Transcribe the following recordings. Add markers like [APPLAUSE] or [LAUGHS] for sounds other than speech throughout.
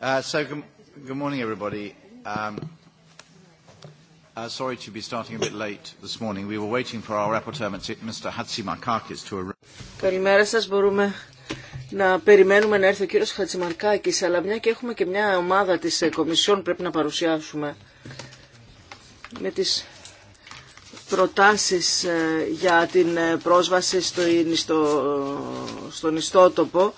Uh, so, good, good morning, everybody. Um, uh, sorry to be starting a bit late this morning. We were waiting for our rapporteur, Mr. Hatzimarkakis, to arrive. Καλημέρα σας. Μπορούμε να περιμένουμε να έρθει ο κύριος Χατσιμαρκάκης, αλλά μια και έχουμε και μια ομάδα της ε, Κομισιόν πρέπει να παρουσιάσουμε με τις προτάσεις ε, για την ε, πρόσβαση στο, στο, στον ιστότοπο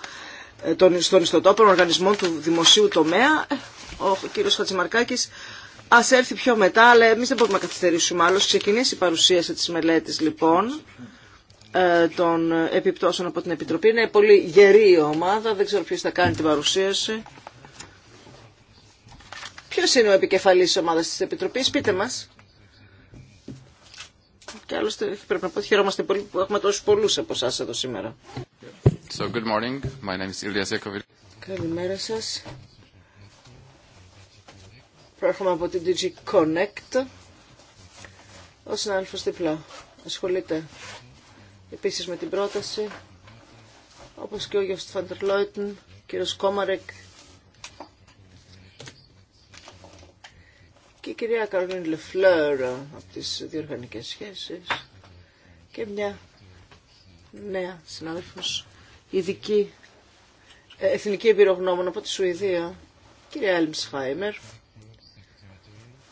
στον ιστοτόπων οργανισμό του δημοσίου τομέα. Ο κύριος Χατζημαρκάκης ας έρθει πιο μετά, αλλά εμείς δεν μπορούμε να καθυστερήσουμε άλλο. Ξεκινήσει η παρουσίαση της μελέτης λοιπόν ε, των επιπτώσεων από την Επιτροπή. Είναι πολύ γερή η ομάδα, δεν ξέρω ποιος θα κάνει την παρουσίαση. Ποιος είναι ο επικεφαλής της ομάδας της Επιτροπής, πείτε μας. Και άλλωστε πρέπει να πω ότι χαιρόμαστε πολύ που έχουμε τόσους πολλούς από εσά εδώ σήμερα. Καλημέρα σας. Προέρχομαι από την DG Connect. Ο συνάδελφος διπλά ασχολείται επίσης με την πρόταση, όπως και ο Γιώργος Φαντερ Λόιτεν, κύριος Κόμαρεκ και η κυρία Καρολίν Λεφλέρ από τις διοργανικές σχέσεις και μια νέα συνάδελφος ειδική ε, εθνική εμπειρογνώμων από τη Σουηδία, κυρία Έλμσχάιμερ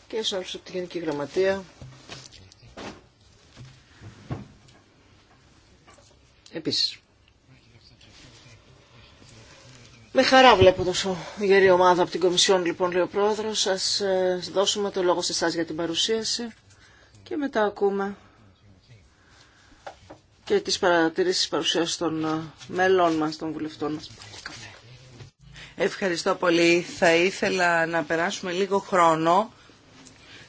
και σας από τη Γενική Γραμματεία. Επίσης. Με χαρά βλέπω τόσο γερή ομάδα από την Κομισιόν, λοιπόν, λέει ο Πρόεδρος. Σας ε, δώσουμε το λόγο σε εσάς για την παρουσίαση και μετά ακούμε και τις παρατηρήσεις παρουσίας των ε, μελών μας, των βουλευτών μας. Ευχαριστώ πολύ. Θα ήθελα να περάσουμε λίγο χρόνο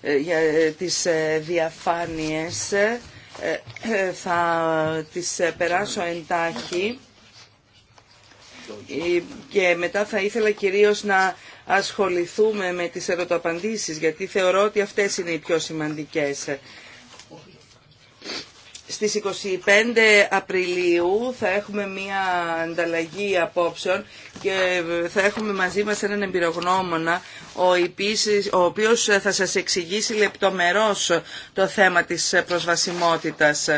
ε, για ε, τις διαφάνειες. Θα τις περάσω εντάχει και μετά θα ήθελα κυρίως να ασχοληθούμε με τις ερωτοαπαντήσεις γιατί θεωρώ ότι αυτές είναι οι πιο σημαντικές. Στις 25 Απριλίου θα έχουμε μία ανταλλαγή απόψεων και θα έχουμε μαζί μας έναν εμπειρογνώμονα ο, οποίος θα σας εξηγήσει λεπτομερώς το θέμα της προσβασιμότητας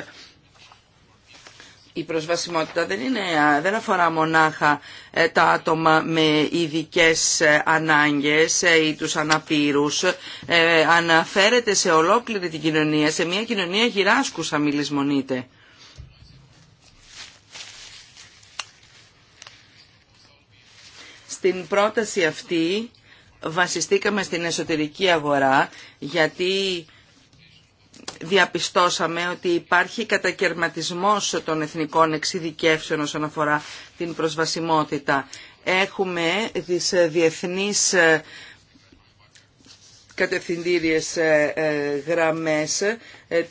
η προσβασιμότητα δεν, είναι, δεν αφορά μονάχα ε, τα άτομα με ειδικέ ε, ανάγκες ε, ή τους αναπήρους. αναφέρεται σε ολόκληρη την κοινωνία, σε μια κοινωνία γυράσκουσα μιλισμονείται. Στην πρόταση αυτή βασιστήκαμε στην εσωτερική αγορά γιατί διαπιστώσαμε ότι υπάρχει κατακαιρματισμός των εθνικών εξειδικεύσεων όσον αφορά την προσβασιμότητα. Έχουμε τις διεθνείς ε, κατευθυντήριες ε, ε, γραμμές,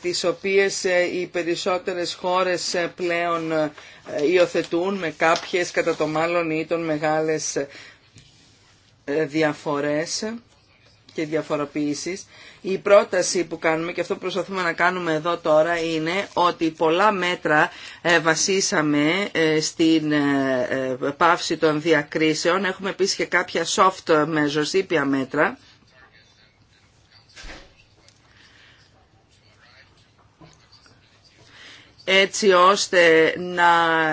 τις οποίες οι περισσότερες χώρες πλέον υιοθετούν με κάποιες κατά το μάλλον ή των μεγάλες διαφορές και διαφοροποίησης. Η πρόταση που κάνουμε και αυτό που προσπαθούμε να κάνουμε εδώ τώρα είναι ότι πολλά μέτρα ε, βασίσαμε ε, στην ε, πάυση των διακρίσεων. Έχουμε επίσης και κάποια soft measures, ήπια μέτρα έτσι ώστε να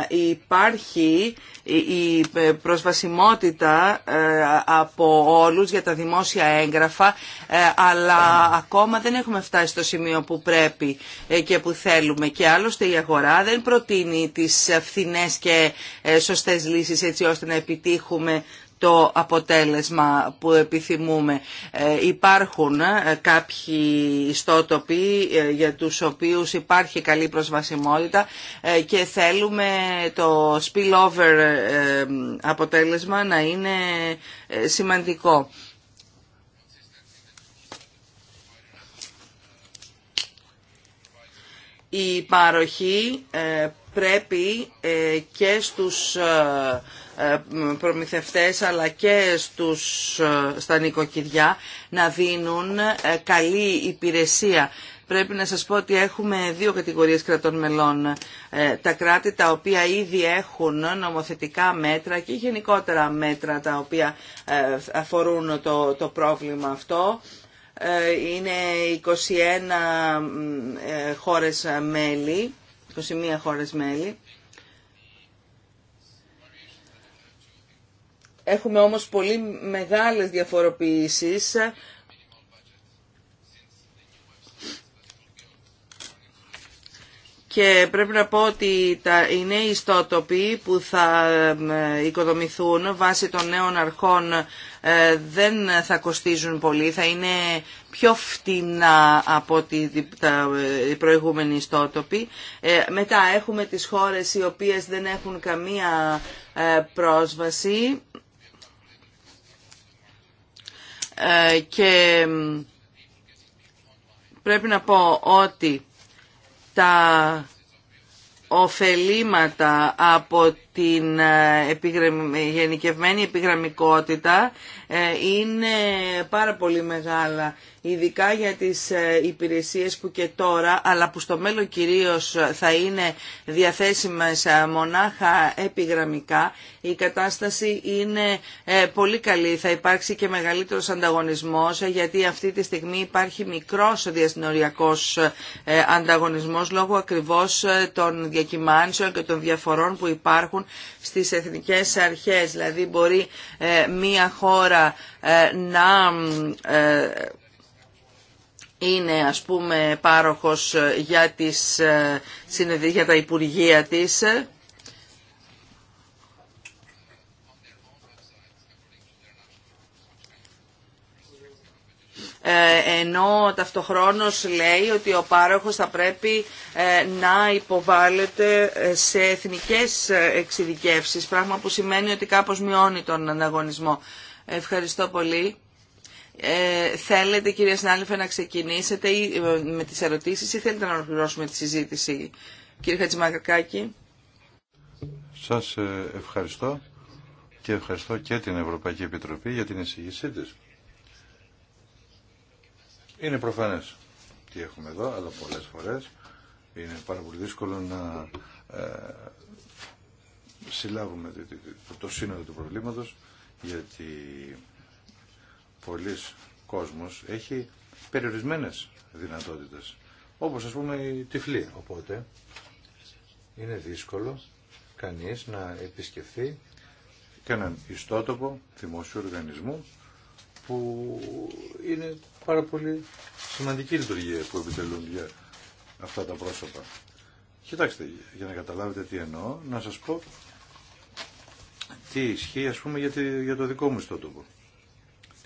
υπάρχει η προσβασιμότητα ε, από όλους για τα δημόσια έγγραφα, ε, αλλά ακόμα δεν έχουμε φτάσει στο σημείο που πρέπει ε, και που θέλουμε. Και άλλωστε η αγορά δεν προτείνει τις φθηνές και σωστές λύσεις έτσι ώστε να επιτύχουμε το αποτέλεσμα που επιθυμούμε. Ε, υπάρχουν ε, κάποιοι ιστότοποι ε, για τους οποίους υπάρχει καλή προσβασιμότητα και θέλουμε το spillover αποτέλεσμα να είναι σημαντικό. Η παροχή πρέπει και στους ε, προμηθευτές αλλά και στους, ε, στα νοικοκυριά να δίνουν ε, καλή υπηρεσία. Πρέπει να σας πω ότι έχουμε δύο κατηγορίες κρατών μελών. Τα κράτη τα οποία ήδη έχουν νομοθετικά μέτρα και γενικότερα μέτρα τα οποία αφορούν το, το πρόβλημα αυτό. Είναι 21 χώρες μέλη, 21 χώρες μέλη Έχουμε όμως πολύ μεγάλες διαφοροποιήσεις Και πρέπει να πω ότι τα, οι νέοι ιστότοποι που θα οικοδομηθούν βάσει των νέων αρχών ε, δεν θα κοστίζουν πολύ, θα είναι πιο φτηνά από τα, οι προηγούμενοι ιστότοποι. Ε, μετά έχουμε τις χώρες οι οποίες δεν έχουν καμία ε, πρόσβαση ε, και πρέπει να πω ότι τα ωφελήματα από την ε, γενικευμένη επιγραμμικότητα ε, είναι πάρα πολύ μεγάλα, ειδικά για τις ε, υπηρεσίες που και τώρα, αλλά που στο μέλλον κυρίως θα είναι διαθέσιμες μονάχα επιγραμμικά, η κατάσταση είναι πολύ καλή. Θα υπάρξει και μεγαλύτερος ανταγωνισμός, γιατί αυτή τη στιγμή υπάρχει μικρός διασυνοριακός ανταγωνισμός λόγω ακριβώς των διακυμάνσεων και των διαφορών που υπάρχουν στις εθνικές αρχές. Δηλαδή μπορεί ε, μία χώρα ε, να ε, είναι ας πούμε πάροχος για, τις, για τα Υπουργεία της Ε, ενώ ταυτοχρόνως λέει ότι ο πάροχος θα πρέπει ε, να υποβάλλεται ε, σε εθνικές εξειδικεύσεις, πράγμα που σημαίνει ότι κάπως μειώνει τον ανταγωνισμό. Ευχαριστώ πολύ. θέλετε κυρία συνάδελφε να ξεκινήσετε με τις ερωτήσεις ή θέλετε να ολοκληρώσουμε τη συζήτηση κύριε Χατζημακακάκη. Σας ευχαριστώ και ευχαριστώ και την Ευρωπαϊκή Επιτροπή για την εισηγησή της. Είναι προφανές τι έχουμε εδώ, αλλά πολλές φορές είναι πάρα πολύ δύσκολο να ε, συλλάβουμε το σύνολο του προβλήματος, γιατί πολλοί κόσμος έχει περιορισμένες δυνατότητες, όπως ας πούμε η τυφλή. Οπότε είναι δύσκολο κανείς να επισκεφθεί και έναν ιστότοπο δημόσιο οργανισμού που είναι πάρα πολύ σημαντική λειτουργία που επιτελούν για αυτά τα πρόσωπα. Κοιτάξτε, για να καταλάβετε τι εννοώ, να σας πω τι ισχύει ας πούμε για, για το δικό μου ιστότοπο,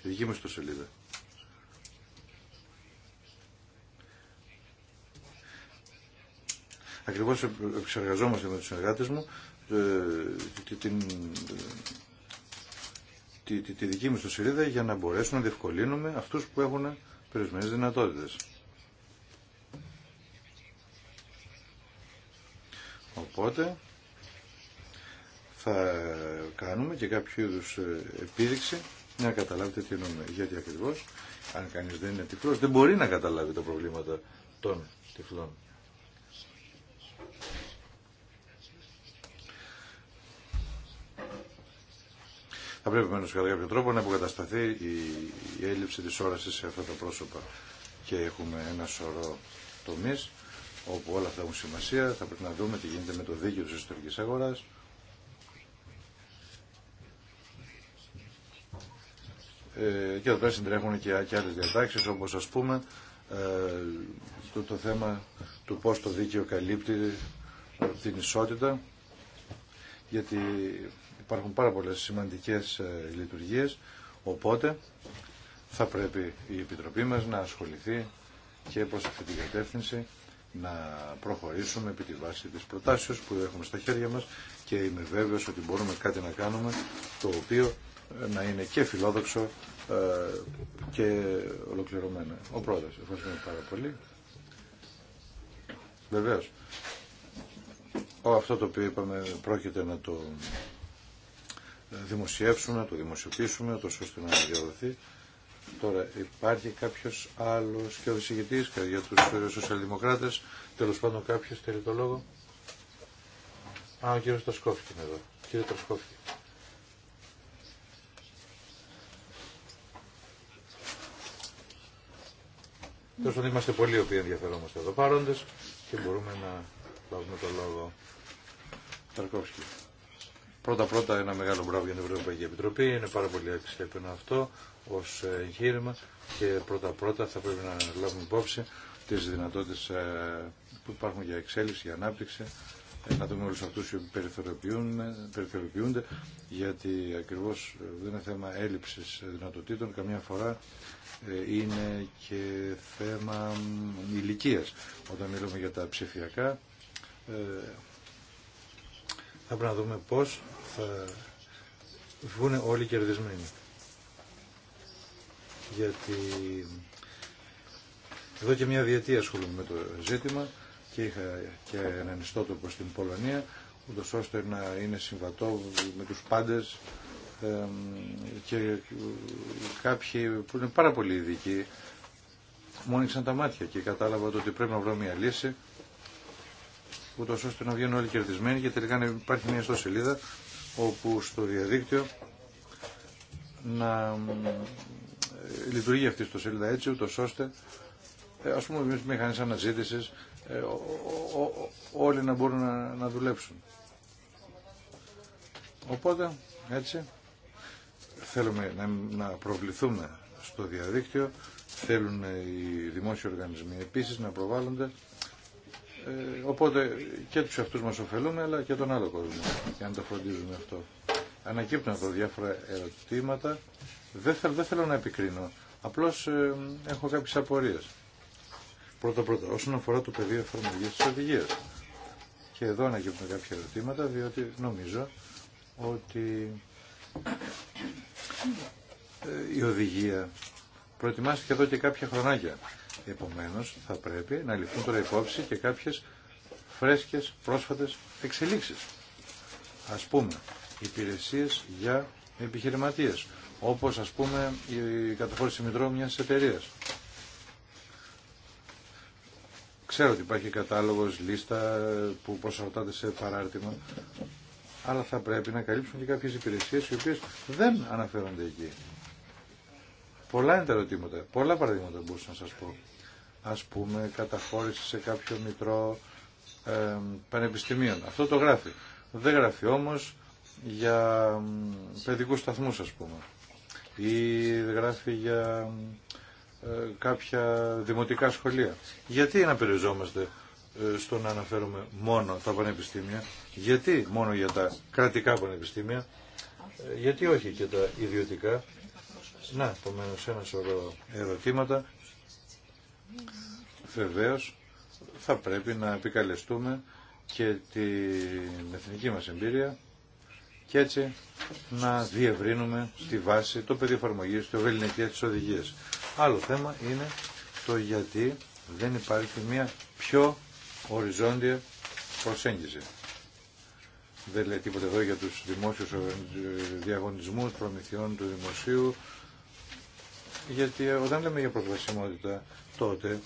τη δική μου ιστοσελίδα. Ακριβώς εξεργαζόμαστε με τους συνεργάτες μου ε, την τη, τη, δική μου στο σελίδα για να μπορέσουμε να διευκολύνουμε αυτούς που έχουν περισμένες δυνατότητες. Οπότε θα κάνουμε και κάποιο είδου ε, επίδειξη να καταλάβετε τι εννοούμε. Γιατί ακριβώς αν κανείς δεν είναι τυφλός δεν μπορεί να καταλάβει τα προβλήματα των τυφλών. Θα πρέπει μένως κατά κάποιο τρόπο να αποκατασταθεί η έλλειψη της όρασης σε αυτά τα πρόσωπα. Και έχουμε ένα σωρό τομείς όπου όλα αυτά έχουν σημασία. Θα πρέπει να δούμε τι γίνεται με το δίκαιο της ιστορικής αγοράς. Ε, και εδώ πέρα συντρέχουν και, και άλλες διατάξεις όπως ας πούμε ε, το, το θέμα του πώς το δίκαιο καλύπτει την ισότητα γιατί υπάρχουν πάρα πολλές σημαντικές ε, λειτουργίες, οπότε θα πρέπει η Επιτροπή μας να ασχοληθεί και προς αυτή την κατεύθυνση να προχωρήσουμε επί τη βάση της προτάσεως που έχουμε στα χέρια μας και είμαι βέβαιος ότι μπορούμε κάτι να κάνουμε το οποίο ε, να είναι και φιλόδοξο ε, και ολοκληρωμένο. Ο πρόεδρος, ευχαριστούμε πάρα πολύ. Βεβαίως. αυτό το οποίο είπαμε πρόκειται να το δημοσιεύσουμε, να το δημοσιοποιήσουμε, τόσο ώστε να διαδοθεί. Τώρα υπάρχει κάποιο άλλο και ο για του σοσιαλδημοκράτε. Τέλο πάντων, κάποιο θέλει το λόγο. Α, ο κύριο Τασκόφη είναι εδώ. Κύριε Τέλο είμαστε πολλοί οι οποίοι ενδιαφερόμαστε εδώ παρόντε και μπορούμε να λάβουμε το λόγο. Πρώτα-πρώτα ένα μεγάλο μπράβο για την Ευρωπαϊκή Επιτροπή. Είναι πάρα πολύ αξιέπαινο αυτό ω ε, εγχείρημα και πρώτα-πρώτα θα πρέπει να λάβουμε υπόψη τι δυνατότητε ε, που υπάρχουν για εξέλιξη, για ανάπτυξη, ε, να δούμε όλου αυτού που περιθωριοποιούνται, γιατί ακριβώ δεν είναι θέμα έλλειψη δυνατοτήτων, καμιά φορά είναι και θέμα ηλικία. Όταν μιλούμε για τα ψηφιακά, θα πρέπει να δούμε πώς θα βγουν όλοι κερδισμένοι. Γιατί εδώ και μια διετία ασχολούμαι με το ζήτημα και είχα και έναν ιστότοπο στην Πολωνία, ούτω ώστε να είναι συμβατό με τους πάντες και κάποιοι που είναι πάρα πολύ ειδικοί μου άνοιξαν τα μάτια και κατάλαβα ότι πρέπει να βρω μια λύση ούτως ώστε να βγαίνουν όλοι κερδισμένοι και τελικά να υπάρχει μια ιστοσελίδα όπου στο διαδίκτυο να λειτουργεί αυτή στο σελίδα έτσι ούτως ώστε ε, ας πούμε εμείς μηχανές αναζήτησης ε, όλοι να μπορούν να, να δουλέψουν. Οπότε έτσι θέλουμε να, να προβληθούμε στο διαδίκτυο, θέλουν οι δημόσιοι οργανισμοί επίσης να προβάλλονται ε, οπότε και τους αυτούς μας ωφελούμε αλλά και τον άλλο κόσμο για αν το φροντίζουμε αυτό. Ανακύπτουν εδώ διάφορα ερωτήματα. Δεν, δεν θέλω να επικρίνω. Απλώς ε, έχω κάποιες απορίες. Πρώτα πρώτα, όσον αφορά το πεδίο εφαρμογής της οδηγίας. Και εδώ ανακύπτουν κάποια ερωτήματα διότι νομίζω ότι ε, η οδηγία προετοιμάστηκε εδώ και κάποια χρονάκια. Επομένως θα πρέπει να ληφθούν τώρα υπόψη και κάποιες φρέσκες πρόσφατες εξελίξεις. Ας πούμε, υπηρεσίες για επιχειρηματίες, όπως ας πούμε η καταχώρηση μητρώου μιας εταιρείας. Ξέρω ότι υπάρχει κατάλογος, λίστα που προσαρτάται σε παράρτημα, αλλά θα πρέπει να καλύψουν και κάποιες υπηρεσίες οι οποίες δεν αναφέρονται εκεί. Πολλά είναι τα ερωτήματα, πολλά παραδείγματα μπορούσα να σας πω ας πούμε, καταχώρηση σε κάποιο μητρό πανεπιστημίων. Αυτό το γράφει. Δεν γράφει όμως για παιδικούς σταθμούς, ας πούμε. Ή γράφει για ε, κάποια δημοτικά σχολεία. Γιατί να περιζόμαστε ε, στο να αναφέρουμε μόνο τα πανεπιστήμια, γιατί μόνο για τα κρατικά πανεπιστήμια, ε, γιατί όχι και τα ιδιωτικά. Να, επομένως ένα σωρό ερωτήματα Βεβαίω θα πρέπει να επικαλεστούμε και την εθνική μας εμπειρία και έτσι να διευρύνουμε στη βάση το πεδίο εφαρμογή του ευελινικία της οδηγίας. Άλλο θέμα είναι το γιατί δεν υπάρχει μια πιο οριζόντια προσέγγιση. Δεν λέει τίποτα εδώ για τους δημόσιους διαγωνισμούς προμηθειών του δημοσίου, γιατί όταν λέμε για προσβασιμότητα, τότε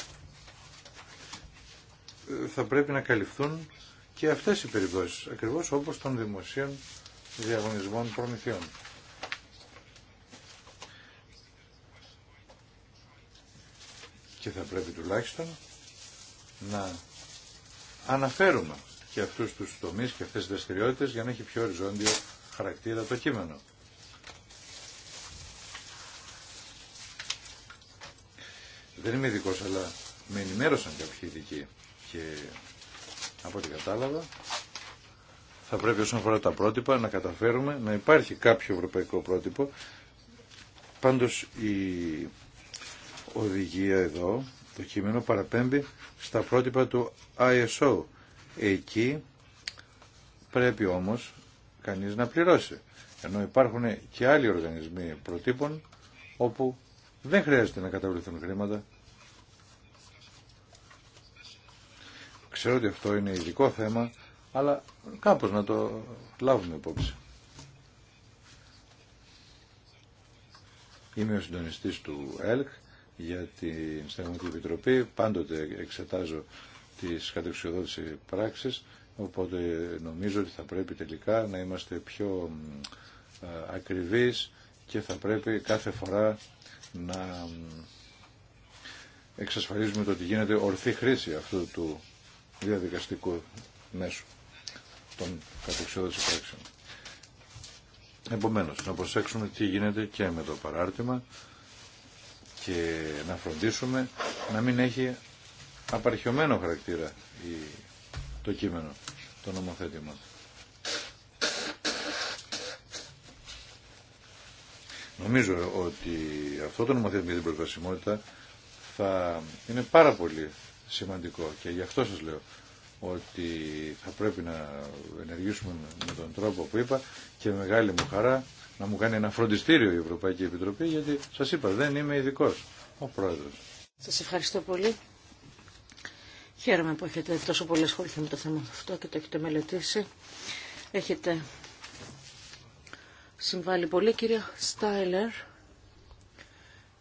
ε, θα πρέπει να καλυφθούν και αυτές οι περιπτώσεις, ακριβώς όπως των δημοσίων διαγωνισμών προμηθειών. Και θα πρέπει τουλάχιστον να αναφέρουμε και αυτούς τους τομείς και αυτές τις δραστηριότητες για να έχει πιο οριζόντιο χαρακτήρα το κείμενο. Δεν είμαι ειδικό, αλλά με ενημέρωσαν κάποιοι ειδικοί και από ό,τι κατάλαβα θα πρέπει όσον αφορά τα πρότυπα να καταφέρουμε να υπάρχει κάποιο ευρωπαϊκό πρότυπο. Πάντως η οδηγία εδώ, το κείμενο παραπέμπει στα πρότυπα του ISO. Εκεί πρέπει όμως κανείς να πληρώσει. Ενώ υπάρχουν και άλλοι οργανισμοί προτύπων όπου δεν χρειάζεται να καταβληθούν χρήματα. Ξέρω ότι αυτό είναι ειδικό θέμα, αλλά κάπως να το λάβουμε υπόψη. Είμαι ο συντονιστής του ΕΛΚ για την Συνταγματική Επιτροπή. Πάντοτε εξετάζω τις κατεξιοδότησες πράξεις, οπότε νομίζω ότι θα πρέπει τελικά να είμαστε πιο ακριβείς και θα πρέπει κάθε φορά να εξασφαλίζουμε το ότι γίνεται ορθή χρήση αυτού του διαδικαστικού μέσου των κατεξιόδων πράξεων. Επομένως, να προσέξουμε τι γίνεται και με το παράρτημα και να φροντίσουμε να μην έχει απαρχιωμένο χαρακτήρα το κείμενο, το νομοθέτημα. Νομίζω ότι αυτό το νομοθέτημα για την προσβασιμότητα θα είναι πάρα πολύ σημαντικό και γι' αυτό σας λέω ότι θα πρέπει να ενεργήσουμε με τον τρόπο που είπα και μεγάλη μου χαρά να μου κάνει ένα φροντιστήριο η Ευρωπαϊκή Επιτροπή γιατί σας είπα δεν είμαι ειδικό ο Πρόεδρος. Σας ευχαριστώ πολύ. Χαίρομαι που έχετε τόσο πολύ ασχοληθεί με το θέμα αυτό και το έχετε μελετήσει. Έχετε συμβάλλει πολύ. Κυρία Στάιλερ,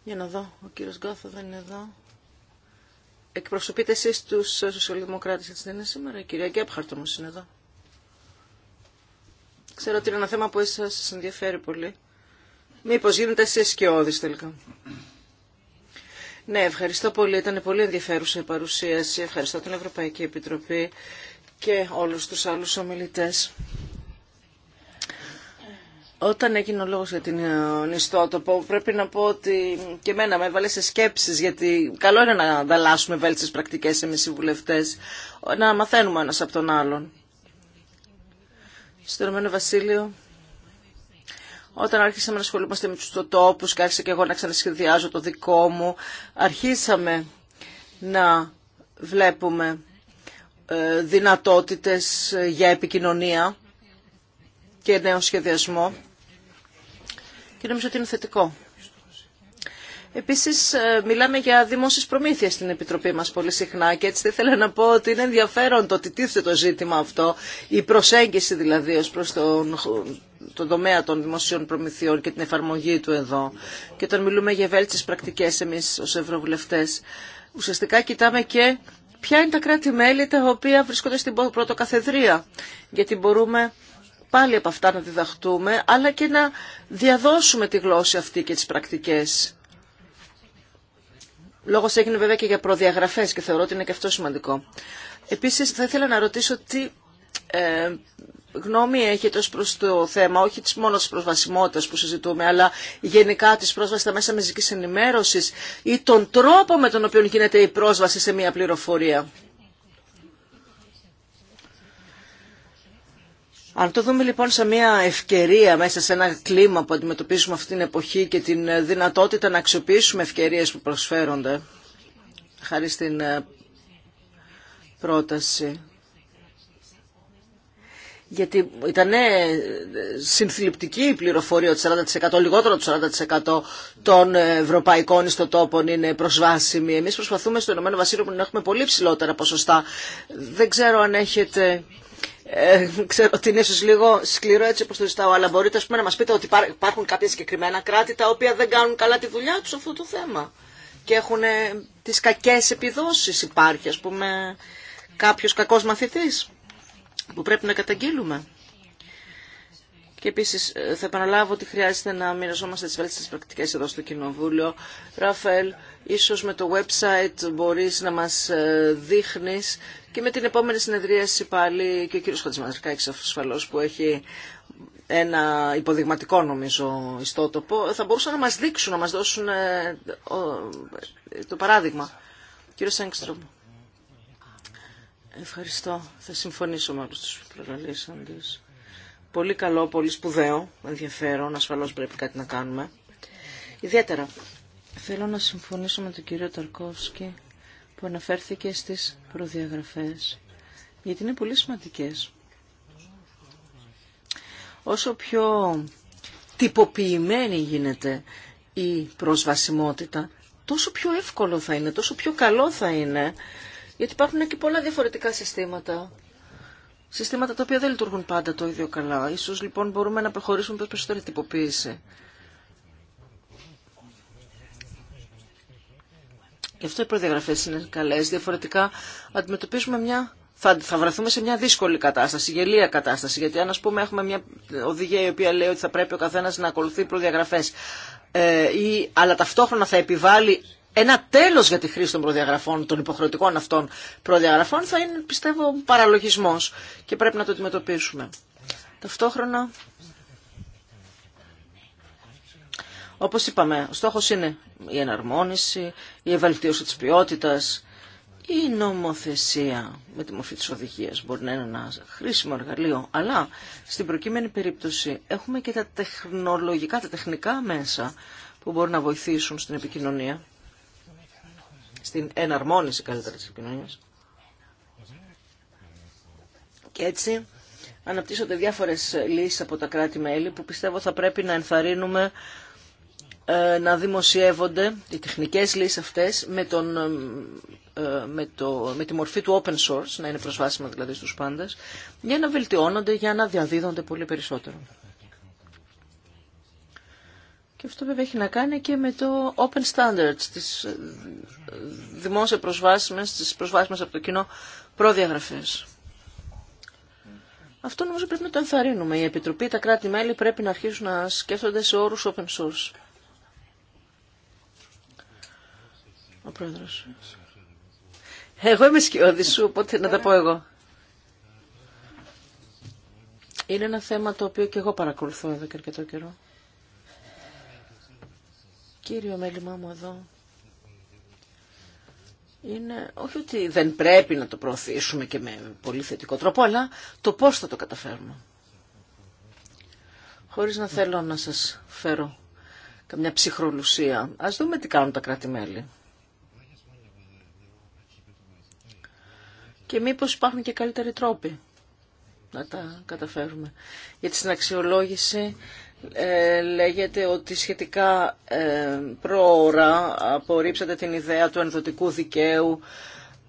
για να δω, ο κύριος Γκάθο δεν είναι εδώ. Εκπροσωπείτε εσείς τους σοσιαλδημοκράτες, έτσι δεν είναι σήμερα. Η κυρία Γκέπχαρτ όμως είναι εδώ. Ξέρω ότι είναι ένα θέμα που εσάς σας ενδιαφέρει πολύ. Μήπως γίνετε εσείς όδης τελικά. Ναι, ευχαριστώ πολύ. Ήταν πολύ ενδιαφέρουσα η παρουσίαση. Ευχαριστώ την Ευρωπαϊκή Επιτροπή και όλους τους άλλους ομιλητές όταν έγινε ο λόγο για την ε, νηστότοπο, πρέπει να πω ότι και εμένα με έβαλε σε σκέψεις, γιατί καλό είναι να ανταλλάσσουμε βέλτιστες πρακτικές εμείς οι βουλευτέ, να μαθαίνουμε ένα από τον άλλον. Στο Ρωμένο Βασίλειο, όταν άρχισαμε να ασχολούμαστε με του τοπούς και άρχισα και εγώ να ξανασχεδιάζω το δικό μου, αρχίσαμε να βλέπουμε ε, δυνατότητες για επικοινωνία και νέο σχεδιασμό και νομίζω ότι είναι θετικό. Επίσης ε, μιλάμε για δημόσιες προμήθειες στην Επιτροπή μας πολύ συχνά και έτσι ήθελα να πω ότι είναι ενδιαφέρον το ότι τίθεται το ζήτημα αυτό, η προσέγγιση δηλαδή ως προς τον, τον τομέα των δημοσίων προμηθειών και την εφαρμογή του εδώ. Και όταν μιλούμε για ευέλτιστες πρακτικές εμείς ως ευρωβουλευτές, ουσιαστικά κοιτάμε και ποια είναι τα κράτη-μέλη τα οποία βρίσκονται στην πρώτο καθεδρία. Γιατί μπορούμε πάλι από αυτά να διδαχτούμε, αλλά και να διαδώσουμε τη γλώσσα αυτή και τις πρακτικές. Λόγος έγινε βέβαια και για προδιαγραφές και θεωρώ ότι είναι και αυτό σημαντικό. Επίσης θα ήθελα να ρωτήσω τι ε, γνώμη έχετε ως προς το θέμα, όχι της μόνο της προσβασιμότητας που συζητούμε, αλλά γενικά της πρόσβασης στα μέσα μεζικής ενημέρωσης ή τον τρόπο με τον οποίο γίνεται η πρόσβαση σε μια πληροφορία. Αν το δούμε λοιπόν σε μια ευκαιρία μέσα σε ένα κλίμα που αντιμετωπίζουμε αυτή την εποχή και την ε, δυνατότητα να αξιοποιήσουμε ευκαιρίες που προσφέρονται, χάρη στην ε, πρόταση. Γιατί ήταν ε, συνθλιπτική η πληροφορία ότι 40% λιγότερο του 40% των ευρωπαϊκών ιστοτόπων είναι προσβάσιμοι. Εμείς προσπαθούμε στο Ηνωμένο Βασίλειο να έχουμε πολύ ψηλότερα ποσοστά. Δεν ξέρω αν έχετε ε, ξέρω ότι είναι ίσω λίγο σκληρό έτσι όπω το ζητάω, αλλά μπορείτε ας πούμε, να μα πείτε ότι υπάρχουν κάποια συγκεκριμένα κράτη τα οποία δεν κάνουν καλά τη δουλειά του σε αυτό το θέμα. Και έχουν ε, τι κακέ επιδόσει. Υπάρχει, α πούμε, κάποιο κακό μαθητή που πρέπει να καταγγείλουμε. Και επίση ε, θα επαναλάβω ότι χρειάζεται να μοιραζόμαστε τι βέλτιστε πρακτικέ εδώ στο Κοινοβούλιο. Ραφέλ, Ίσως με το website μπορείς να μας ε, δείχνεις και με την επόμενη συνεδρίαση πάλι και ο κύριος Χατζημαντρικάκης ασφαλώς που έχει ένα υποδειγματικό νομίζω ιστότοπο, θα μπορούσαν να μας δείξουν, να μας δώσουν ε, ε, το παράδειγμα. Κύριο Σέγκστρομ. Ευχαριστώ. Θα συμφωνήσω με όλους τους προγραλήσαντες. Πολύ καλό, πολύ σπουδαίο, ενδιαφέρον, ασφαλώς πρέπει κάτι να κάνουμε. Ιδιαίτερα Θέλω να συμφωνήσω με τον κύριο Ταρκόφσκι που αναφέρθηκε στις προδιαγραφές, γιατί είναι πολύ σημαντικές. Όσο πιο τυποποιημένη γίνεται η προσβασιμότητα, τόσο πιο εύκολο θα είναι, τόσο πιο καλό θα είναι, γιατί υπάρχουν και πολλά διαφορετικά συστήματα. Συστήματα τα οποία δεν λειτουργούν πάντα το ίδιο καλά. Ίσως λοιπόν μπορούμε να προχωρήσουμε προς περισσότερη τυποποίηση. Γι' αυτό οι προδιαγραφέ είναι καλέ. Διαφορετικά αντιμετωπίζουμε μια. Θα, θα βρεθούμε σε μια δύσκολη κατάσταση, γελία κατάσταση. Γιατί αν, α πούμε, έχουμε μια οδηγία η οποία λέει ότι θα πρέπει ο καθένα να ακολουθεί προδιαγραφέ, ε, αλλά ταυτόχρονα θα επιβάλλει ένα τέλο για τη χρήση των προδιαγραφών, των υποχρεωτικών αυτών προδιαγραφών, θα είναι, πιστεύω, παραλογισμό και πρέπει να το αντιμετωπίσουμε. Ταυτόχρονα όπως είπαμε, ο στόχος είναι η εναρμόνιση, η ευαλτίωση της ποιότητας, η νομοθεσία με τη μορφή της οδηγίας μπορεί να είναι ένα χρήσιμο εργαλείο, αλλά στην προκείμενη περίπτωση έχουμε και τα τεχνολογικά, τα τεχνικά μέσα που μπορούν να βοηθήσουν στην επικοινωνία, στην εναρμόνιση καλύτερα της επικοινωνίας. Και έτσι αναπτύσσονται διάφορες λύσεις από τα κράτη-μέλη που πιστεύω θα πρέπει να ενθαρρύνουμε ε, να δημοσιεύονται οι τεχνικές λύσεις αυτές με, τον, ε, ε, με, το, με τη μορφή του open source, να είναι προσβάσιμα δηλαδή στους πάντες, για να βελτιώνονται, για να διαδίδονται πολύ περισσότερο. Και αυτό βέβαια έχει να κάνει και με το open standards, τις δημόσια προσβάσιμες, τις προσβάσιμες από το κοινό προδιαγραφές. Αυτό νομίζω πρέπει να το ενθαρρύνουμε. Η Επιτροπή, τα κράτη-μέλη πρέπει να αρχίσουν να σκέφτονται σε όρους open source. ο πρόεδρος. Εγώ είμαι σκιώδη σου, οπότε να τα πω εγώ. Είναι ένα θέμα το οποίο και εγώ παρακολουθώ εδώ και αρκετό καιρό. Κύριο μέλημά μου εδώ είναι όχι ότι δεν πρέπει να το προωθήσουμε και με πολύ θετικό τρόπο, αλλά το πώς θα το καταφέρουμε. Χωρίς να θέλω να σας φέρω καμιά ψυχρολουσία. Ας δούμε τι κάνουν τα κράτη-μέλη. και μήπως υπάρχουν και καλύτεροι τρόποι να τα καταφέρουμε. Γιατί στην αξιολόγηση ε, λέγεται ότι σχετικά ε, πρόωρα απορρίψατε την ιδέα του ενδοτικού δικαίου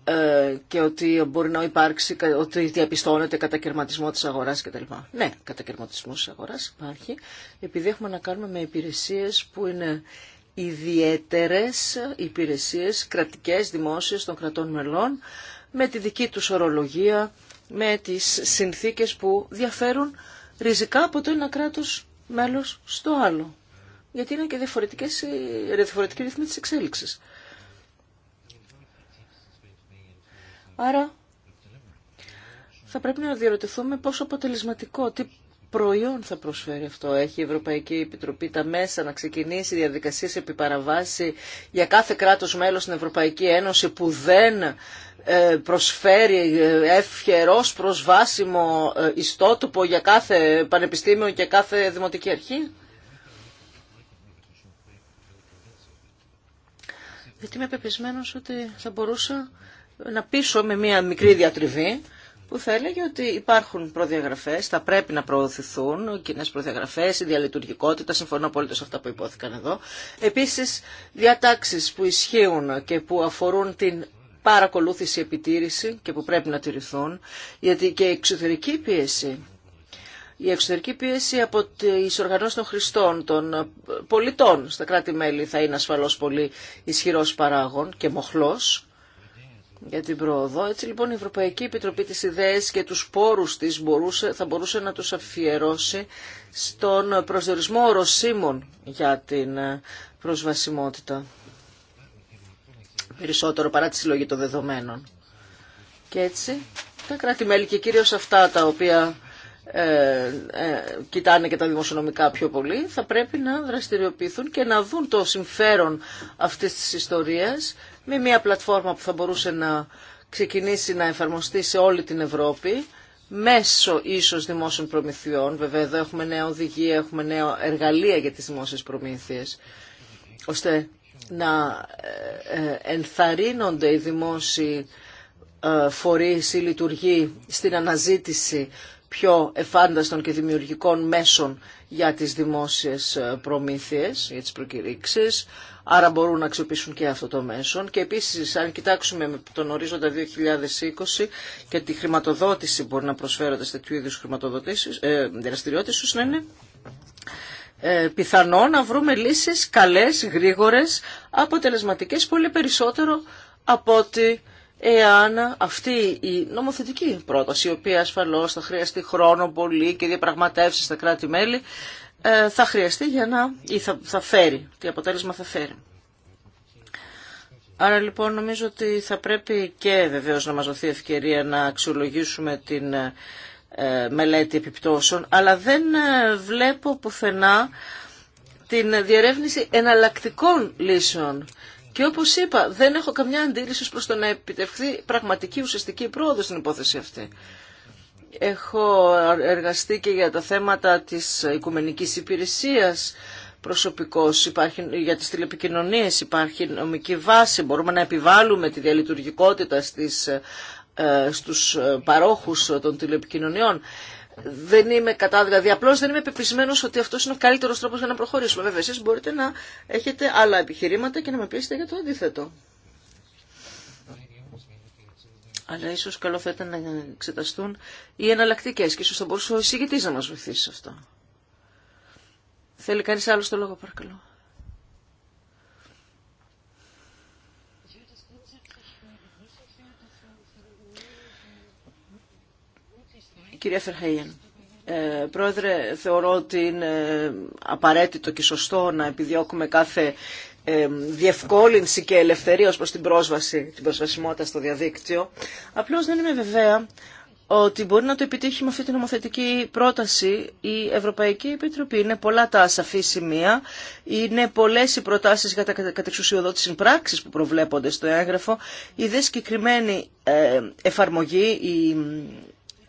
ε, και ότι μπορεί να υπάρξει, ότι διαπιστώνεται κατακαιρματισμό της αγοράς κτλ. Ναι, κατακαιρματισμό της αγοράς υπάρχει, επειδή έχουμε να κάνουμε με υπηρεσίες που είναι ιδιαίτερες υπηρεσίες κρατικές, δημόσιες των κρατών μελών, με τη δική τους ορολογία, με τις συνθήκες που διαφέρουν ριζικά από το ένα κράτος μέλος στο άλλο. Γιατί είναι και διαφορετικές, διαφορετική ρυθμή της εξέλιξης. Άρα θα πρέπει να διαρωτηθούμε πόσο αποτελεσματικό, προϊόν θα προσφέρει αυτό. Έχει η Ευρωπαϊκή Επιτροπή τα μέσα να ξεκινήσει διαδικασίες επί για κάθε κράτος μέλος στην Ευρωπαϊκή Ένωση που δεν ε, προσφέρει ε, ευχερός προσβάσιμο ε, ιστότοπο για κάθε πανεπιστήμιο και κάθε δημοτική αρχή. Γιατί είμαι πεπισμένος ότι θα μπορούσα να πείσω με μία μικρή διατριβή που θα έλεγε ότι υπάρχουν προδιαγραφές, θα πρέπει να προωθηθούν κοινέ προδιαγραφές, η διαλειτουργικότητα, συμφωνώ απόλυτα σε αυτά που υπόθηκαν εδώ. Επίσης, διατάξεις που ισχύουν και που αφορούν την παρακολούθηση, επιτήρηση και που πρέπει να τηρηθούν, γιατί και η εξωτερική πίεση η εξωτερική πίεση από τις οργανώσεις των χρηστών, των πολιτών στα κράτη-μέλη θα είναι ασφαλώς πολύ ισχυρός παράγων και μοχλός για την πρόοδο. Έτσι λοιπόν η Ευρωπαϊκή Επιτροπή της Ιδέες και τους πόρους της θα μπορούσε να τους αφιερώσει στον προσδιορισμό οροσίμων για την ε, προσβασιμότητα. Περισσότερο παρά τη συλλογή των δεδομένων. Και έτσι τα κράτη-μέλη και κυρίως αυτά τα οποία ε, ε, κοιτάνε και τα δημοσιονομικά πιο πολύ, θα πρέπει να δραστηριοποιηθούν και να δουν το συμφέρον αυτής της ιστορίας με μια πλατφόρμα που θα μπορούσε να ξεκινήσει να εφαρμοστεί σε όλη την Ευρώπη μέσω ίσως δημόσιων προμηθειών. Βέβαια εδώ έχουμε νέα οδηγία, έχουμε νέα εργαλεία για τις δημόσιες προμήθειες, ώστε να ε, ε, ενθαρρύνονται οι δημόσιοι ε, φορείς ή λειτουργοί στην αναζήτηση πιο εφάνταστων και δημιουργικών μέσων για τις δημόσιες προμήθειες, για τις προκηρύξεις, άρα μπορούν να αξιοποιήσουν και αυτό το μέσον. Και επίσης, αν κοιτάξουμε τον ορίζοντα 2020 και τη χρηματοδότηση μπορεί να προσφέρονται σε τέτοιου είδου ε, είναι ε, πιθανό να βρούμε λύσεις καλές, γρήγορε, αποτελεσματικέ πολύ περισσότερο από ότι εάν αυτή η νομοθετική πρόταση, η οποία ασφαλώς θα χρειαστεί χρόνο πολύ και διαπραγματεύσει στα κράτη-μέλη, ε, θα χρειαστεί για να... ή θα, θα φέρει, τι αποτέλεσμα θα φέρει. Άρα λοιπόν νομίζω ότι θα πρέπει και βεβαίως να μας δοθεί ευκαιρία να αξιολογήσουμε την ε, μελέτη επιπτώσεων, αλλά δεν ε, βλέπω πουθενά την διερεύνηση εναλλακτικών λύσεων. Και όπως είπα, δεν έχω καμιά αντίληση προς το να επιτευχθεί πραγματική ουσιαστική πρόοδο στην υπόθεση αυτή. Έχω εργαστεί και για τα θέματα της οικουμενικής υπηρεσίας προσωπικός, υπάρχει, για τις τηλεπικοινωνίες υπάρχει νομική βάση, μπορούμε να επιβάλλουμε τη διαλειτουργικότητα στις, ε, στους ε, παρόχους των τηλεπικοινωνιών. Δεν είμαι κατά, δηλαδή απλώ δεν είμαι πεπισμένο ότι αυτό είναι ο καλύτερος τρόπος για να προχωρήσουμε. Βέβαια, εσεί μπορείτε να έχετε άλλα επιχειρήματα και να με πείσετε για το αντίθετο αλλά ίσως καλό θα ήταν να εξεταστούν οι εναλλακτικέ και ίσως θα μπορούσε ο εισηγητής να μας βοηθήσει σε αυτό. Θέλει κανείς άλλο το λόγο, παρακαλώ. Κυρία Φερχαΐεν, ε, πρόεδρε, θεωρώ ότι είναι απαραίτητο και σωστό να επιδιώκουμε κάθε διευκόλυνση και ελευθερία ως προς την πρόσβαση, την προσβασιμότητα στο διαδίκτυο. Απλώς δεν είμαι βεβαία ότι μπορεί να το επιτύχει με αυτή την νομοθετική πρόταση η Ευρωπαϊκή Επιτροπή. Είναι πολλά τα ασαφή σημεία, είναι πολλές οι προτάσεις για τα κατεξουσιοδότηση πράξης που προβλέπονται στο έγγραφο. Η δε συγκεκριμένη ε, εφαρμογή, η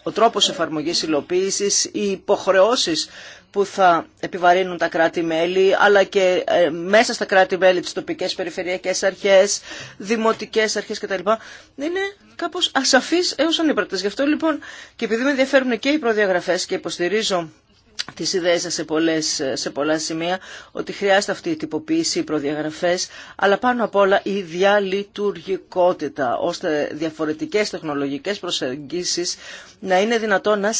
ο τρόπος εφαρμογής υλοποίησης, οι υποχρεώσεις που θα επιβαρύνουν τα κράτη-μέλη, αλλά και ε, μέσα στα κράτη-μέλη τις τοπικές περιφερειακές αρχές, δημοτικές αρχές κτλ. Είναι κάπως ασαφής έως ανύπαρκτες. Γι' αυτό λοιπόν και επειδή με ενδιαφέρουν και οι προδιαγραφές και υποστηρίζω τις ιδέες σας σε, πολλές, σε πολλά σημεία, ότι χρειάζεται αυτή η τυποποίηση, οι προδιαγραφές, αλλά πάνω απ' όλα η διαλειτουργικότητα, ώστε διαφορετικές τεχνολογικές προσεγγίσεις να είναι δυνατόν να,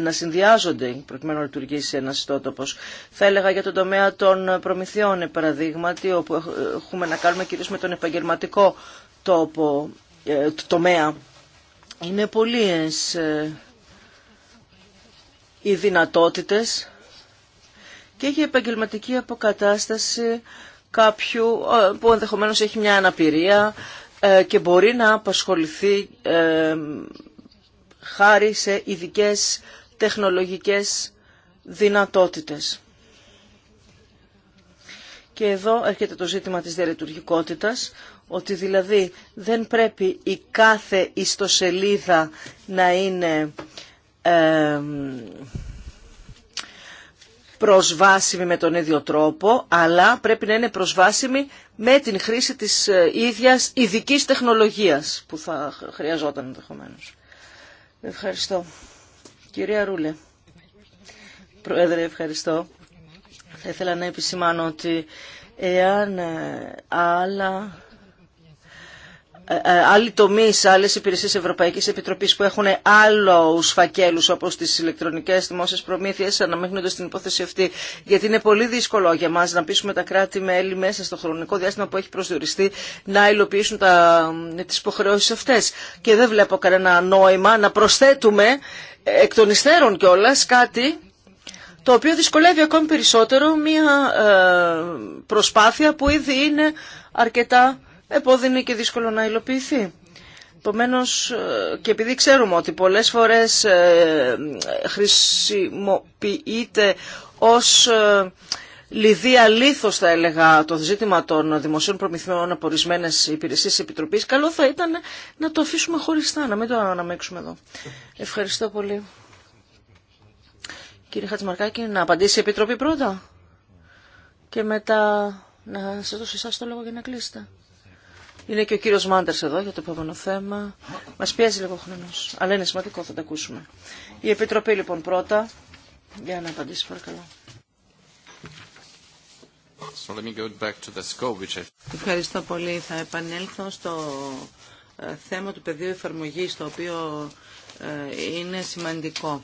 να συνδυάζονται, προκειμένου να λειτουργήσει ένας ιστότοπος. Θα έλεγα για τον τομέα των προμηθειών, παραδείγματι, όπου έχουμε να κάνουμε κυρίως με τον επαγγελματικό τόπο, ε, τομέα. Είναι πολλές ε, οι δυνατότητες και για επαγγελματική αποκατάσταση κάποιου ε, που ενδεχομένως έχει μια αναπηρία ε, και μπορεί να απασχοληθεί ε, χάρη σε ειδικέ τεχνολογικές δυνατότητες. Και εδώ έρχεται το ζήτημα της διαλειτουργικότητας, ότι δηλαδή δεν πρέπει η κάθε ιστοσελίδα να είναι προσβάσιμη με τον ίδιο τρόπο, αλλά πρέπει να είναι προσβάσιμη με την χρήση της ε, ίδιας ειδική τεχνολογίας που θα χρειαζόταν ενδεχομένω. Ευχαριστώ. Κυρία Ρούλε. Πρόεδρε, ευχαριστώ. Θα ήθελα να επισημάνω ότι εάν ε, άλλα ε, ε, άλλοι τομεί, άλλε υπηρεσίε Ευρωπαϊκή Επιτροπή που έχουν άλλου φακέλου όπω τι ηλεκτρονικέ δημόσιε προμήθειε αναμείχνονται στην υπόθεση αυτή. Γιατί είναι πολύ δύσκολο για μα να πείσουμε τα κράτη-μέλη μέσα στο χρονικό διάστημα που έχει προσδιοριστεί να υλοποιήσουν ε, τι υποχρεώσει αυτέ. Και δεν βλέπω κανένα νόημα να προσθέτουμε εκ των υστέρων κιόλα κάτι το οποίο δυσκολεύει ακόμη περισσότερο μια προσπάθεια που ήδη είναι αρκετά επώδυνη και δύσκολο να υλοποιηθεί. Επομένω, ε, και επειδή ξέρουμε ότι πολλές φορές ε, χρησιμοποιείται ως ε, λιδία λίθος θα έλεγα το ζήτημα των δημοσίων προμηθειών από ορισμένε υπηρεσίες επιτροπής, καλό θα ήταν να το αφήσουμε χωριστά, να μην το αναμέξουμε εδώ. Ευχαριστώ πολύ. Κύριε Χατζημαρκάκη, να απαντήσει η Επιτροπή πρώτα και μετά να σας δώσω εσάς το λόγο για να κλείσετε. Είναι και ο κύριος Μάντερς εδώ για το επόμενο θέμα. Μας πιέζει λίγο ο χρόνος, αλλά είναι σημαντικό, θα τα ακούσουμε. Η Επιτροπή λοιπόν πρώτα, για να απαντήσει παρακαλώ. Ευχαριστώ πολύ. Θα επανέλθω στο ε, θέμα του πεδίου εφαρμογής, το οποίο ε, είναι σημαντικό.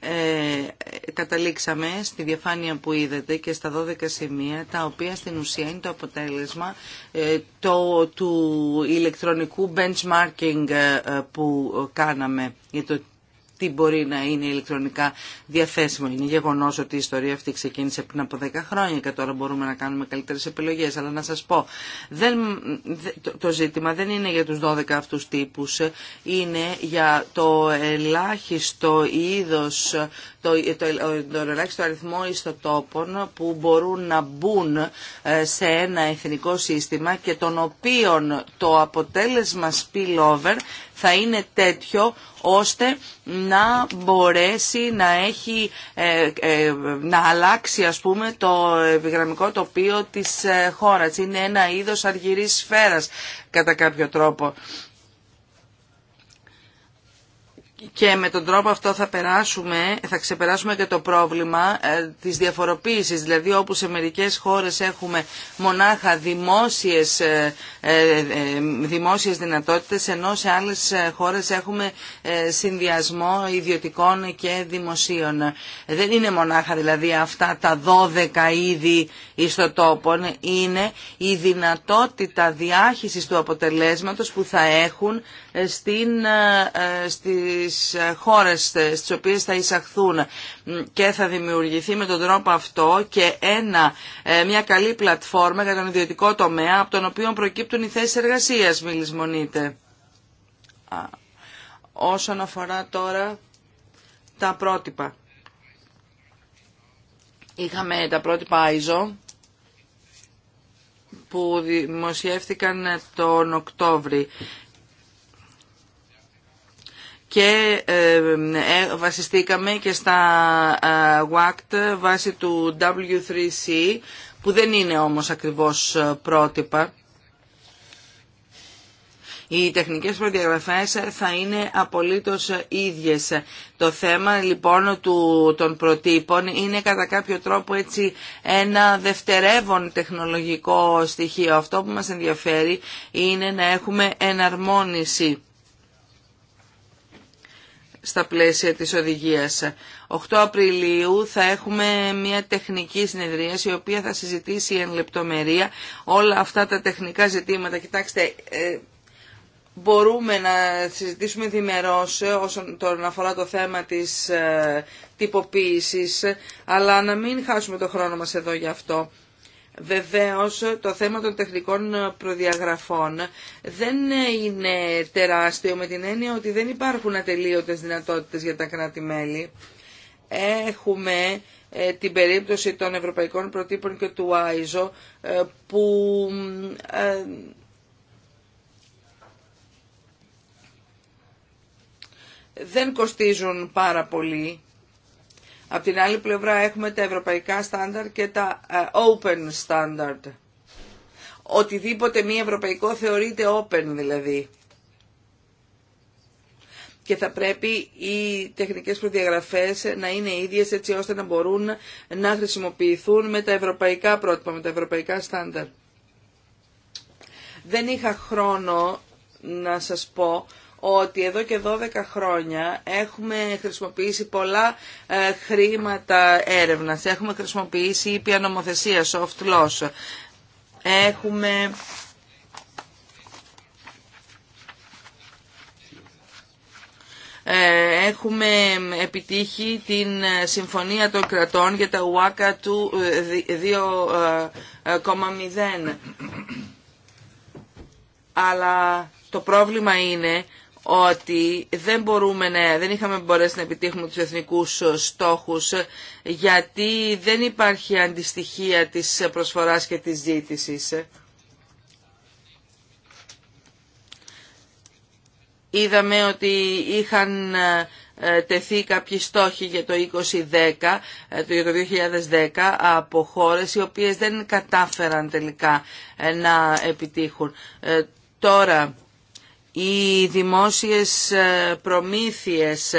ε, καταλήξαμε στη διαφάνεια που είδατε και στα 12 σημεία τα οποία στην ουσία είναι το αποτέλεσμα ε, το, του ηλεκτρονικού benchmarking ε, που κάναμε για το τι μπορεί να είναι ηλεκτρονικά διαθέσιμο. Είναι γεγονός ότι η ιστορία αυτή ξεκίνησε πριν από 10 χρόνια και τώρα μπορούμε να κάνουμε καλύτερες επιλογές. Αλλά να σας πω, δεν, το ζήτημα δεν είναι για τους 12 αυτούς τύπους. είναι για το ελάχιστο είδο, το, το, ελάχιστο αριθμό ιστοτόπων που μπορούν να μπουν ε, σε ένα εθνικό σύστημα και των οποίων το αποτέλεσμα spillover θα είναι τέτοιο ώστε να μπορέσει να έχει ε, ε, να αλλάξει ας πούμε το επιγραμμικό τοπίο της ε, χώρας. Είναι ένα είδος αργυρής σφαίρας κατά κάποιο τρόπο και με τον τρόπο αυτό θα, περάσουμε, θα ξεπεράσουμε και το πρόβλημα ε, της διαφοροποίησης. Δηλαδή όπου σε μερικές χώρες έχουμε μονάχα δημόσιες, ε, ε, δημόσιες δυνατότητες ενώ σε άλλες χώρες έχουμε συνδυασμό ιδιωτικών και δημοσίων. Δεν είναι μονάχα δηλαδή αυτά τα 12 είδη ιστοτόπων. Είναι η δυνατότητα διάχυσης του αποτελέσματος που θα έχουν στην, στη, τις ε, χώρες στις οποίες θα εισαχθούν και θα δημιουργηθεί με τον τρόπο αυτό και ένα, ε, μια καλή πλατφόρμα για τον ιδιωτικό τομέα από τον οποίο προκύπτουν οι θέσεις εργασίας, μιλισμονείτε. Όσον αφορά τώρα τα πρότυπα. Είχαμε τα πρότυπα ISO που δημοσιεύτηκαν τον Οκτώβρη και ε, ε, βασιστήκαμε και στα ε, WACT βάσει του W3C που δεν είναι όμως ακριβώς πρότυπα. Οι τεχνικές προδιαγραφές θα είναι απολύτως ίδιες. Το θέμα λοιπόν του, των προτύπων είναι κατά κάποιο τρόπο έτσι ένα δευτερεύον τεχνολογικό στοιχείο. Αυτό που μας ενδιαφέρει είναι να έχουμε εναρμόνιση στα πλαίσια της οδηγίας. 8 Απριλίου θα έχουμε μια τεχνική συνεδρία η οποία θα συζητήσει εν λεπτομερία όλα αυτά τα τεχνικά ζητήματα. Κοιτάξτε, ε, μπορούμε να συζητήσουμε διμερώς ε, όσον τώρα αφορά το θέμα της ε, τυποποίησης, αλλά να μην χάσουμε το χρόνο μας εδώ για αυτό. Βεβαίως το θέμα των τεχνικών προδιαγραφών δεν είναι τεράστιο με την έννοια ότι δεν υπάρχουν ατελείωτες δυνατότητες για τα κράτη-μέλη. Έχουμε ε, την περίπτωση των ευρωπαϊκών προτύπων και του ΆΙΖΟ ε, που ε, δεν κοστίζουν πάρα πολύ Απ' την άλλη πλευρά έχουμε τα ευρωπαϊκά στάνταρ και τα ε, open standard. Οτιδήποτε μη ευρωπαϊκό θεωρείται open δηλαδή. Και θα πρέπει οι τεχνικές προδιαγραφές να είναι ίδιες έτσι ώστε να μπορούν να χρησιμοποιηθούν με τα ευρωπαϊκά πρότυπα, με τα ευρωπαϊκά στάνταρ. Δεν είχα χρόνο να σας πω ότι εδώ και 12 χρόνια έχουμε χρησιμοποιήσει πολλά ε, χρήματα έρευνας, έχουμε χρησιμοποιήσει ήπια νομοθεσία, soft loss. έχουμε... Ε, έχουμε επιτύχει την συμφωνία των κρατών για τα ΟΑΚΑ του 2,0. Ε, Αλλά το πρόβλημα είναι ότι δεν, μπορούμε, δεν είχαμε μπορέσει να επιτύχουμε τους εθνικούς στόχους γιατί δεν υπάρχει αντιστοιχεία της προσφοράς και της ζήτησης. Είδαμε ότι είχαν ε, τεθεί κάποιοι στόχοι για το 2010, ε, για το 2010 από χώρες οι οποίες δεν κατάφεραν τελικά ε, να επιτύχουν. Τώρα, οι δημόσιες ε, προμήθειες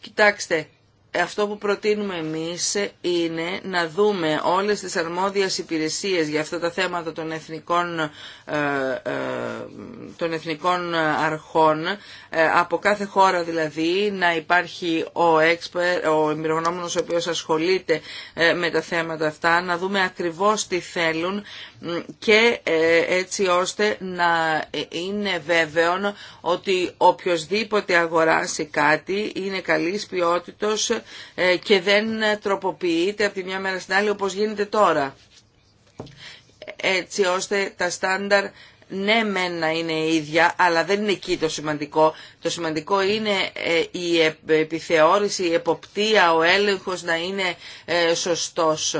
Κοιτάξτε, αυτό που προτείνουμε εμείς είναι να δούμε όλες τις αρμόδιες υπηρεσίες για αυτά τα θέματα των εθνικών, ε, ε, των εθνικών αρχών, ε, από κάθε χώρα δηλαδή να υπάρχει ο expert, ο εμπειρογνώμονος ο οποίος ασχολείται με τα θέματα αυτά, να δούμε ακριβώς τι θέλουν και ε, έτσι ώστε να είναι βέβαιο ότι οποιοδήποτε αγοράσει κάτι είναι καλής ποιότητος ε, και δεν τροποποιείται από τη μια μέρα στην άλλη όπως γίνεται τώρα. Έτσι ώστε τα στάνταρ ναι μεν να είναι ίδια, αλλά δεν είναι εκεί το σημαντικό. Το σημαντικό είναι ε, η επιθεώρηση, η εποπτεία, ο έλεγχος να είναι σωστός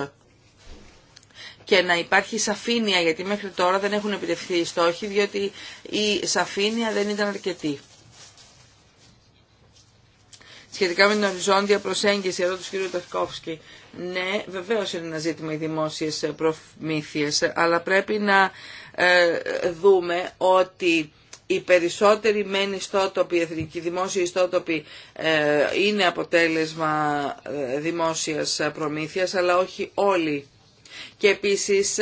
και να υπάρχει σαφήνεια, γιατί μέχρι τώρα δεν έχουν επιτευχθεί οι στόχοι, διότι η σαφήνεια δεν ήταν αρκετή. Σχετικά με την οριζόντια προσέγγιση εδώ του κ. Ταρκόφσκη, ναι, βεβαίω είναι ένα ζήτημα οι δημόσιε προμήθειες, αλλά πρέπει να ε, δούμε ότι οι περισσότεροι μεν ιστότοποι, οι εθνικοί δημόσιοι ιστότοποι ε, είναι αποτέλεσμα ε, δημόσιας προμήθειας, αλλά όχι όλοι. Και επίσης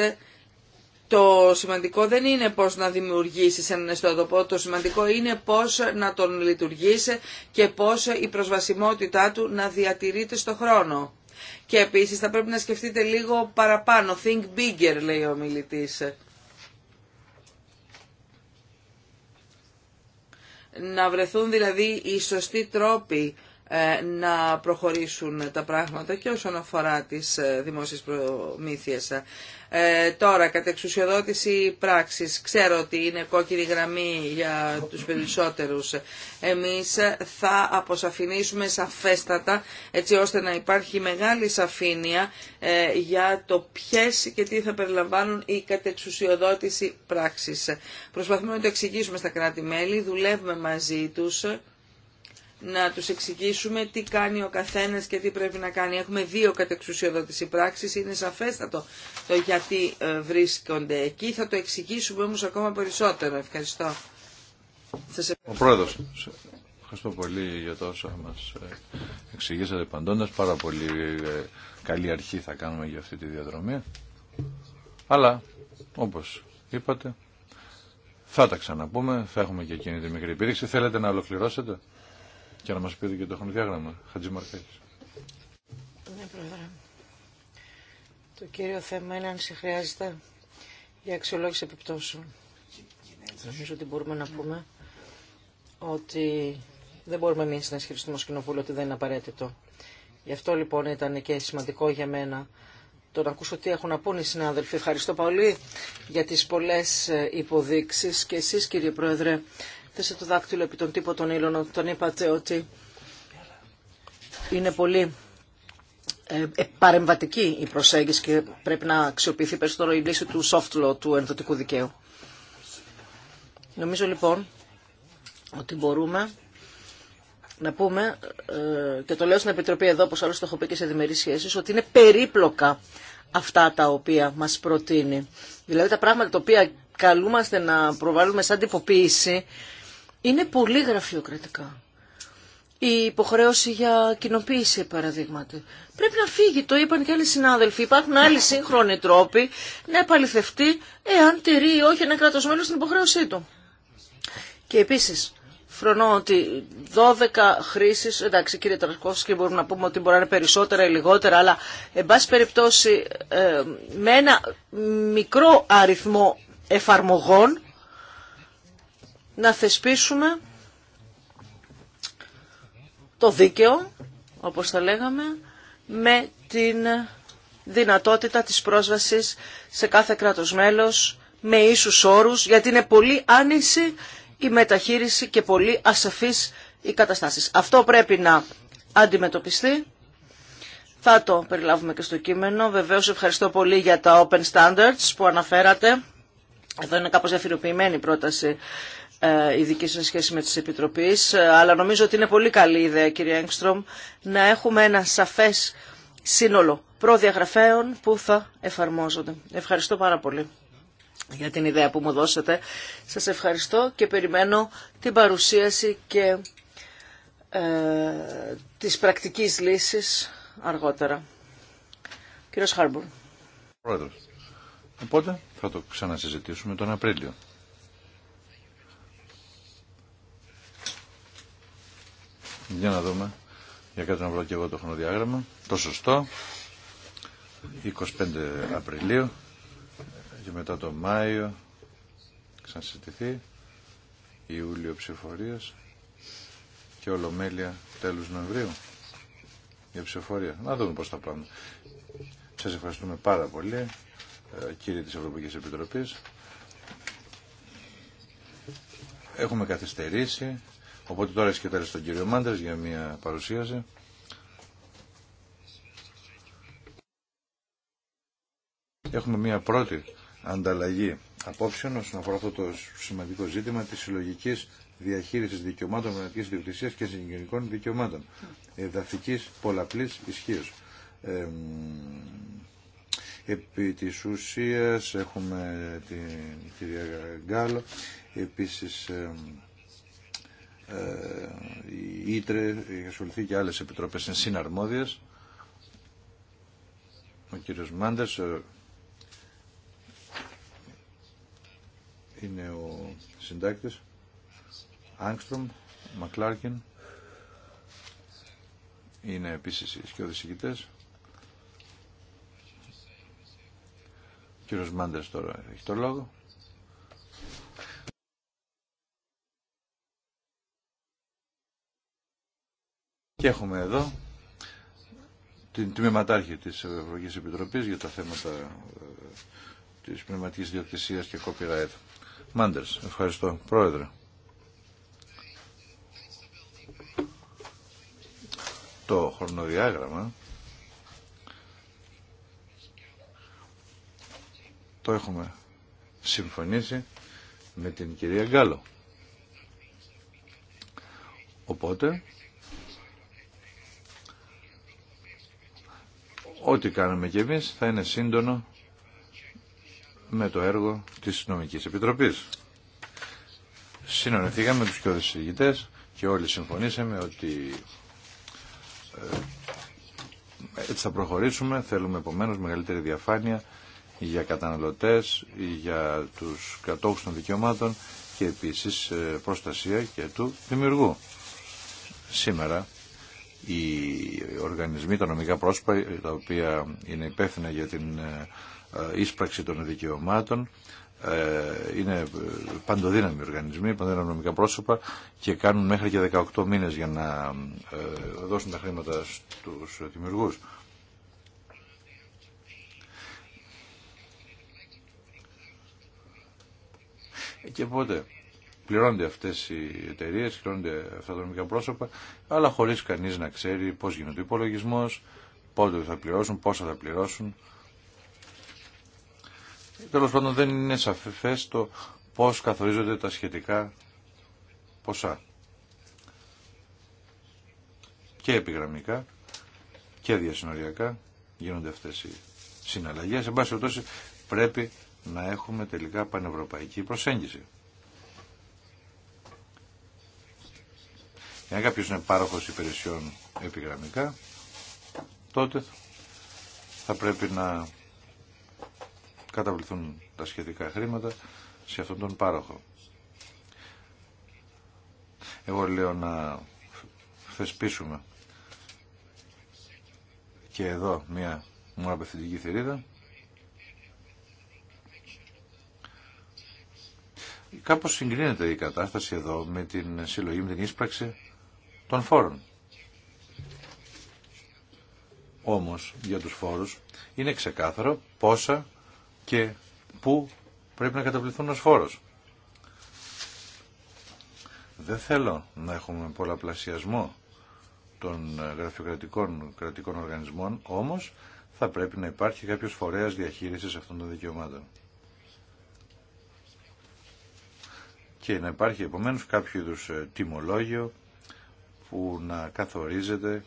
το σημαντικό δεν είναι πώς να δημιουργήσεις έναν ιστότοπο, το σημαντικό είναι πώς να τον λειτουργήσει και πώς η προσβασιμότητά του να διατηρείται στο χρόνο. Και επίσης θα πρέπει να σκεφτείτε λίγο παραπάνω, think bigger λέει ο μιλητής. Να βρεθούν δηλαδή οι σωστοί τρόποι ε, να προχωρήσουν τα πράγματα και όσον αφορά τις ε, δημόσιες προμήθειες. Ε, τώρα, κατα εξουσιοδότηση πράξης, ξέρω ότι είναι κόκκινη γραμμή για τους περισσότερους. Εμείς θα αποσαφηνίσουμε σαφέστατα, έτσι ώστε να υπάρχει μεγάλη σαφήνεια για το ποιες και τι θα περιλαμβάνουν οι κατ' εξουσιοδότηση πράξης. Προσπαθούμε να το εξηγήσουμε στα κράτη-μέλη, δουλεύουμε μαζί τους να τους εξηγήσουμε τι κάνει ο καθένας και τι πρέπει να κάνει. Έχουμε δύο κατεξουσιοδότηση πράξεις, είναι σαφέστατο το γιατί ε, βρίσκονται εκεί. Θα το εξηγήσουμε όμως ακόμα περισσότερο. Ευχαριστώ. Ο Πρόεδρος, ευχαριστώ πολύ για το όσο μας ε, εξηγήσατε παντώντας. Πάρα πολύ ε, καλή αρχή θα κάνουμε για αυτή τη διαδρομή. Αλλά, όπως είπατε, θα τα ξαναπούμε, θα έχουμε και εκείνη τη μικρή υπήρξη. Θέλετε να ολοκληρώσετε και να μας πει και το χρονοδιάγραμμα. Χατζη Χατζημαρκάκης. Ναι, Πρόεδρε. Το κύριο θέμα είναι αν χρειάζεται η αξιολόγηση επιπτώσεων. Νομίζω ότι μπορούμε να πούμε ότι δεν μπορούμε εμεί να ισχυριστούμε ως κοινοβούλιο ότι δεν είναι απαραίτητο. Γι' αυτό λοιπόν ήταν και σημαντικό για μένα το να ακούσω τι έχουν να πούνε οι συνάδελφοι. Ευχαριστώ πολύ για τις πολλές ε, υποδείξεις και εσείς κύριε Πρόεδρε Θέσε το δάκτυλο επί τον τύπο των ήλων. Τον είπατε ότι είναι πολύ ε, ε, παρεμβατική η προσέγγιση και πρέπει να αξιοποιηθεί περισσότερο η λύση του soft law, του ενδοτικού δικαίου. Νομίζω λοιπόν ότι μπορούμε να πούμε, ε, και το λέω στην Επιτροπή εδώ, όπως άλλωστε το έχω πει και σε διμερείς σχέσεις, ότι είναι περίπλοκα αυτά τα οποία μας προτείνει. Δηλαδή τα πράγματα τα οποία καλούμαστε να προβάλλουμε σαν τυποποίηση είναι πολύ γραφειοκρατικά. Η υποχρέωση για κοινοποίηση, παραδείγματι. Πρέπει να φύγει, το είπαν και άλλοι συνάδελφοι. Υπάρχουν άλλοι σύγχρονοι τρόποι να επαληθευτεί εάν τηρεί ή όχι ένα κράτο μέλο την υποχρέωσή του. Και επίση, φρονώ ότι 12 χρήσει, εντάξει κύριε Τρασκόφσκι, μπορούμε να πούμε ότι μπορεί να είναι περισσότερα ή λιγότερα, αλλά εν πάση περιπτώσει ε, με ένα μικρό αριθμό εφαρμογών να θεσπίσουμε το δίκαιο, όπως θα λέγαμε, με την δυνατότητα της πρόσβασης σε κάθε κράτος μέλος με ίσους όρους, γιατί είναι πολύ άνηση η μεταχείριση και πολύ ασαφής η κατάσταση. Αυτό πρέπει να αντιμετωπιστεί. Θα το περιλάβουμε και στο κείμενο. Βεβαίως ευχαριστώ πολύ για τα open standards που αναφέρατε. Εδώ είναι κάπως διαφυροποιημένη η πρόταση η ε, δική σχέση με τις επιτροπές, ε, αλλά νομίζω ότι είναι πολύ καλή ιδέα, κύριε Έγκστρομ, να έχουμε ένα σαφές σύνολο προδιαγραφέων που θα εφαρμόζονται. Ευχαριστώ πάρα πολύ για την ιδέα που μου δώσατε. Σας ευχαριστώ και περιμένω την παρουσίαση και ε, της πρακτικής αργότερα. Κύριος Χάρμπουρ. Πρόεδρος. Οπότε θα το ξανασυζητήσουμε τον Απρίλιο. Για να δούμε. Για κάτω να βρω και εγώ το χρονοδιάγραμμα. Το σωστό. 25 Απριλίου και μετά το Μάιο ξανασυζητηθεί Ιούλιο ψηφορίας και Ολομέλεια τέλους Νοεμβρίου για ψηφορία. Να δούμε πώς θα πάμε. Σας ευχαριστούμε πάρα πολύ ε, κύριε της Ευρωπαϊκής Επιτροπής. Έχουμε καθυστερήσει Οπότε τώρα σκεφτείτε τον κύριο Μάντρε για μια παρουσίαση. Έχουμε μια πρώτη ανταλλαγή απόψεων όσον αφορά αυτό το σημαντικό ζήτημα της συλλογική διαχείρισης δικαιωμάτων μεταξύ ιδιοκτησία και συγγενικών δικαιωμάτων εδαφική πολλαπλής ισχύω. Ε, επί τη ουσία έχουμε την κυρία Γκάλο, επίσης ε, η Ήτρε, έχει ασχοληθεί και άλλες επιτροπές είναι συναρμόδιες. Ο κύριος Μάντες ε, είναι ο συντάκτης. Άγκστρομ, Μακλάρκιν, είναι επίσης οι σκιώδες ηγητές. Ο κύριος Μάντες τώρα έχει το λόγο. Και έχουμε εδώ την τμήματάρχη της Ευρωπαϊκής Επιτροπής για τα θέματα ε, της πνευματικής διοκτησίας και copyright. Μάντερς, ευχαριστώ. Πρόεδρε. Το χρονοδιάγραμμα το έχουμε συμφωνήσει με την κυρία Γκάλο. Οπότε ό,τι κάνουμε κι εμείς θα είναι σύντονο με το έργο της Νομικής Επιτροπής. Συνονεθήκαμε με τους και και όλοι συμφωνήσαμε ότι ε, έτσι θα προχωρήσουμε. Θέλουμε επομένως μεγαλύτερη διαφάνεια για καταναλωτές, για τους κατόχους των δικαιωμάτων και επίσης ε, προστασία και του δημιουργού. Σήμερα οι οργανισμοί, τα νομικά πρόσωπα, τα οποία είναι υπεύθυνα για την ε, ε, ίσπραξη των δικαιωμάτων, ε, είναι παντοδύναμοι οργανισμοί, παντοδύναμοι νομικά πρόσωπα και κάνουν μέχρι και 18 μήνες για να δώσουν τα χρήματα στους δημιουργούς. Και οπότε πληρώνονται αυτές οι εταιρείε, πληρώνονται αυτά τα νομικά πρόσωπα, αλλά χωρίς κανείς να ξέρει πώς γίνεται ο υπολογισμό, πότε θα πληρώσουν, πόσα θα πληρώσουν. Τέλος πάντων δεν είναι σαφές το πώς καθορίζονται τα σχετικά ποσά. Και επιγραμμικά και διασυνοριακά γίνονται αυτές οι συναλλαγές. Εν πάση πρέπει να έχουμε τελικά πανευρωπαϊκή προσέγγιση. Εάν κάποιος είναι πάροχος υπηρεσιών επιγραμμικά, τότε θα πρέπει να καταβληθούν τα σχετικά χρήματα σε αυτόν τον πάροχο. Εγώ λέω να θεσπίσουμε και εδώ μια μόνο απευθυντική θηρίδα. Κάπως συγκρίνεται η κατάσταση εδώ με την συλλογή, με την ίσπραξη των φόρων. Όμως για τους φόρους είναι ξεκάθαρο πόσα και πού πρέπει να καταβληθούν ως φόρος. Δεν θέλω να έχουμε πολλαπλασιασμό των γραφειοκρατικών κρατικών οργανισμών, όμως θα πρέπει να υπάρχει κάποιος φορέας διαχείρισης αυτών των δικαιωμάτων. Και να υπάρχει επομένως κάποιο είδους ε, τιμολόγιο που να καθορίζεται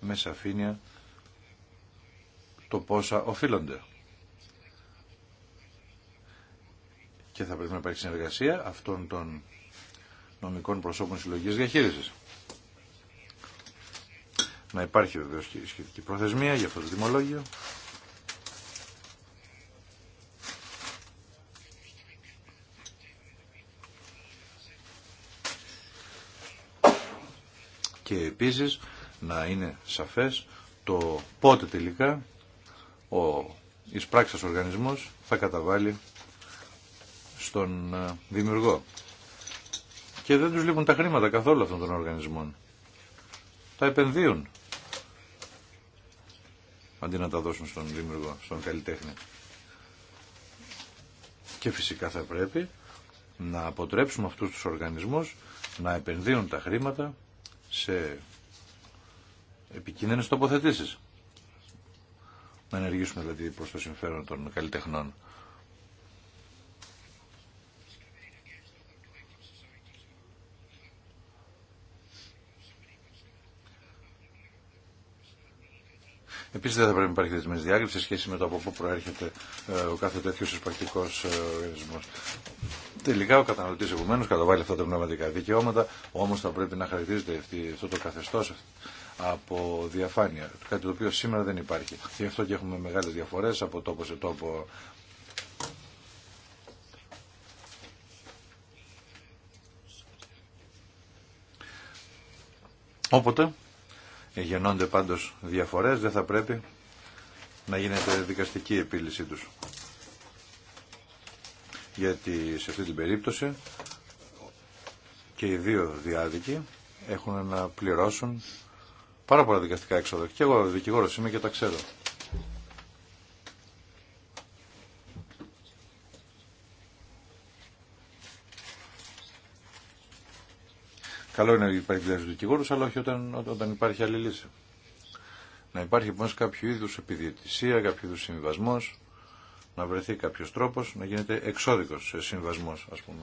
με σαφήνεια το πόσα οφείλονται. Και θα πρέπει να υπάρχει συνεργασία αυτών των νομικών προσώπων συλλογικής διαχείρισης. Να υπάρχει βεβαίως και σχετική προθεσμία για αυτό το τιμολόγιο. και επίσης να είναι σαφές το πότε τελικά ο εισπράξας οργανισμός θα καταβάλει στον ε, δημιουργό. Και δεν τους λείπουν τα χρήματα καθόλου αυτών των οργανισμών. Τα επενδύουν αντί να τα δώσουν στον δημιουργό, στον καλλιτέχνη. Και φυσικά θα πρέπει να αποτρέψουμε αυτούς τους οργανισμούς να επενδύουν τα χρήματα σε επικίνδυνες τοποθετήσεις. Να ενεργήσουμε δηλαδή προς το συμφέρον των καλλιτεχνών. Επίση, δεν θα πρέπει να υπάρχει δεσμενή διάκριση σε σχέση με το από πού προέρχεται ε, ο κάθε τέτοιο εισπρακτικό ε, οργανισμό. Τελικά ο καταναλωτή επομένω καταβάλει αυτά τα πνευματικά δικαιώματα, όμω θα πρέπει να χαρακτηρίζεται αυτό το καθεστώ από διαφάνεια. Κάτι το οποίο σήμερα δεν υπάρχει. Γι' αυτό και έχουμε μεγάλε διαφορέ από τόπο σε τόπο. Όποτε γεννώνται πάντως διαφορές, δεν θα πρέπει να γίνεται δικαστική επίλυση τους γιατί σε αυτή την περίπτωση και οι δύο διάδικοι έχουν να πληρώσουν πάρα πολλά δικαστικά έξοδα. Και εγώ δικηγόρος είμαι και τα ξέρω. Καλό είναι να υπάρχει δουλειά αλλά όχι όταν, όταν υπάρχει άλλη λύση. Να υπάρχει λοιπόν, κάποιο είδους επιδιαιτησία, κάποιο είδου συμβιβασμό να βρεθεί κάποιος τρόπος να γίνεται εξώδικος σε συμβασμός ας πούμε.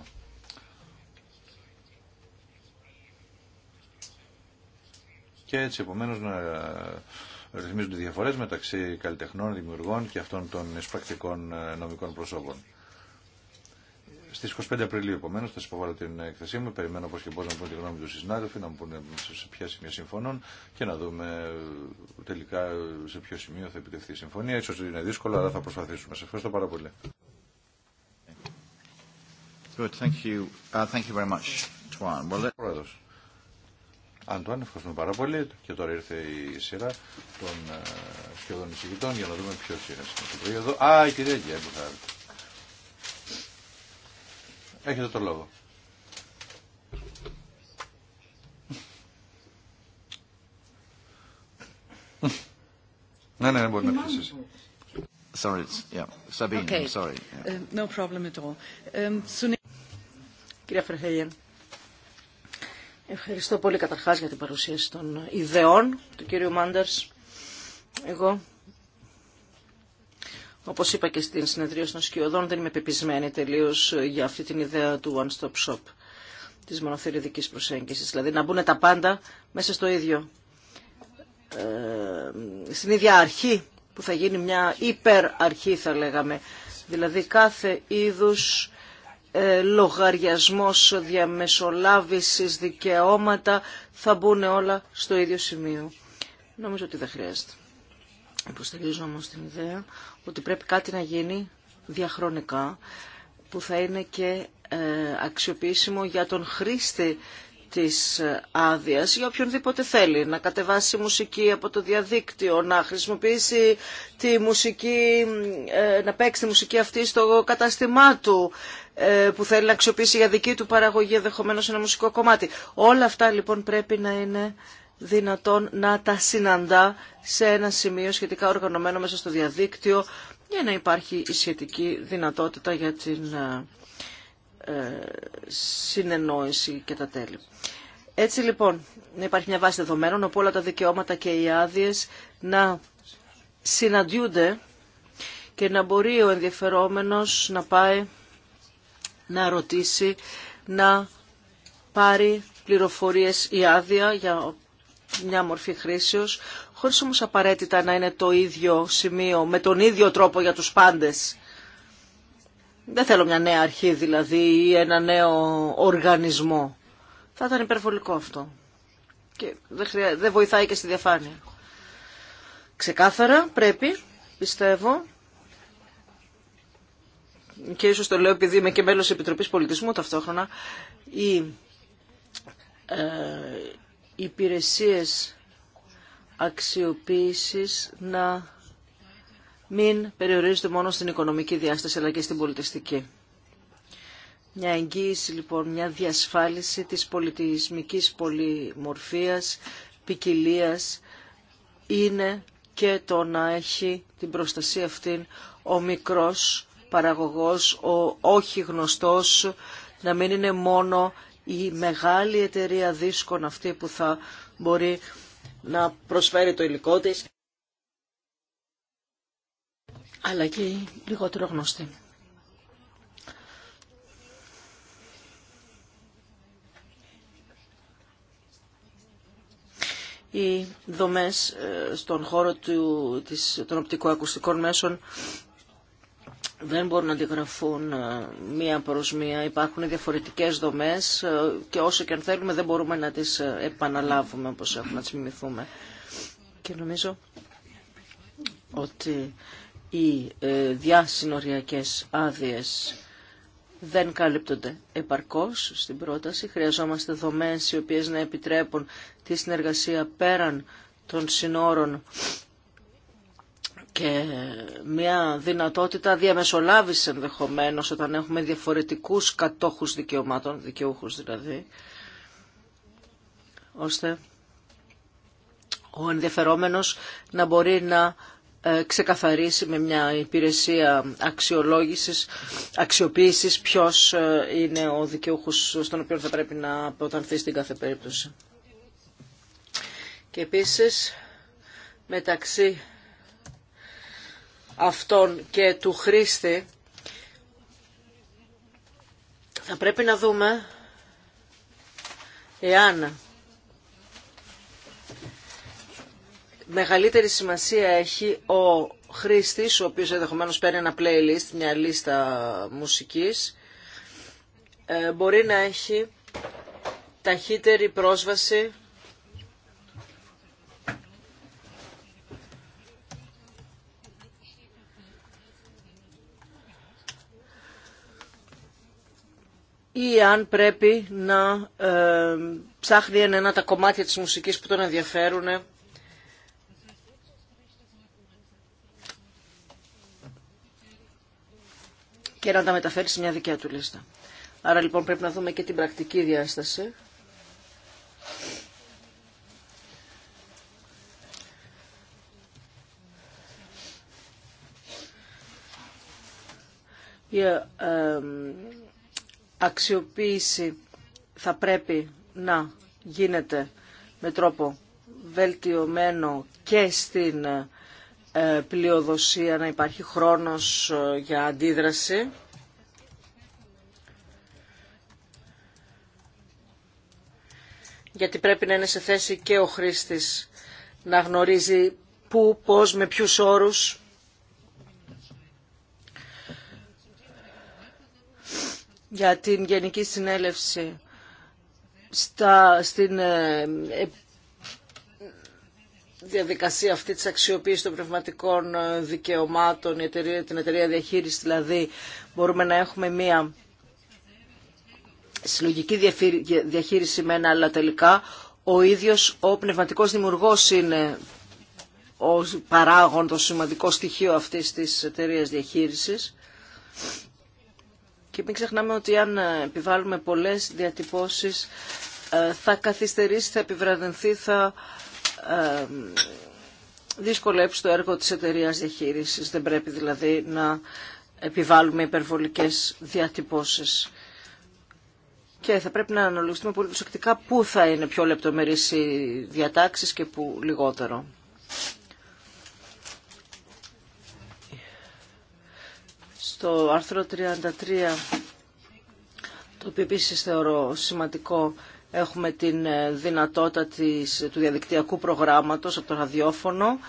Και έτσι επομένως να ρυθμίζονται διαφορές μεταξύ καλλιτεχνών, δημιουργών και αυτών των εισπρακτικών ε, νομικών προσώπων. Στι 25 Απριλίου, επομένω, θα σα υποβάλω την έκθεσή μου. Περιμένω πώ και πώ να πούνε τη γνώμη του συνάδελφοι, να μου πούνε σε ποια σημεία συμφωνούν και να δούμε ε, τελικά σε ποιο σημείο θα επιτευχθεί η συμφωνία. σω είναι δύσκολο, αλλά θα προσπαθήσουμε. Σα ευχαριστώ πάρα πολύ. Good, thank you. Uh, thank you very much, Well, Αντουάν, ευχαριστούμε πάρα πολύ και τώρα ήρθε η σειρά των ε, σχεδόν εισηγητών για να δούμε ποιο είναι στην Α, η κυρία Γκέμπου Έχετε το λόγο. Ναι, ναι, ναι μπορεί να πει Sorry, it's, yeah. Sabine, okay. sorry. Yeah. Ε, no problem at all. Ε, Κυρία Φερχέλιεν, ευχαριστώ πολύ καταρχάς για την παρουσίαση των ιδεών του κύριου Μάντερς. Εγώ Όπω είπα και στην συνεδρία των Σκιωδών, δεν είμαι πεπισμένη τελείω για αυτή την ιδέα του one-stop shop, τη μονοθεριδικής προσέγγιση. Δηλαδή να μπουν τα πάντα μέσα στο ίδιο, ε, στην ίδια αρχή που θα γίνει μια υπεραρχή θα λέγαμε. Δηλαδή κάθε είδους ε, λογαριασμός, διαμεσολάβησης, δικαιώματα θα μπουν όλα στο ίδιο σημείο. Νομίζω ότι δεν χρειάζεται. Υποστηρίζω όμως την ιδέα ότι πρέπει κάτι να γίνει διαχρονικά που θα είναι και ε, αξιοποιήσιμο για τον χρήστη της ε, άδεια για οποιονδήποτε θέλει να κατεβάσει μουσική από το διαδίκτυο, να χρησιμοποιήσει τη μουσική, ε, να παίξει τη μουσική αυτή στο καταστημά του που θέλει να αξιοποιήσει για δική του παραγωγή ενδεχομένω ένα μουσικό κομμάτι. Όλα αυτά λοιπόν πρέπει να είναι δυνατόν να τα συναντά σε ένα σημείο σχετικά οργανωμένο μέσα στο διαδίκτυο για να υπάρχει η σχετική δυνατότητα για την ε, ε, συνεννόηση και τα τέλη. Έτσι λοιπόν, να υπάρχει μια βάση δεδομένων όπου όλα τα δικαιώματα και οι άδειε να συναντιούνται και να μπορεί ο ενδιαφερόμενος να πάει να ρωτήσει, να πάρει πληροφορίες ή άδεια για μια μορφή χρήσεω, χωρίς όμως απαραίτητα να είναι το ίδιο σημείο, με τον ίδιο τρόπο για τους πάντες. Δεν θέλω μια νέα αρχή δηλαδή ή ένα νέο οργανισμό. Θα ήταν υπερβολικό αυτό. Και δεν, χρειά... βοηθάει και στη διαφάνεια. Ξεκάθαρα πρέπει, πιστεύω, και ίσως το λέω επειδή είμαι και μέλος της Επιτροπής Πολιτισμού ταυτόχρονα, η, ε, υπηρεσίες αξιοποίησης να μην περιορίζεται μόνο στην οικονομική διάσταση αλλά και στην πολιτιστική. Μια εγγύηση λοιπόν, μια διασφάλιση της πολιτισμικής πολυμορφίας, ποικιλία είναι και το να έχει την προστασία αυτήν ο μικρός παραγωγός, ο όχι γνωστός, να μην είναι μόνο η μεγάλη εταιρεία δίσκων αυτή που θα μπορεί να προσφέρει το υλικό της, αλλά και η λιγότερο γνωστή. Οι δομές ε, στον χώρο του, της, των οπτικοακουστικών μέσων δεν μπορούν να αντιγραφούν ε, μία προς μία. Υπάρχουν διαφορετικές δομές ε, και όσο και αν θέλουμε δεν μπορούμε να τις ε, επαναλάβουμε όπως έχουμε, να τις μιμηθούμε. Και νομίζω ότι οι διασυνοριακές άδειες δεν καλύπτονται επαρκώς στην πρόταση. Χρειαζόμαστε δομές οι οποίες να επιτρέπουν τη συνεργασία πέραν των συνόρων και μια δυνατότητα διαμεσολάβηση ενδεχομένως όταν έχουμε διαφορετικούς κατόχους δικαιωμάτων, δικαιούχους δηλαδή, ώστε ο ενδιαφερόμενος να μπορεί να ε, ξεκαθαρίσει με μια υπηρεσία αξιολόγησης, αξιοποίησης ποιος ε, είναι ο δικαιούχος στον οποίο θα πρέπει να αποτανθεί στην κάθε περίπτωση. Και επίσης μεταξύ Αυτόν και του χρήστη, θα πρέπει να δούμε εάν μεγαλύτερη σημασία έχει ο χρήστης, ο οποίος ενδεχομένω παίρνει ένα playlist, μια λίστα μουσικής, ε, μπορεί να έχει ταχύτερη πρόσβαση ή αν πρέπει να ε, ψάχνει ένα τα κομμάτια της μουσικής που τον ενδιαφέρουν. και να τα μεταφέρει σε μια δικιά του λίστα. Άρα λοιπόν πρέπει να δούμε και την πρακτική διάσταση. Yeah, αξιοποίηση θα πρέπει να γίνεται με τρόπο βελτιωμένο και στην ε, πλειοδοσία να υπάρχει χρόνος ε, για αντίδραση. Γιατί πρέπει να είναι σε θέση και ο χρήστης να γνωρίζει πού, πώς, με ποιους όρους για την Γενική Συνέλευση στα, στην ε, ε, διαδικασία αυτή της αξιοποίησης των πνευματικών ε, δικαιωμάτων, η εταιρεία, την εταιρεία διαχείρισης δηλαδή, μπορούμε να έχουμε μία συλλογική διαχείριση με ένα, αλλά τελικά ο ίδιος ο πνευματικός δημιουργός είναι ο παράγον, το σημαντικό στοιχείο αυτής της εταιρείας διαχείρισης. Και μην ξεχνάμε ότι αν ε, επιβάλλουμε πολλές διατυπώσεις ε, θα καθυστερήσει, θα επιβραδενθεί, θα ε, δυσκολέψει το έργο της εταιρείας διαχείρισης. Δεν πρέπει δηλαδή να επιβάλλουμε υπερβολικές διατυπώσεις. Και θα πρέπει να αναλογιστούμε πολύ προσεκτικά πού θα είναι πιο λεπτομερείς οι διατάξεις και πού λιγότερο. στο άρθρο 33, το οποίο επίση θεωρώ σημαντικό, έχουμε την ε, δυνατότητα της, του διαδικτυακού προγράμματος από το ραδιόφωνο.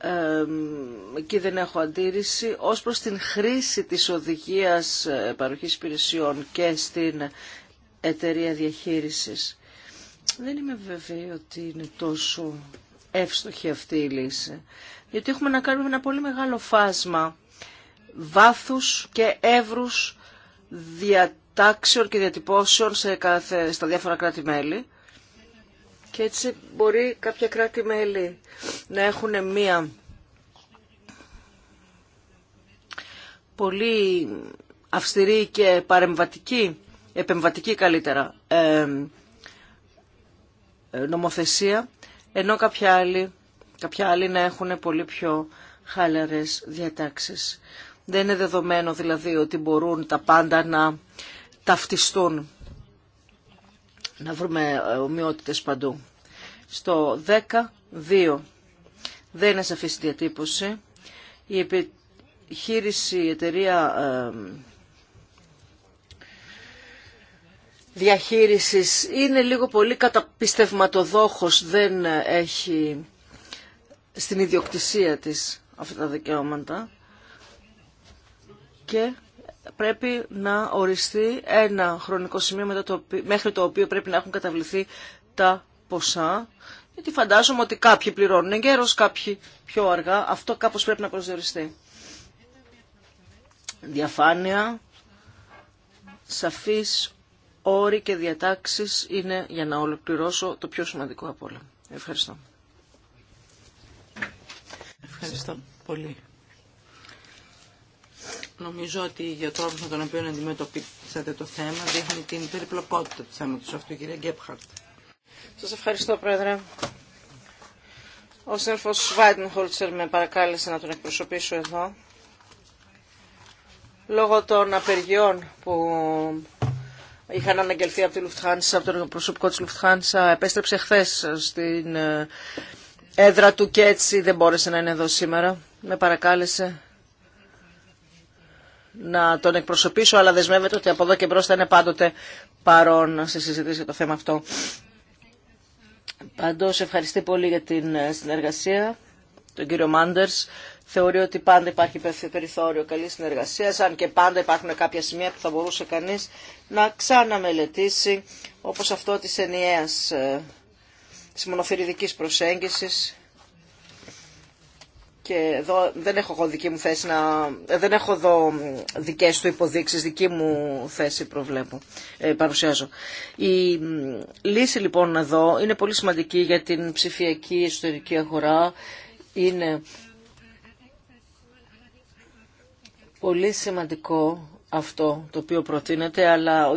και εκεί δεν έχω αντίρρηση. Ως προς την χρήση της οδηγίας ε, παροχής υπηρεσιών και στην εταιρεία διαχείρισης, δεν είμαι βέβαιη ότι είναι τόσο εύστοχη αυτή η λύση. Γιατί έχουμε να κάνουμε ένα πολύ μεγάλο φάσμα βάθους και εύρους διατάξεων και διατυπώσεων σε κάθε, στα διάφορα κράτη-μέλη. Και έτσι μπορεί κάποια κράτη-μέλη να έχουν μία πολύ αυστηρή και παρεμβατική, επεμβατική καλύτερα, νομοθεσία, ενώ κάποια άλλη κάποια άλλη να έχουν πολύ πιο χαλαρές διατάξεις. Δεν είναι δεδομένο δηλαδή ότι μπορούν τα πάντα να ταυτιστούν, να βρούμε ε, ομοιότητες παντού. Στο 10.2 δεν είναι σαφή η διατύπωση. Η επιχείρηση, η εταιρεία διαχείρισης είναι λίγο πολύ καταπιστευματοδόχος, δεν έχει στην ιδιοκτησία της αυτά τα δικαιώματα και πρέπει να οριστεί ένα χρονικό σημείο μέχρι το οποίο πρέπει να έχουν καταβληθεί τα ποσά. Γιατί φαντάζομαι ότι κάποιοι πληρώνουν εγκαίρως, κάποιοι πιο αργά. Αυτό κάπως πρέπει να προσδιοριστεί. Διαφάνεια, σαφής όροι και διατάξεις είναι για να ολοκληρώσω το πιο σημαντικό από όλα. Ευχαριστώ. Ευχαριστώ πολύ. Νομίζω ότι για τρόπο με τον οποίο αντιμετωπίσατε το θέμα δείχνει την περιπλοκότητα του θέματο, αυτού, κυρία Γκέπχαρτ. Σας ευχαριστώ, Πρόεδρε. Ο Βάιντεν Χόλτσερ με παρακάλεσε να τον εκπροσωπήσω εδώ. Λόγω των απεργιών που είχαν αναγγελθεί από τη Λουφτχάνσα, από τον προσωπικό τη Λουφτχάνσα, επέστρεψε χθε στην ε, έδρα του και έτσι δεν μπόρεσε να είναι εδώ σήμερα. Με παρακάλεσε να τον εκπροσωπήσω, αλλά δεσμεύεται ότι από εδώ και μπρος θα είναι πάντοτε παρόν σε συζήτηση το θέμα αυτό. Πάντως ευχαριστώ πολύ για την ε, συνεργασία, τον κύριο Μάντερς. Θεωρεί ότι πάντα υπάρχει περιθώριο καλή συνεργασία, αν και πάντα υπάρχουν κάποια σημεία που θα μπορούσε κανείς να ξαναμελετήσει, όπως αυτό της ενιαίας συμμονοφυριδικής ε, προσέγγισης και εδώ δεν έχω εγώ δική μου θέση να... δεν έχω εδώ δικές του υποδείξεις, δική μου θέση προβλέπω, ε, παρουσιάζω. Η λύση λοιπόν εδώ είναι πολύ σημαντική για την ψηφιακή εσωτερική αγορά, είναι πολύ σημαντικό αυτό το οποίο προτείνεται, αλλά ο,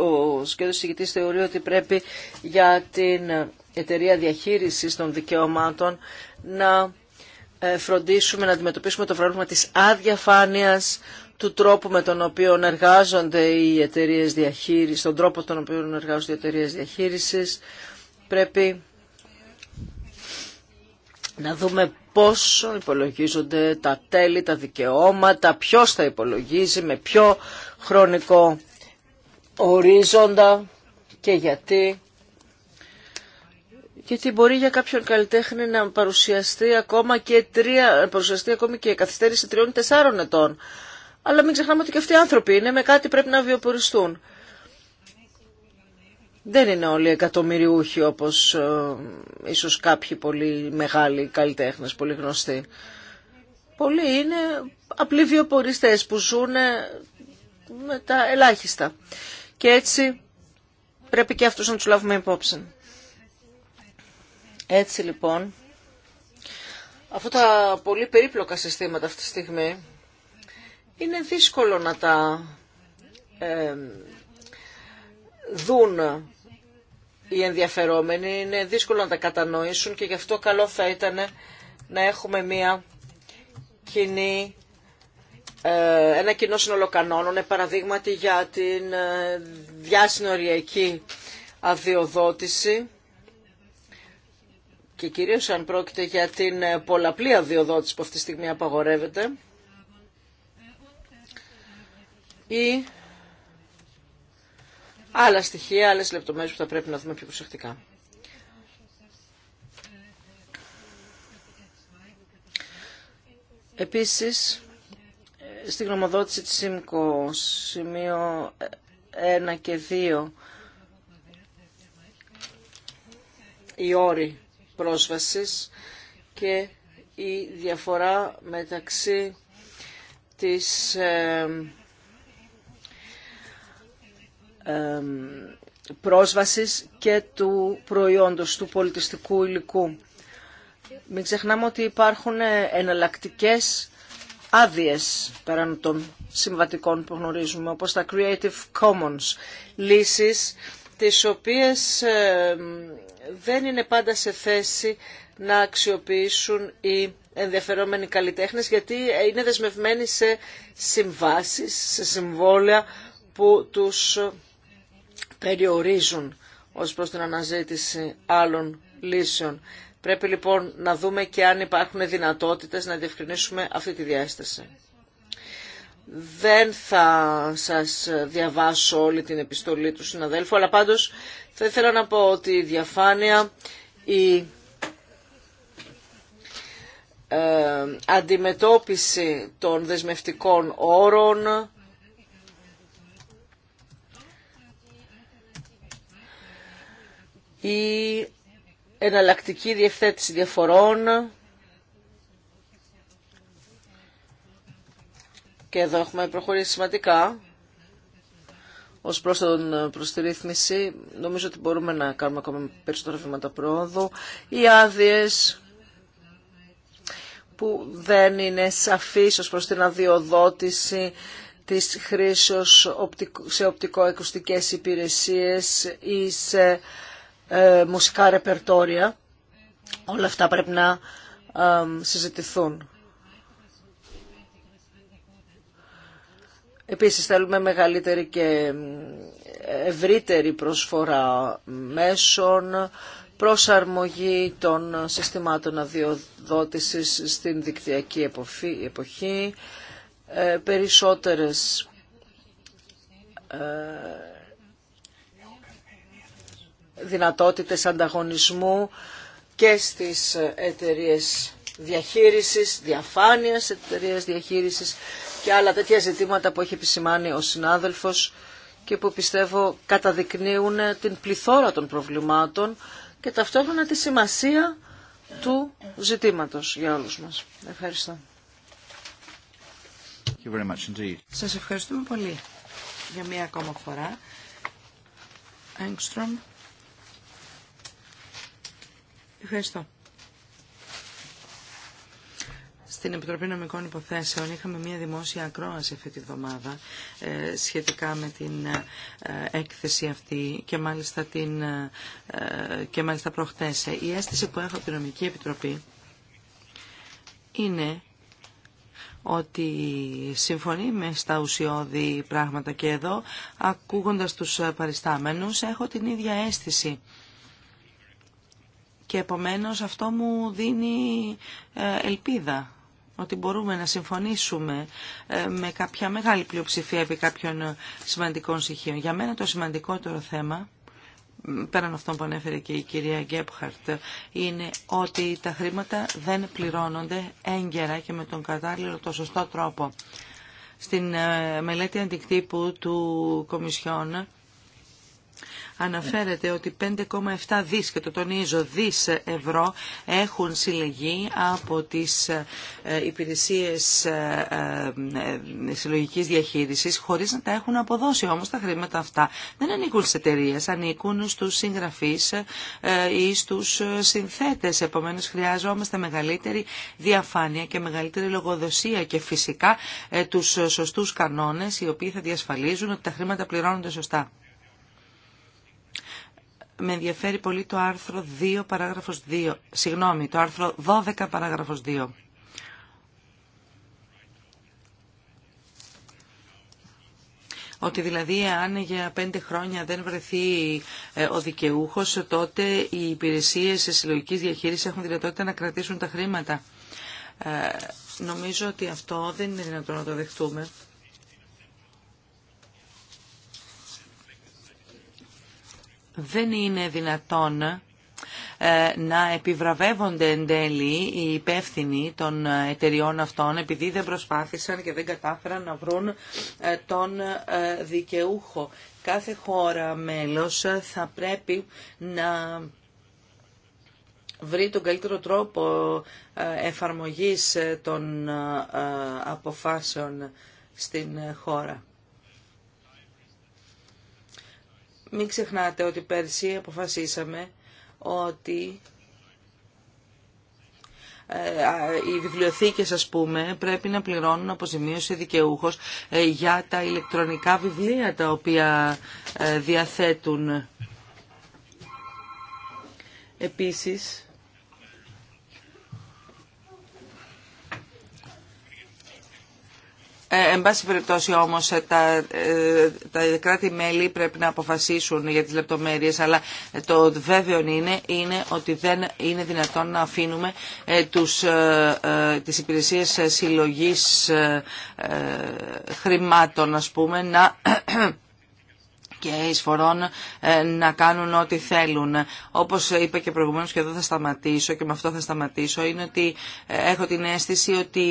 ο θεωρεί ότι πρέπει για την εταιρεία διαχείρισης των δικαιωμάτων να ε, φροντίσουμε να αντιμετωπίσουμε το πρόβλημα της αδιαφάνειας του τρόπου με τον οποίο εργάζονται οι εταιρείε διαχείρισης, τον τρόπο τον οποίο εργάζονται οι εταιρείε διαχείρισης. Πρέπει να δούμε πόσο υπολογίζονται τα τέλη, τα δικαιώματα, ποιος θα υπολογίζει, με ποιο χρονικό ορίζοντα και γιατί γιατί μπορεί για κάποιον καλλιτέχνη να παρουσιαστεί ακόμα και τρία, παρουσιαστεί ακόμη και καθυστέρηση τριών ή τεσσάρων ετών. Αλλά μην ξεχνάμε ότι και αυτοί οι άνθρωποι είναι, με κάτι πρέπει να βιοποριστούν. Δεν είναι όλοι εκατομμυριούχοι όπως ε, ίσως κάποιοι πολύ μεγάλοι καλλιτέχνες, πολύ γνωστοί. Πολλοί είναι απλοί βιοποριστές που ζουν με τα ελάχιστα. Και έτσι πρέπει και αυτούς να τους λάβουμε υπόψη. Έτσι λοιπόν, αυτά τα πολύ περίπλοκα συστήματα αυτή τη στιγμή είναι δύσκολο να τα δουν οι ενδιαφερόμενοι, είναι δύσκολο να τα κατανοήσουν και γι' αυτό καλό θα ήταν να έχουμε μία κοινή ε, ένα κοινό σύνολο κανόνων, ε, παραδείγματι για την ε, διασυνοριακή αδειοδότηση και κυρίως αν πρόκειται για την ε, πολλαπλή αδειοδότηση που αυτή τη στιγμή απαγορεύεται ή άλλα στοιχεία, άλλες λεπτομέρειες που θα πρέπει να δούμε πιο προσεκτικά. Επίσης, στη γνωμοδότηση της ΣΥΜΚΟ, σημείο 1 και 2, η όροι πρόσβασης και η διαφορά μεταξύ της ε, ε, πρόσβασης και του προϊόντος, του πολιτιστικού υλικού. Μην ξεχνάμε ότι υπάρχουν εναλλακτικές άδειε πέραν των συμβατικών που γνωρίζουμε, όπως τα Creative Commons, λύσεις τις οποίες ε, δεν είναι πάντα σε θέση να αξιοποιήσουν οι ενδιαφερόμενοι καλλιτέχνες γιατί είναι δεσμευμένοι σε συμβάσεις, σε συμβόλαια που τους περιορίζουν ως προς την αναζήτηση άλλων λύσεων. Πρέπει λοιπόν να δούμε και αν υπάρχουν δυνατότητες να διευκρινίσουμε αυτή τη διάσταση. Δεν θα σας διαβάσω όλη την επιστολή του συναδέλφου, αλλά πάντως θα ήθελα να πω ότι η διαφάνεια, η ε, αντιμετώπιση των δεσμευτικών όρων, η εναλλακτική διευθέτηση διαφορών, και εδώ έχουμε προχωρήσει σημαντικά ως προς, τον, προς τη ρύθμιση. Νομίζω ότι μπορούμε να κάνουμε ακόμα περισσότερα βήματα πρόοδου. Οι άδειε που δεν είναι σαφείς ως προς την αδειοδότηση της χρήσεως σε οπτικο-εκουστικές υπηρεσίες ή σε ε, μουσικά ρεπερτόρια. Όλα αυτά πρέπει να ε, συζητηθούν. Επίσης θέλουμε μεγαλύτερη και ευρύτερη προσφορά μέσων, προσαρμογή των συστημάτων αδειοδότησης στην δικτυακή εποχή, ε, περισσότερες ε, δυνατότητες ανταγωνισμού και στις εταιρείες διαχείρισης, διαφάνειας εταιρείες διαχείρισης και άλλα τέτοια ζητήματα που έχει επισημάνει ο συνάδελφος και που πιστεύω καταδεικνύουν την πληθώρα των προβλημάτων και ταυτόχρονα τη σημασία του ζητήματος για όλους μας. Ευχαριστώ. Σα Σας ευχαριστούμε πολύ για μία ακόμα φορά. Ευχαριστώ στην Επιτροπή Νομικών Υποθέσεων είχαμε μια δημόσια ακρόαση αυτή τη βδομάδα ε, σχετικά με την ε, έκθεση αυτή και μάλιστα, την, ε, και μάλιστα Η αίσθηση που έχω από την Νομική Επιτροπή είναι ότι συμφωνεί με στα ουσιώδη πράγματα και εδώ ακούγοντας τους παριστάμενους έχω την ίδια αίσθηση και επομένως αυτό μου δίνει ελπίδα ότι μπορούμε να συμφωνήσουμε ε, με κάποια μεγάλη πλειοψηφία επί κάποιων ε, σημαντικών στοιχείων. Για μένα το σημαντικότερο θέμα πέραν αυτών που ανέφερε και η κυρία Γκέπχαρτ, είναι ότι τα χρήματα δεν πληρώνονται έγκαιρα και με τον κατάλληλο το σωστό τρόπο. Στην ε, μελέτη αντικτύπου του Κομισιόν αναφέρεται ότι 5,7 δις και το τονίζω δις ευρώ έχουν συλλεγεί από τις ε, υπηρεσίες ε, ε, συλλογικής διαχείρισης χωρίς να τα έχουν αποδώσει όμως τα χρήματα αυτά. Δεν ανήκουν στις εταιρείε, ανήκουν στους συγγραφείς ή στους συνθέτες. Επομένως χρειάζομαστε μεγαλύτερη διαφάνεια και μεγαλύτερη λογοδοσία και φυσικά τους σωστούς κανόνες οι οποίοι θα διασφαλίζουν ότι τα χρήματα πληρώνονται σωστά με ενδιαφέρει πολύ το άρθρο 2 παράγραφος 2, συγγνώμη, το άρθρο 12 παράγραφος 2. Ότι δηλαδή αν για πέντε χρόνια δεν βρεθεί ε, ο δικαιούχος, τότε οι υπηρεσίες συλλογική διαχείριση έχουν δυνατότητα να κρατήσουν τα χρήματα. Ε, νομίζω ότι αυτό δεν είναι δυνατόν να το δεχτούμε. δεν είναι δυνατόν ε, να επιβραβεύονται εν τέλει οι υπεύθυνοι των εταιριών αυτών επειδή δεν προσπάθησαν και δεν κατάφεραν να βρουν ε, τον ε, δικαιούχο. Κάθε χώρα μέλος θα πρέπει να βρει τον καλύτερο τρόπο εφαρμογής των αποφάσεων στην χώρα. Μην ξεχνάτε ότι πέρσι αποφασίσαμε ότι ε, οι βιβλιοθήκες ας πούμε πρέπει να πληρώνουν αποζημίωση δικαιούχος ε, για τα ηλεκτρονικά βιβλία τα οποία ε, διαθέτουν. Επίσης, Ε, εν πάση περιπτώσει όμως ε, τα, ε, τα κράτη-μέλη πρέπει να αποφασίσουν για τις λεπτομέρειες αλλά το βέβαιο είναι, είναι ότι δεν είναι δυνατόν να αφήνουμε ε, τους, τις υπηρεσίες συλλογής χρημάτων ας πούμε να και εισφορών ε, να κάνουν ό,τι θέλουν. Όπως είπα και προηγουμένως και εδώ θα σταματήσω και με αυτό θα σταματήσω, είναι ότι ε, έχω την αίσθηση ότι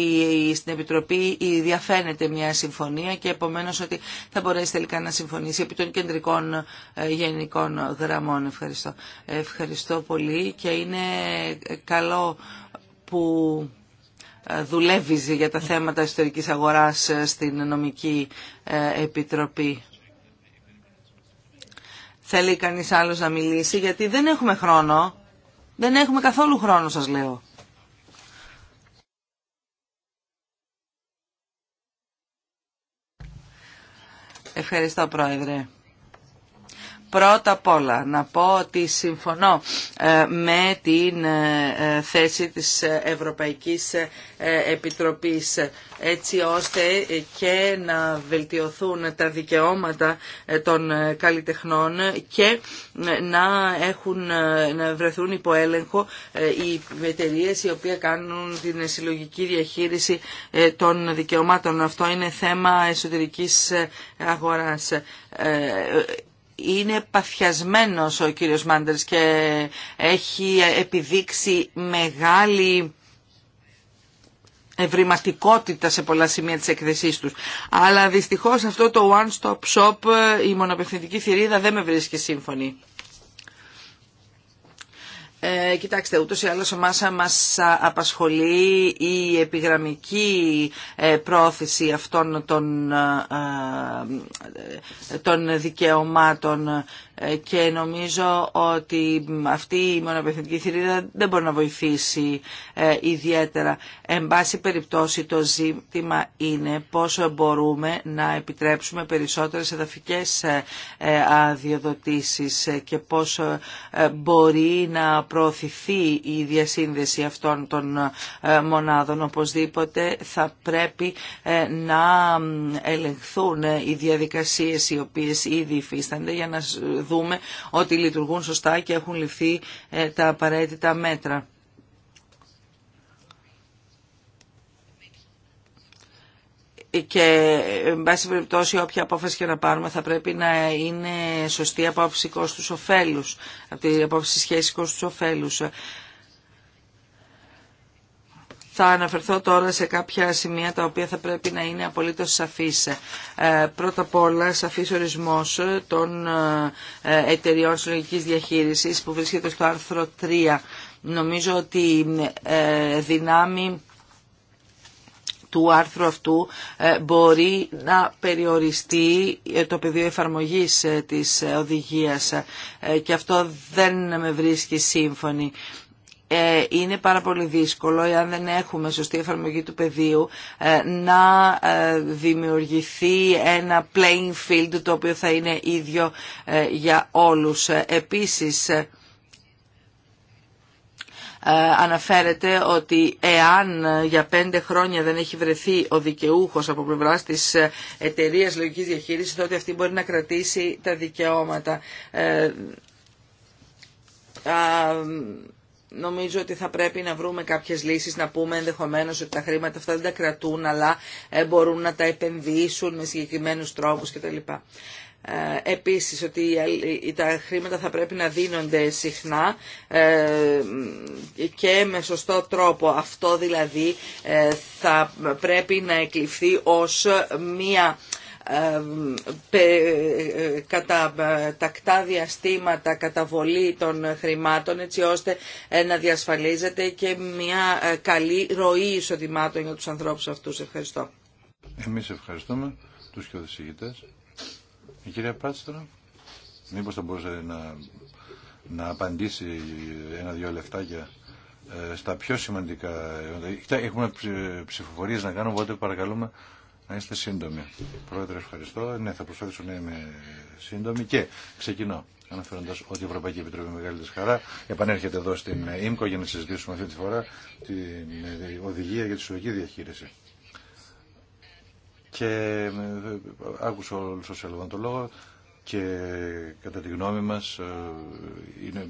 στην Επιτροπή διαφαίνεται μια συμφωνία και επομένως ότι θα μπορέσει τελικά να συμφωνήσει επί των κεντρικών ε, γενικών γραμμών. Ευχαριστώ. Ευχαριστώ πολύ και είναι καλό που δουλεύει για τα θέματα ιστορικής αγοράς στην Νομική Επιτροπή θέλει κανείς άλλος να μιλήσει, γιατί δεν έχουμε χρόνο. Δεν έχουμε καθόλου χρόνο, σας λέω. Ευχαριστώ, Πρόεδρε. Πρώτα απ' όλα να πω ότι συμφωνώ ε, με την ε, ε, θέση της Ευρωπαϊκής Επιτροπής έτσι ώστε και να βελτιωθούν τα δικαιώματα των καλλιτεχνών και να, έχουν, να βρεθούν υπό έλεγχο οι εταιρείε οι οποίες κάνουν την συλλογική διαχείριση των δικαιωμάτων. Αυτό είναι θέμα εσωτερικής αγοράς είναι παθιασμένος ο κύριος Μάντερς και έχει επιδείξει μεγάλη ευρηματικότητα σε πολλά σημεία της εκθεσής τους. Αλλά δυστυχώς αυτό το one-stop shop, η μονοπευθυντική θηρίδα δεν με βρίσκει σύμφωνη. Ε, κοιτάξτε, ούτως ή άλλως εμάς μας απασχολεί η αλλω μα μας πρόθεση αυτών των, ε, ε, των δικαιωμάτων και νομίζω ότι αυτή η μονοπευθυντική θηρίδα δεν μπορεί να βοηθήσει ε, ιδιαίτερα. Εν πάση περιπτώσει το ζήτημα είναι πόσο μπορούμε να επιτρέψουμε περισσότερες εδαφικές ε, ε, αδειοδοτήσεις και πόσο μπορεί να προωθηθεί η διασύνδεση αυτών των μονάδων. Οπωσδήποτε θα πρέπει να ελεγχθούν οι διαδικασίες οι οποίες ήδη υφίστανται για να δούμε ότι λειτουργούν σωστά και έχουν ληφθεί ε, τα απαραίτητα μέτρα. και ε, εν πάση περιπτώσει όποια απόφαση και να πάρουμε θα πρέπει να είναι σωστή απόψη κόστους ωφέλους, από την απόψη σχέση κόστους ωφέλους. Θα αναφερθώ τώρα σε κάποια σημεία τα οποία θα πρέπει να είναι απολύτως σαφής. Ε, πρώτα απ' όλα σαφής ορισμός των ε, εταιριών συλλογικής διαχείρισης που βρίσκεται στο άρθρο 3. Νομίζω ότι ε, δυνάμει του άρθρου αυτού μπορεί να περιοριστεί το πεδίο εφαρμογής της οδηγίας και αυτό δεν με βρίσκει σύμφωνη. Ε, είναι πάρα πολύ δύσκολο, εάν δεν έχουμε σωστή εφαρμογή του πεδίου, ε, να ε, δημιουργηθεί ένα playing field το οποίο θα είναι ίδιο για όλους. Επίσης, αναφέρεται ότι εάν για πέντε χρόνια δεν έχει βρεθεί ο δικαιούχος από πλευρά της εταιρεία λογικής διαχείρισης, τότε αυτή μπορεί να κρατήσει τα δικαιώματα νομίζω ότι θα πρέπει να βρούμε κάποιες λύσεις, να πούμε ενδεχομένως ότι τα χρήματα αυτά δεν τα κρατούν, αλλά ε, μπορούν να τα επενδύσουν με συγκεκριμένους τρόπους κτλ. Ε, επίσης ότι τα χρήματα θα πρέπει να δίνονται συχνά ε, και με σωστό τρόπο. Αυτό δηλαδή θα πρέπει να εκλειφθεί ως μία ε, κατά ε, τακτά διαστήματα καταβολή των χρημάτων έτσι ώστε ε, να διασφαλίζεται και μια καλή ροή εισοδημάτων για τους ανθρώπους αυτούς. Ευχαριστώ. Εμείς ευχαριστούμε τους και Η κυρία Πάτστρα, μήπως θα μπορούσε να, να απαντήσει ένα-δυο λεφτάκια στα πιο σημαντικά. Έχουμε ψηφοφορίες να κάνουμε, οπότε παρακαλούμε να είστε σύντομοι. Πρόεδρε, ευχαριστώ. Ναι, θα προσπαθήσω να είμαι σύντομοι και ξεκινώ αναφέροντα ότι η Ευρωπαϊκή Επιτροπή Μεγάλη τη Χαρά επανέρχεται εδώ στην ΙΜΚΟ για να συζητήσουμε αυτή τη φορά την ε, οδηγία για τη συλλογική διαχείριση. Και ε, άκουσα όλου όσου το λόγο και κατά τη γνώμη μας ε, είναι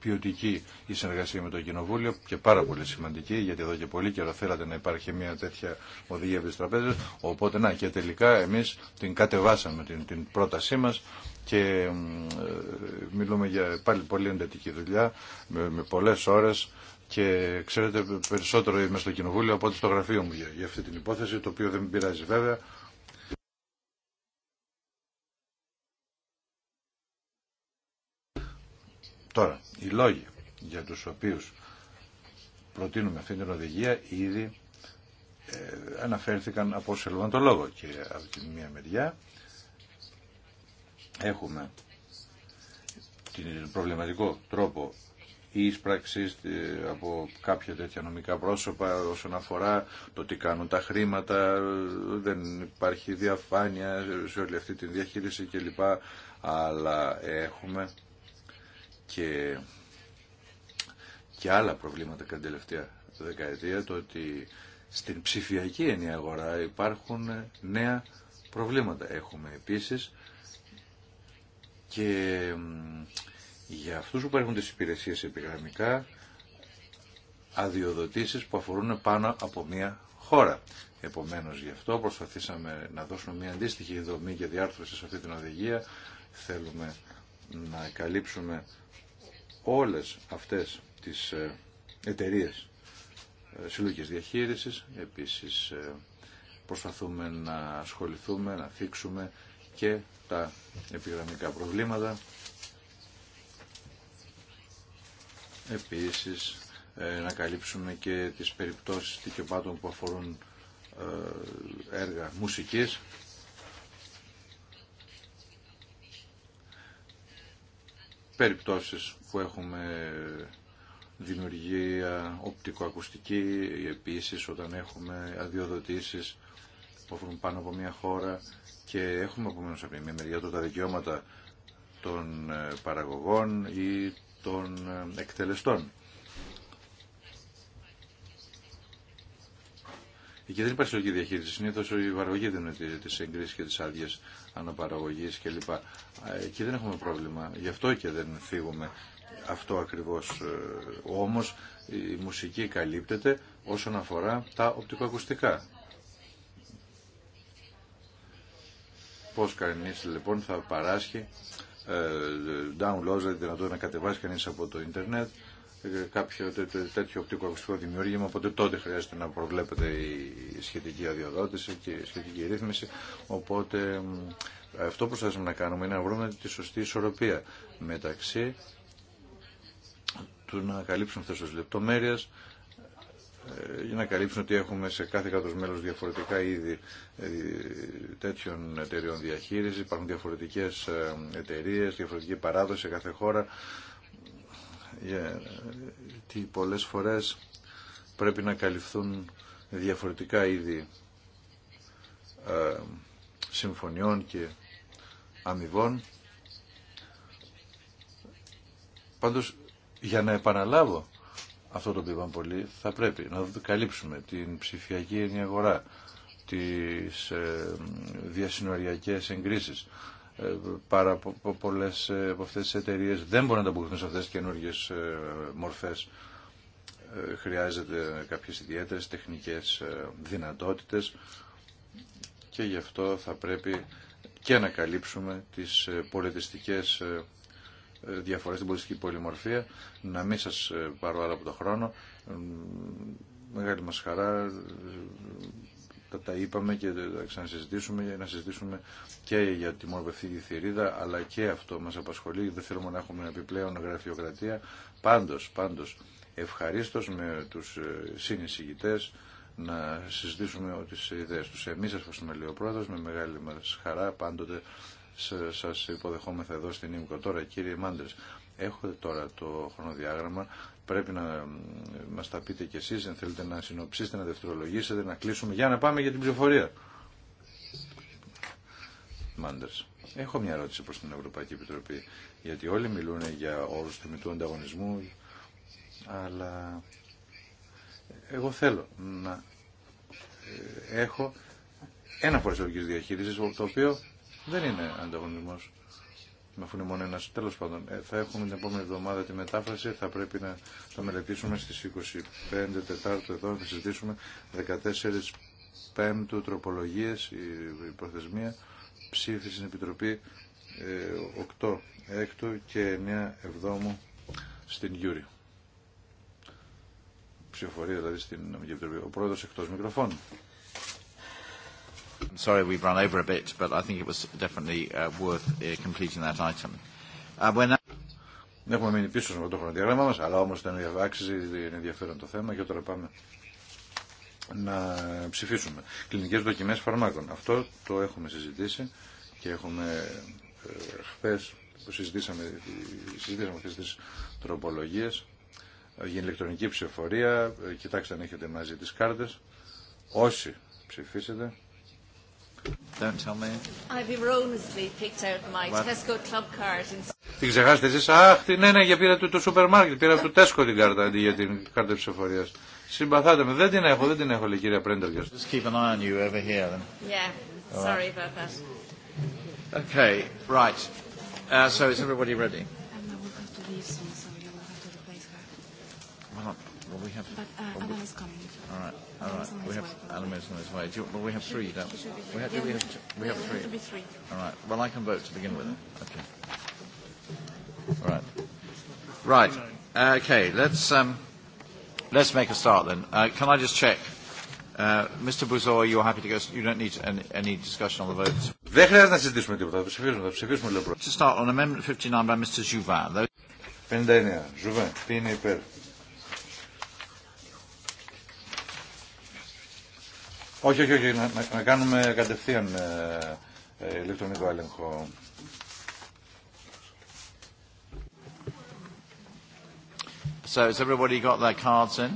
ποιοτική η συνεργασία με το Κοινοβούλιο και πάρα πολύ σημαντική γιατί εδώ και πολύ καιρό θέλατε να υπάρχει μια τέτοια οδηγία από τις τραπέζες οπότε να και τελικά εμείς την κατεβάσαμε την, την πρότασή μας και ε, μιλούμε για πάλι πολύ εντατική δουλειά με, με πολλές ώρες και ξέρετε περισσότερο είμαι στο Κοινοβούλιο από ό,τι στο γραφείο μου για, για αυτή την υπόθεση το οποίο δεν πειράζει βέβαια Τώρα, οι λόγοι για τους οποίους προτείνουμε αυτή την οδηγία ήδη ε, αναφέρθηκαν από όσο το λόγο και από τη μία μεριά έχουμε την προβληματικό τρόπο ή ε, από κάποια τέτοια νομικά πρόσωπα όσον αφορά το τι κάνουν τα χρήματα, δεν υπάρχει διαφάνεια σε όλη αυτή τη διαχείριση κλπ. Αλλά έχουμε και, και άλλα προβλήματα κατά τελευταία δεκαετία, το ότι στην ψηφιακή ενιαία αγορά υπάρχουν νέα προβλήματα. Έχουμε επίσης και για αυτούς που παρέχουν τις υπηρεσίες επιγραμμικά αδειοδοτήσεις που αφορούν πάνω από μία χώρα. Επομένως γι' αυτό προσπαθήσαμε να δώσουμε μία αντίστοιχη δομή για διάρθρωση σε αυτή την οδηγία. Θέλουμε να καλύψουμε όλες αυτές τις ε, εταιρείε συλλογικής διαχείρισης. Επίσης ε, προσπαθούμε να ασχοληθούμε, να θίξουμε και τα επιγραμμικά προβλήματα. Επίσης ε, να καλύψουμε και τις περιπτώσεις δικαιωμάτων που αφορούν έργα μουσικής περιπτώσεις που έχουμε δημιουργία οπτικοακουστική, επίσης όταν έχουμε αδειοδοτήσεις που αφορούν πάνω από μια χώρα και έχουμε από μια μεριά τα δικαιώματα των ε, παραγωγών ή των ε, εκτελεστών. Εκεί δεν υπάρχει σωστή διαχείριση. Συνήθω η παραγωγή δεν τι εγκρίσει και τι άδειε αναπαραγωγή κλπ. Εκεί δεν έχουμε πρόβλημα. Γι' αυτό και δεν φύγουμε αυτό ακριβώς ε, όμως η μουσική καλύπτεται όσον αφορά τα οπτικοακουστικά. Πώς κανείς λοιπόν θα παράσχει ε, download, δηλαδή δυνατότητα να κατεβάσει κανεί από το ίντερνετ κάποιο τέτοιο οπτικό ακουστικό δημιούργημα, οπότε τότε χρειάζεται να προβλέπεται η σχετική αδειοδότηση και η σχετική ρύθμιση. Οπότε αυτό που προσπαθούμε να κάνουμε είναι να βρούμε τη σωστή ισορροπία μεταξύ του να καλύψουν αυτές τις λεπτομέρειες για ε, να καλύψουν ότι έχουμε σε κάθε κράτος μέλος διαφορετικά είδη ε, τέτοιων εταιρεών διαχείρισης, υπάρχουν διαφορετικές ε, εταιρείε, διαφορετική παράδοση σε κάθε χώρα γιατί πολλές φορές πρέπει να καλυφθούν διαφορετικά είδη ε, συμφωνιών και αμοιβών. Πάντως, για να επαναλάβω αυτό το πηγαν πολύ, θα πρέπει να καλύψουμε την ψηφιακή ενιαγορά, τις ε, διασυνοριακές εγκρίσεις, ε, πάρα πολλές ε, από αυτές τις εταιρείες δεν μπορούν να ανταποκριθούν σε αυτές τις καινούργιες ε, μορφές. Χρειάζεται κάποιες ιδιαίτερες τεχνικές δυνατότητες και γι' αυτό θα πρέπει και να καλύψουμε τις πολιτιστικές διαφορές στην πολιτιστική πολυμορφία. Να μην σας πάρω άλλο από το χρόνο. Μεγάλη μας χαρά τα είπαμε και θα ξανασυζητήσουμε για να συζητήσουμε και για τη μορβευτική θηρίδα, αλλά και αυτό μας απασχολεί. Δεν θέλουμε να έχουμε επιπλέον γραφειοκρατία. Πάντως, πάντως, ευχαρίστως με τους ε, συνεισηγητές να συζητήσουμε τις ιδέες τους. Εμείς, ευχαριστούμε, λέει ο με μεγάλη μας χαρά, πάντοτε σας υποδεχόμεθα εδώ στην Ήμικο. Τώρα, κύριε Μάντρες, έχω τώρα το χρονοδιάγραμμα πρέπει να μα τα πείτε κι εσείς, αν θέλετε να συνοψίσετε, να δευτερολογήσετε, να κλείσουμε, για να πάμε για την πληροφορία. Μάντερ. Έχω μια ερώτηση προς την Ευρωπαϊκή Επιτροπή, γιατί όλοι μιλούν για όρους θεμητού ανταγωνισμού, αλλά εγώ θέλω να ε, έχω ένα φορές διαχείριση, το οποίο δεν είναι ανταγωνισμός αφού είναι μόνο ένας. Τέλος πάντων, ε, θα έχουμε την επόμενη εβδομάδα τη μετάφραση, θα πρέπει να το μελετήσουμε στις 25 Τετάρτου εδώ, θα συζητήσουμε 14 Πέμπτου τροπολογίες, η προθεσμία, ψήφιση στην Επιτροπή 8 ε, Έκτου και 9 Εβδόμου στην Γιούρη. Ψηφοφορία δηλαδή στην Επιτροπή. Ο πρόεδρο εκτός μικροφώνου. I'm Sorry we've run over a bit, but I think it was definitely uh, worth uh, completing that item. Uh, when... Έχουμε μείνει πίσω με το χρονοδιάγραμμα μας, αλλά όμως ήταν αξίζει, είναι ενδιαφέρον το θέμα και τώρα πάμε να ψηφίσουμε. Κλινικές δοκιμές φαρμάκων. Αυτό το έχουμε συζητήσει και έχουμε ε, χθες που συζητήσαμε, συζητήσαμε αυτές τις τροπολογίες. Γίνει ηλεκτρονική ψηφοφορία. Ε, κοιτάξτε αν έχετε μαζί τις κάρτες. Όσοι ψηφίσετε Don't tell me. I've erroneously picked out my Tesco club card. Την ξεχάσετε εσείς. Αχ, ναι, ναι, για πήρα του το σούπερ μάρκετ. Πήρα του Tesco την κάρτα αντί για την κάρτα ψηφοφορίας. Συμπαθάτε με. Δεν την έχω, δεν την έχω, λέει κυρία Πρέντεργας. Just keep an eye on you over here then. Yeah, sorry about that. Okay, right. Uh, so is everybody ready? Well, we have. But uh, Anna is coming. All right. All right, we have Alamir's on his way. Do you, well, we have three. Don't we? We have, we have, we have three. Be All right. Well, I can vote to begin with. Okay. All right. Right. Okay. Let's um, let's make a start then. Uh, can I just check? Uh, Mr. Buzor, are happy to go. You don't need any, any discussion on the votes. Δεν χρειάζεται να συζητήσουμε τίποτα. Θα ψηφίσουμε, θα ψηφίσουμε To start on Amendment 59 by Mr. Jouvin. 59. Jouvin. Τι είναι υπέρ. Όχι, όχι, όχι, να, να κάνουμε κατευθείαν ε, ε, ηλεκτρονικό έλεγχο. So, has everybody got their cards in?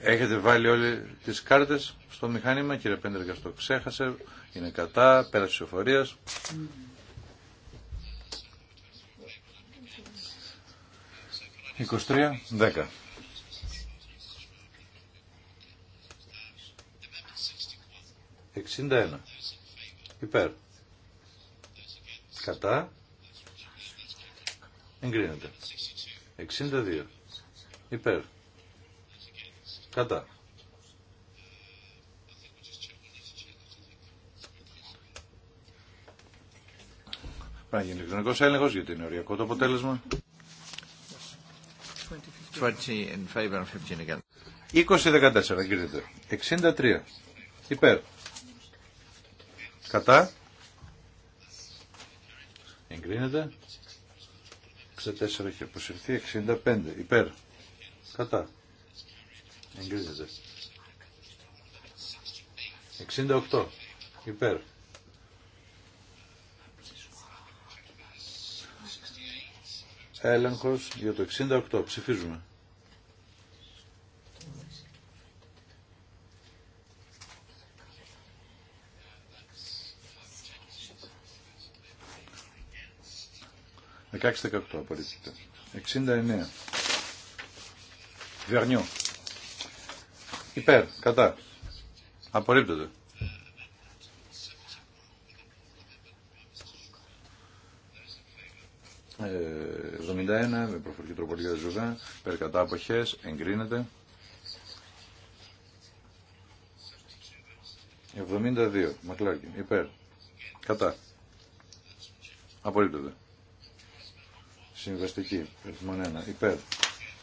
Έχετε βάλει όλοι τις κάρτες στο μηχάνημα, κύριε Πέντερκα, το ξέχασε, είναι κατά, πέρα της εφορίας. 23, 10. 61. Υπέρ. Κατά. Εγκρίνεται. 62. Υπέρ. Κατά. Πρέπει να γίνει ηλεκτρονικός έλεγχος γιατί είναι οριακό το αποτέλεσμα. 20-14 γίνεται. 63. Υπέρ. Κατά. Εγκρίνεται. 64 έχει αποσυρθεί. 65. Υπέρ. Κατά. Εγκρίνεται. 68. Υπέρ. Έλεγχος για το 68. Ψηφίζουμε. 16-18 απορρίπτεται. 69. Βερνιό. Υπέρ, κατά. Απορρίπτεται. 71 ε, με προφορική τροπολογία ζουγά, υπέρ κατά αποχές, εγκρίνεται. 72, Μακλάρκιν, υπέρ, κατά. Απορρίπτεται. Συμβαστική, αριθμόν 1, υπέρ,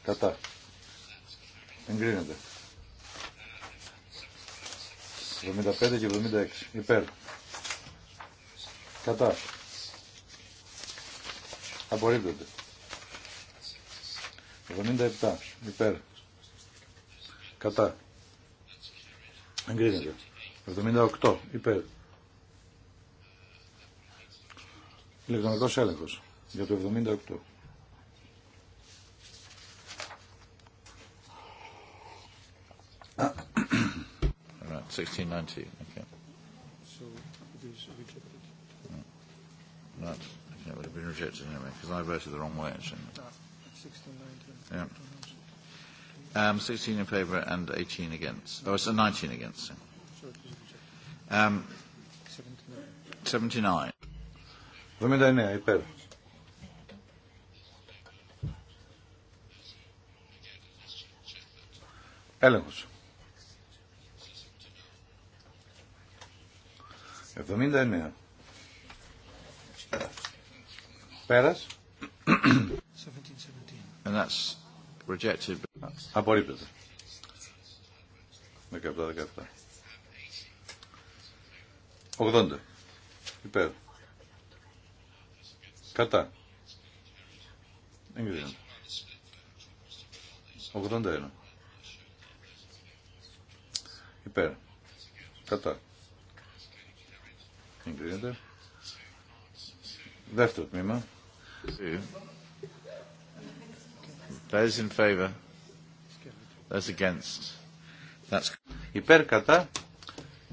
κατά. Εγκρίνεται. 75 και 76, υπέρ. Κατά. Απορρίπτονται. 77, υπέρ. Κατά. Εγκρίνεται. 78, υπέρ. Ηλεκτρονικός έλεγχος για το 78. Right, 1690. Okay. So it is rejected. Right. Okay, it would have been rejected anyway because I voted the wrong way actually. Yeah. Um, 16 in favour and 18 against. Oh, so 19 against. Um, 79. 79 υπέρ. Έλεγχος. 79. Πέρας. And that's rejected. Απορρίπτεται. 17-17. 80. Υπέρ. Κατά. Ογδόντα 81. Υπέρ. Κατά. Εγκρίνεται. Δεύτερο τμήμα. Those in favor. Those against. That's... Υπέρ κατά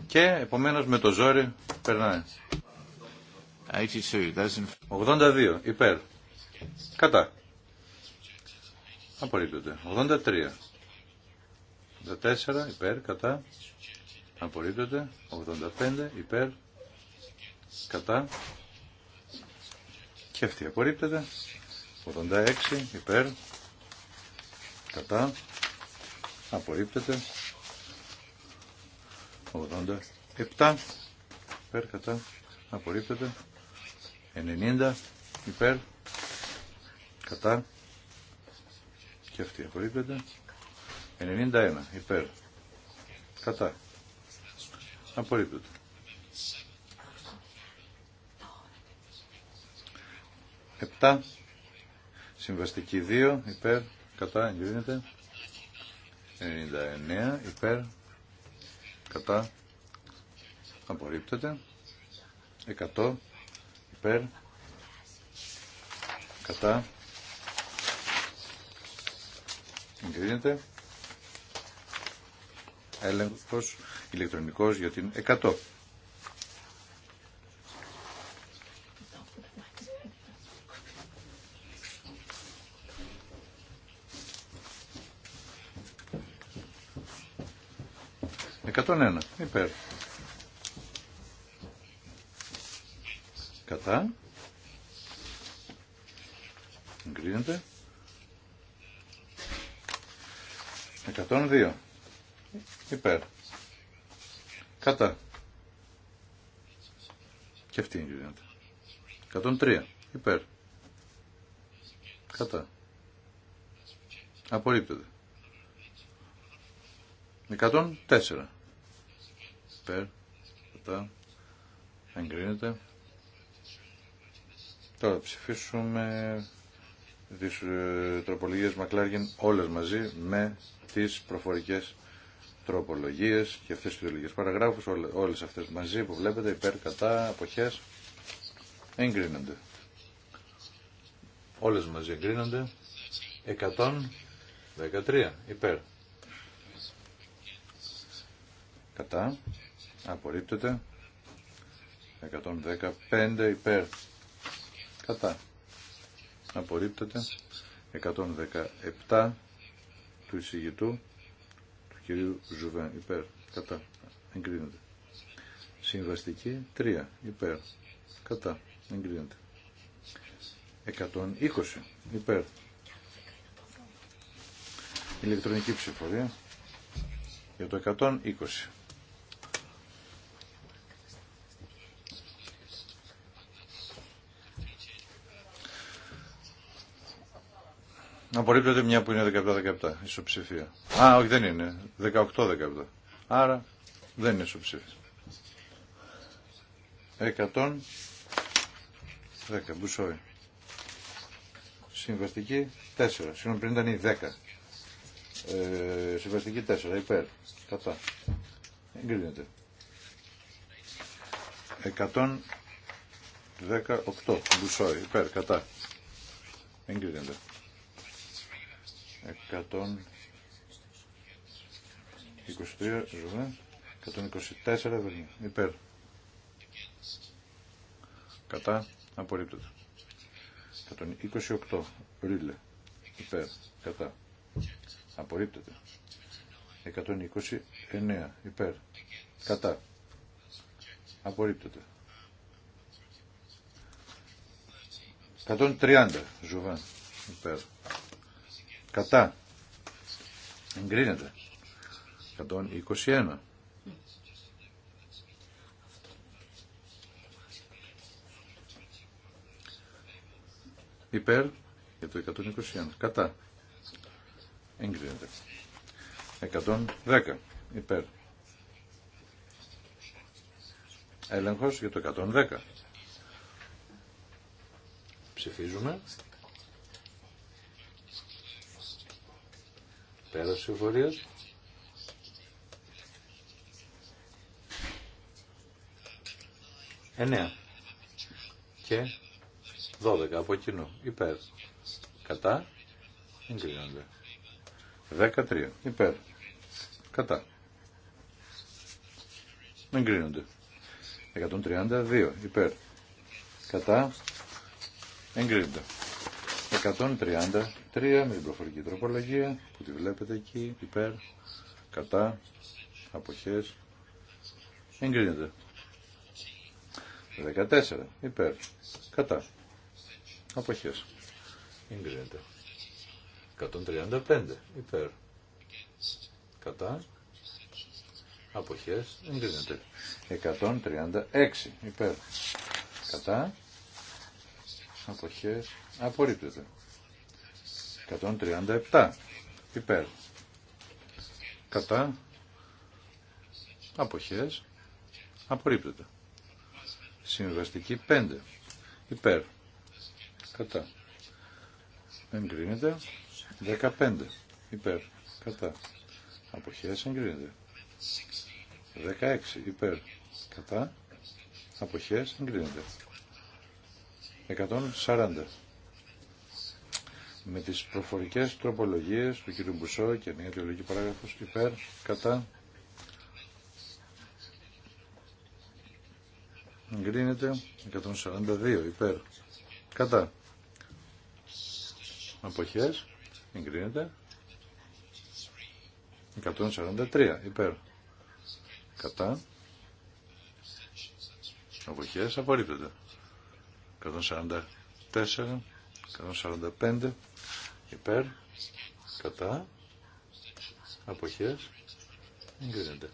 και επομένως με το ζόρι περνάει. 82. Those in... 82. Υπέρ. Κατά. Απορρίπτονται. 83. 84 υπέρ κατά απορρίπτεται 85 υπέρ κατά και αυτή απορρίπτεται 86 υπέρ κατά απορρίπτεται 87 υπέρ κατά απορρίπτεται 90 υπέρ κατά και αυτή απορρίπτεται 91 υπέρ. Κατά. Απορρίπτεται. 7. Συμβαστική 2 υπέρ. Κατά. Εγκρίνεται. 99 υπέρ. Κατά. Απορρίπτεται. 100 υπέρ. Κατά. Εγκρίνεται έλεγχος ηλεκτρονικός για την 100. Εκατόν ένα. Υπέρ. Κατά. Εγκρίνεται. δύο Υπέρ. Κατά. Και αυτή είναι εγκρίνεται. 103. Υπέρ. Κατά. Απορρίπτεται. 104. Υπέρ. Κατά. Εγκρίνεται. Τώρα ψηφίσουμε τις ε, τροπολογίες Μακλάργιν όλες μαζί με τις προφορικές τροπολογίες και αυτές τις τροπολογίες παραγράφους, όλες αυτές μαζί που βλέπετε, υπέρ, κατά, αποχές, εγκρίνονται. Όλες μαζί εγκρίνονται. 113 υπέρ. Κατά. Απορρίπτεται. 115 υπέρ. Κατά. Απορρίπτεται. 117 του εισηγητού κυρίου Ζουβέν υπέρ. Κατά. Εγκρίνεται. Συμβαστική τρία, υπέρ. Κατά. Εγκρίνεται. είκοσι, υπέρ. Ηλεκτρονική ψηφορία για το εκατόν, είκοσι. Απορρίπτεται μια που είναι 17-17, ισοψηφία. Α, όχι δεν είναι, 18-17. Άρα δεν είναι ισοψήφια. 110, μπουσόι. Συμβαστική 4, συγγνώμη πριν ήταν η 10. Ε, συμβαστική 4, υπέρ, κατά. Εγκρίνεται. 118, μπουσόι, υπέρ, κατά. Εγκρίνεται. 123 ζωέ, 124 βελή. Υπέρ. Κατά. Απορρίπτεται. 128 ρίλε. Υπέρ. Κατά. Απορρίπτεται. 129 υπέρ. Κατά. Απορρίπτεται. 130 ζουβάν υπέρ. Κατά. Εγκρίνεται. 121. Υπέρ για το 121. Κατά. Εγκρίνεται. 110. Υπέρ. Έλεγχος για το 110. Ψηφίζουμε. Πέραση ενέα 9 και 12 από κοινού υπέρ. Κατά εγκρίνονται. 13. υπέρ. Κατά. Εγκρίνονται. 132 υπέρ. Κατά εγκρίνονται. 130 3 με την προφορική τροπολογία που τη βλέπετε εκεί, υπέρ, κατά, αποχές, εγκρίνεται. 14 υπέρ, κατά, αποχές, εγκρίνεται. 135 υπέρ, κατά, αποχές, εγκρίνεται. 136 υπέρ, κατά, αποχές, απορρίπτεται. 137 υπέρ κατά αποχές απορρίπτεται. Συμβαστική 5 υπέρ κατά εγκρίνεται 15 υπέρ κατά αποχές εγκρίνεται 16 υπέρ κατά αποχές εγκρίνεται 140 με τις προφορικές τροπολογίες του κ. Μπουσό και μια αιτιολογική παράγραφος υπέρ, κατά, εγκρίνεται 142 υπέρ, κατά, αποχές, εγκρίνεται 143 υπέρ, κατά, αποχές, απορρίπτεται 144 145 υπέρ, κατά, αποχές, εγκρίνεται.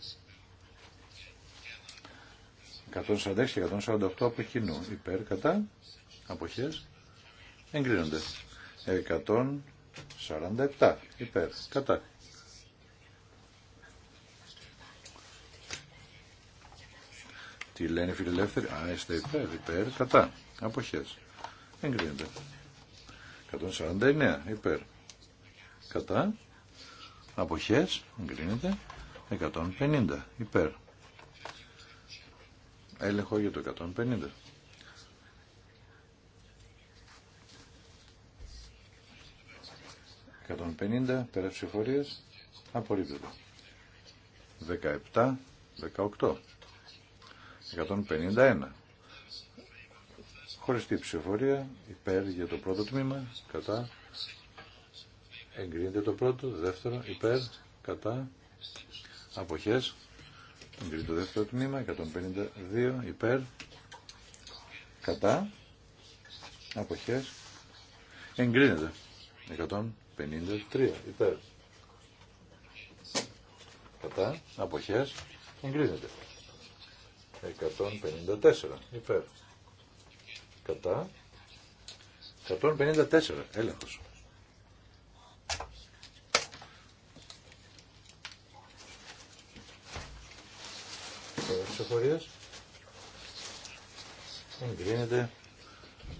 146 και 148 από κοινού, υπέρ, κατά, αποχές, εγκρίνονται. 147 υπέρ, κατά. Τι λένε οι φιλελεύθεροι, α, είστε υπέρ, υπέρ, κατά, αποχές, εγκρίνονται 149 υπέρ. Κατά. Αποχές. Εγκρίνεται. 150 υπέρ. Έλεγχο για το 150. 150 πέρα ψηφορίες απορρίπτεται. 17, 18, 151 Χωριστή ψηφοφορία υπέρ για το πρώτο τμήμα, κατά. Εγκρίνεται το πρώτο, δεύτερο, υπέρ, κατά. Αποχές. Εγκρίνεται το δεύτερο τμήμα, 152, υπέρ, κατά. Αποχές. Εγκρίνεται. 153, υπέρ. Κατά. Αποχές. Εγκρίνεται. 154, υπέρ κατά 154 έλεγχος ψηφορίας εγκρίνεται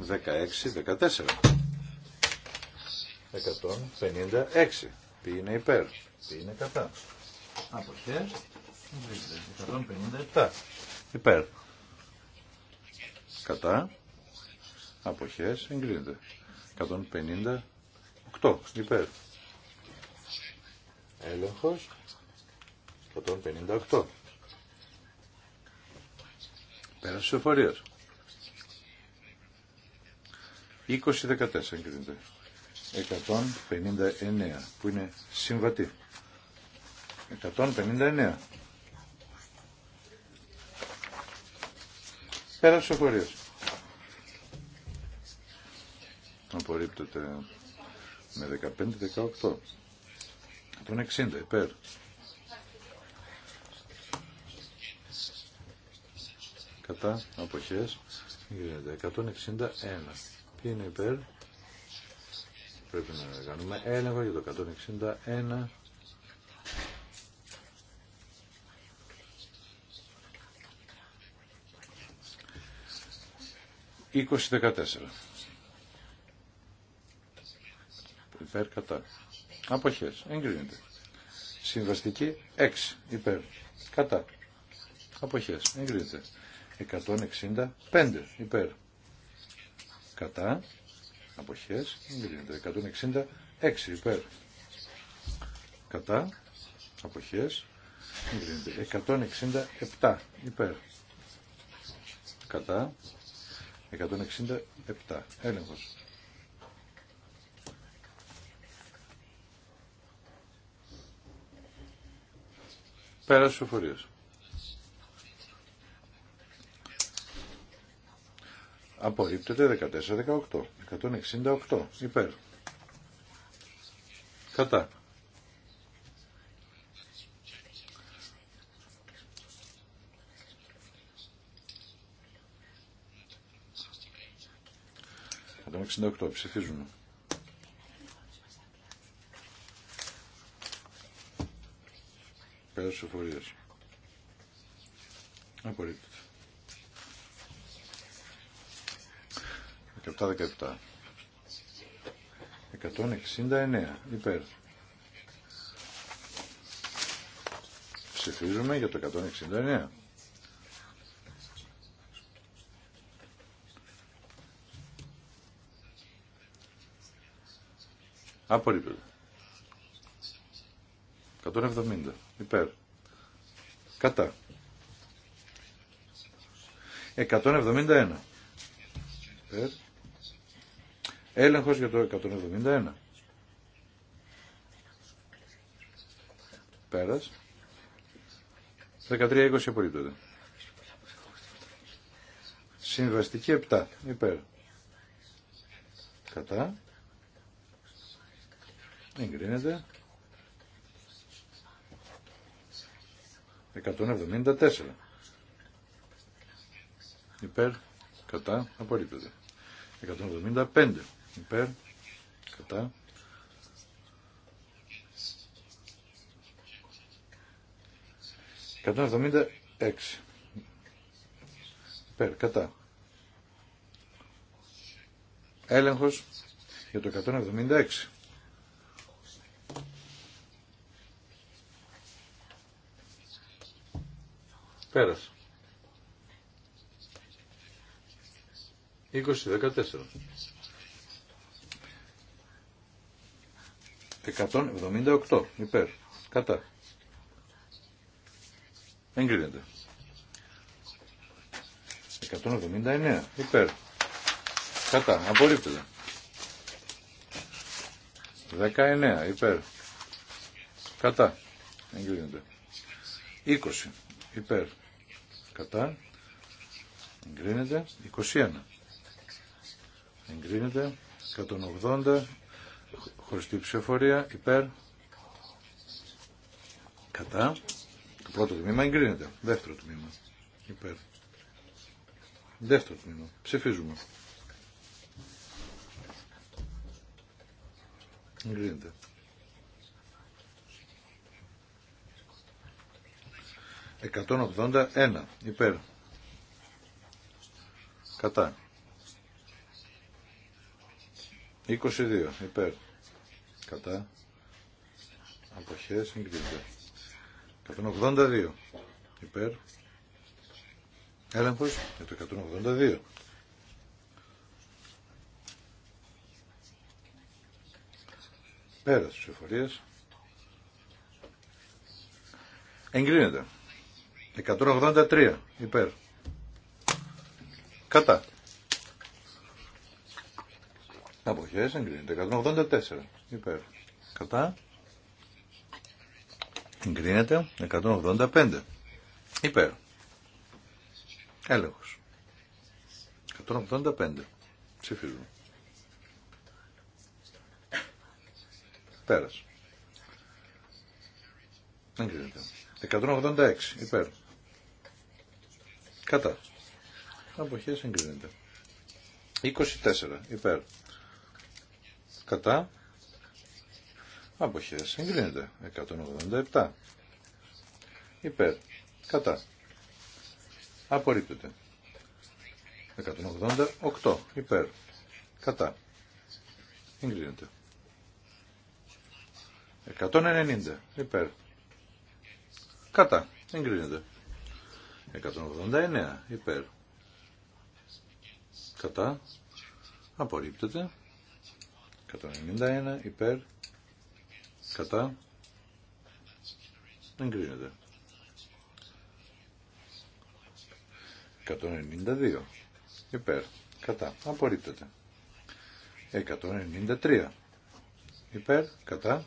16-14 156 ποιοι είναι υπέρ ποιοι είναι κατά αποχές 157 υπέρ κατά αποχές εγκρίνεται. 158 υπέρ. Έλεγχος 158. Πέρασε της εφορίας. 20 20-14 εγκρίνεται. 159 που είναι συμβατή. 159. Πέρασε ο απορρίπτεται με 15-18. 60 υπέρ. Κατά αποχές 161. Ποιοι είναι υπέρ. Πρέπει να κάνουμε έλεγχο για το 161. 2014. υπέρ κατά. Αποχές. Εγκρίνεται. Συμβαστική 6 υπέρ κατά. Αποχές. Εγκρίνεται. 165 υπέρ κατά. Αποχές. Εγκρίνεται. 166 υπέρ κατά. Αποχές. Εγκρίνεται. 167 υπέρ κατά. 167 έλεγχος. Πέρας ψηφοφορίας. Απορρίπτεται 14-18. 168. Υπέρ. Κατά. Το 68 ψηφίζουν. πέρας Απορρίπτεται. 17-17. 169 υπέρ. Ψηφίζουμε για το 169. Απορρίπτεται. 170 υπέρ. Κατά. 171. Ε, έλεγχος για το 171. Πέρας. 13-20 απορρίπτονται. Συμβαστική 7. Υπέρ. Κατά. Εγκρίνεται. 174. Υπέρ, κατά, απορρίπτεται. 175. Υπέρ, κατά. Κατά 76. Υπέρ, κατά. Έλεγχος για το 176. Πέρασε. 20-14. 178 υπέρ. Κατά. Εγκρίνεται. 179 υπέρ. Κατά. Απορρίπτεται. 19 υπέρ. Κατά. Εγκρίνεται. 20 υπέρ κατά, εγκρίνεται, 21, εγκρίνεται, 180, χωριστή ψηφοφορία, υπέρ, κατά, το πρώτο τμήμα εγκρίνεται, δεύτερο τμήμα, υπέρ, δεύτερο τμήμα, ψηφίζουμε. Εγκρίνεται. 181 υπέρ κατά 22 υπέρ κατά αποχές εγκρίνεται 182 υπέρ έλεγχος για το 182 Πέρα τη εφορίες εγκρίνεται 183 υπέρ. Κατά. Αποχές εγκρίνεται. 184 υπέρ. Κατά. Εγκρίνεται. 185 υπέρ. Έλεγχος. 185. Ψηφίζουμε. Πέρασε. Εγκρίνεται. 186 υπέρ. Κατά. χέρι συγκρίνεται 24 υπέρ. Κατά. χέρι εγκρίνεται. 187 υπέρ. Κατά. Απορρίπτεται. 188 υπέρ. Κατά. Εγκρίνεται. 190 υπέρ. Κατά. Εγκρίνεται. 189 υπέρ. Κατά. Απορρίπτεται. 191 υπέρ. Κατά. Εγκρίνεται. 192 υπέρ. Κατά. Απορρίπτεται. 193 υπέρ. Κατά.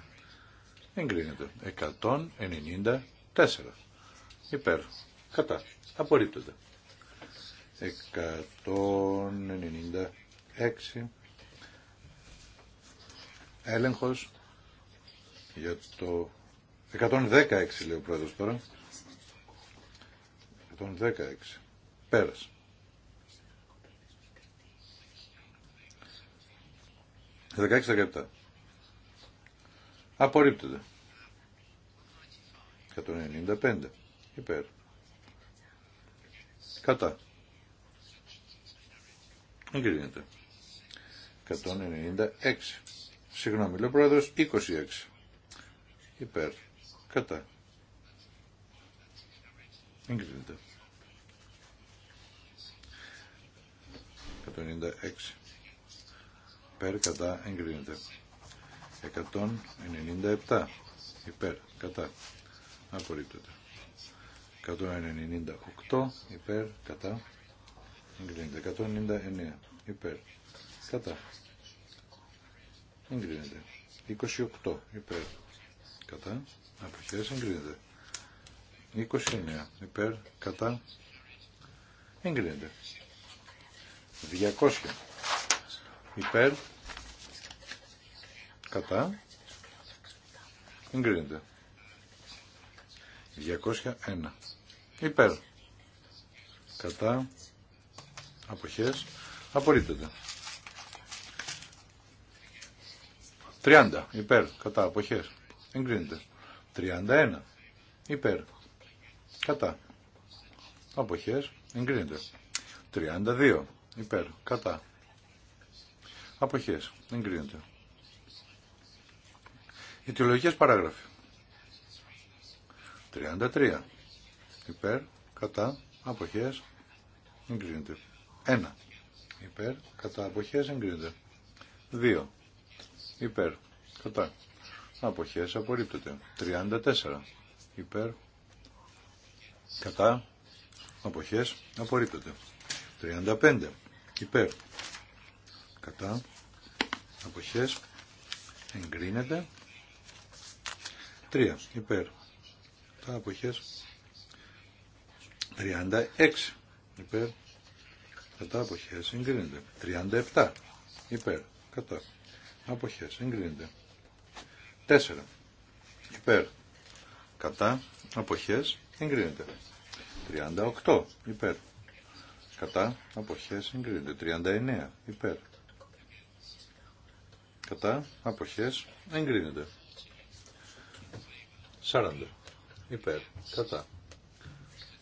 Εγκρίνεται. 194 υπέρ. Κατά. Απορρίπτονται. 196. Έλεγχος για το 116 λέει ο πρόεδρος τώρα. 116. Πέρασε. Δεκαέξι δεκαεπτά. Απορρίπτεται. 195. Υπέρ. Κατά. Εγκρίνεται. 196. Συγγνώμη, λέω ο πρόεδρος, 26. Υπέρ. Κατά. Εγκρίνεται. 196. Υπέρ, κατά, εγκρίνεται. 197. Υπέρ, κατά. Απορρίπτεται. 198 υπέρ κατά εγκρίνεται. 199 υπέρ κατά εγκρίνεται. 28 υπέρ κατά αποχές εγκρίνεται. 29 υπέρ κατά εγκρίνεται. 200 υπέρ κατά εγκρίνεται. 201. Υπέρ. Κατά. Αποχές. Απορρίπτεται. 30. Υπέρ. Κατά. Αποχές. Εγκρίνεται. 31. Υπέρ. Κατά. Αποχές. Εγκρίνεται. 32. Υπέρ. Κατά. Αποχές. Εγκρίνεται. Ιτιολογικές παράγραφοι. 33 υπέρ κατά αποχές εγκρίνεται 1 υπέρ κατά αποχές εγκρίνεται 2 υπέρ κατά αποχές απορρίπτεται 34 υπέρ κατά αποχές απορρίπτεται 35 υπέρ κατά αποχές εγκρίνεται 3 υπέρ κατά αποχές 36 υπέρ κατά αποχές εγκρίνεται 37 υπέρ κατά αποχές εγκρίνεται 4 υπέρ κατά αποχές εγκρίνεται 38 υπέρ κατά αποχές εγκρίνεται 39 υπέρ κατά αποχές εγκρίνεται 40 υπέρ, κατά.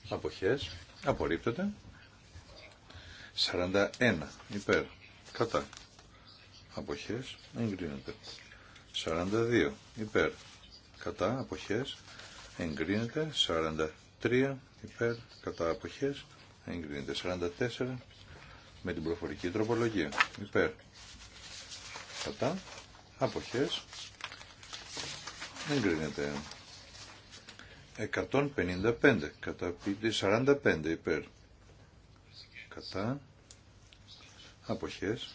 Αποχές, απορρίπτεται. 41 υπέρ, κατά. Αποχές, εγκρίνεται. 42 υπέρ, κατά. Αποχές, εγκρίνεται. 43 υπέρ, κατά. Αποχές, εγκρίνεται. 44 με την προφορική τροπολογία. Υπέρ. Κατά. Αποχές. Εγκρίνεται. 155 κατά 45 υπέρ κατά αποχές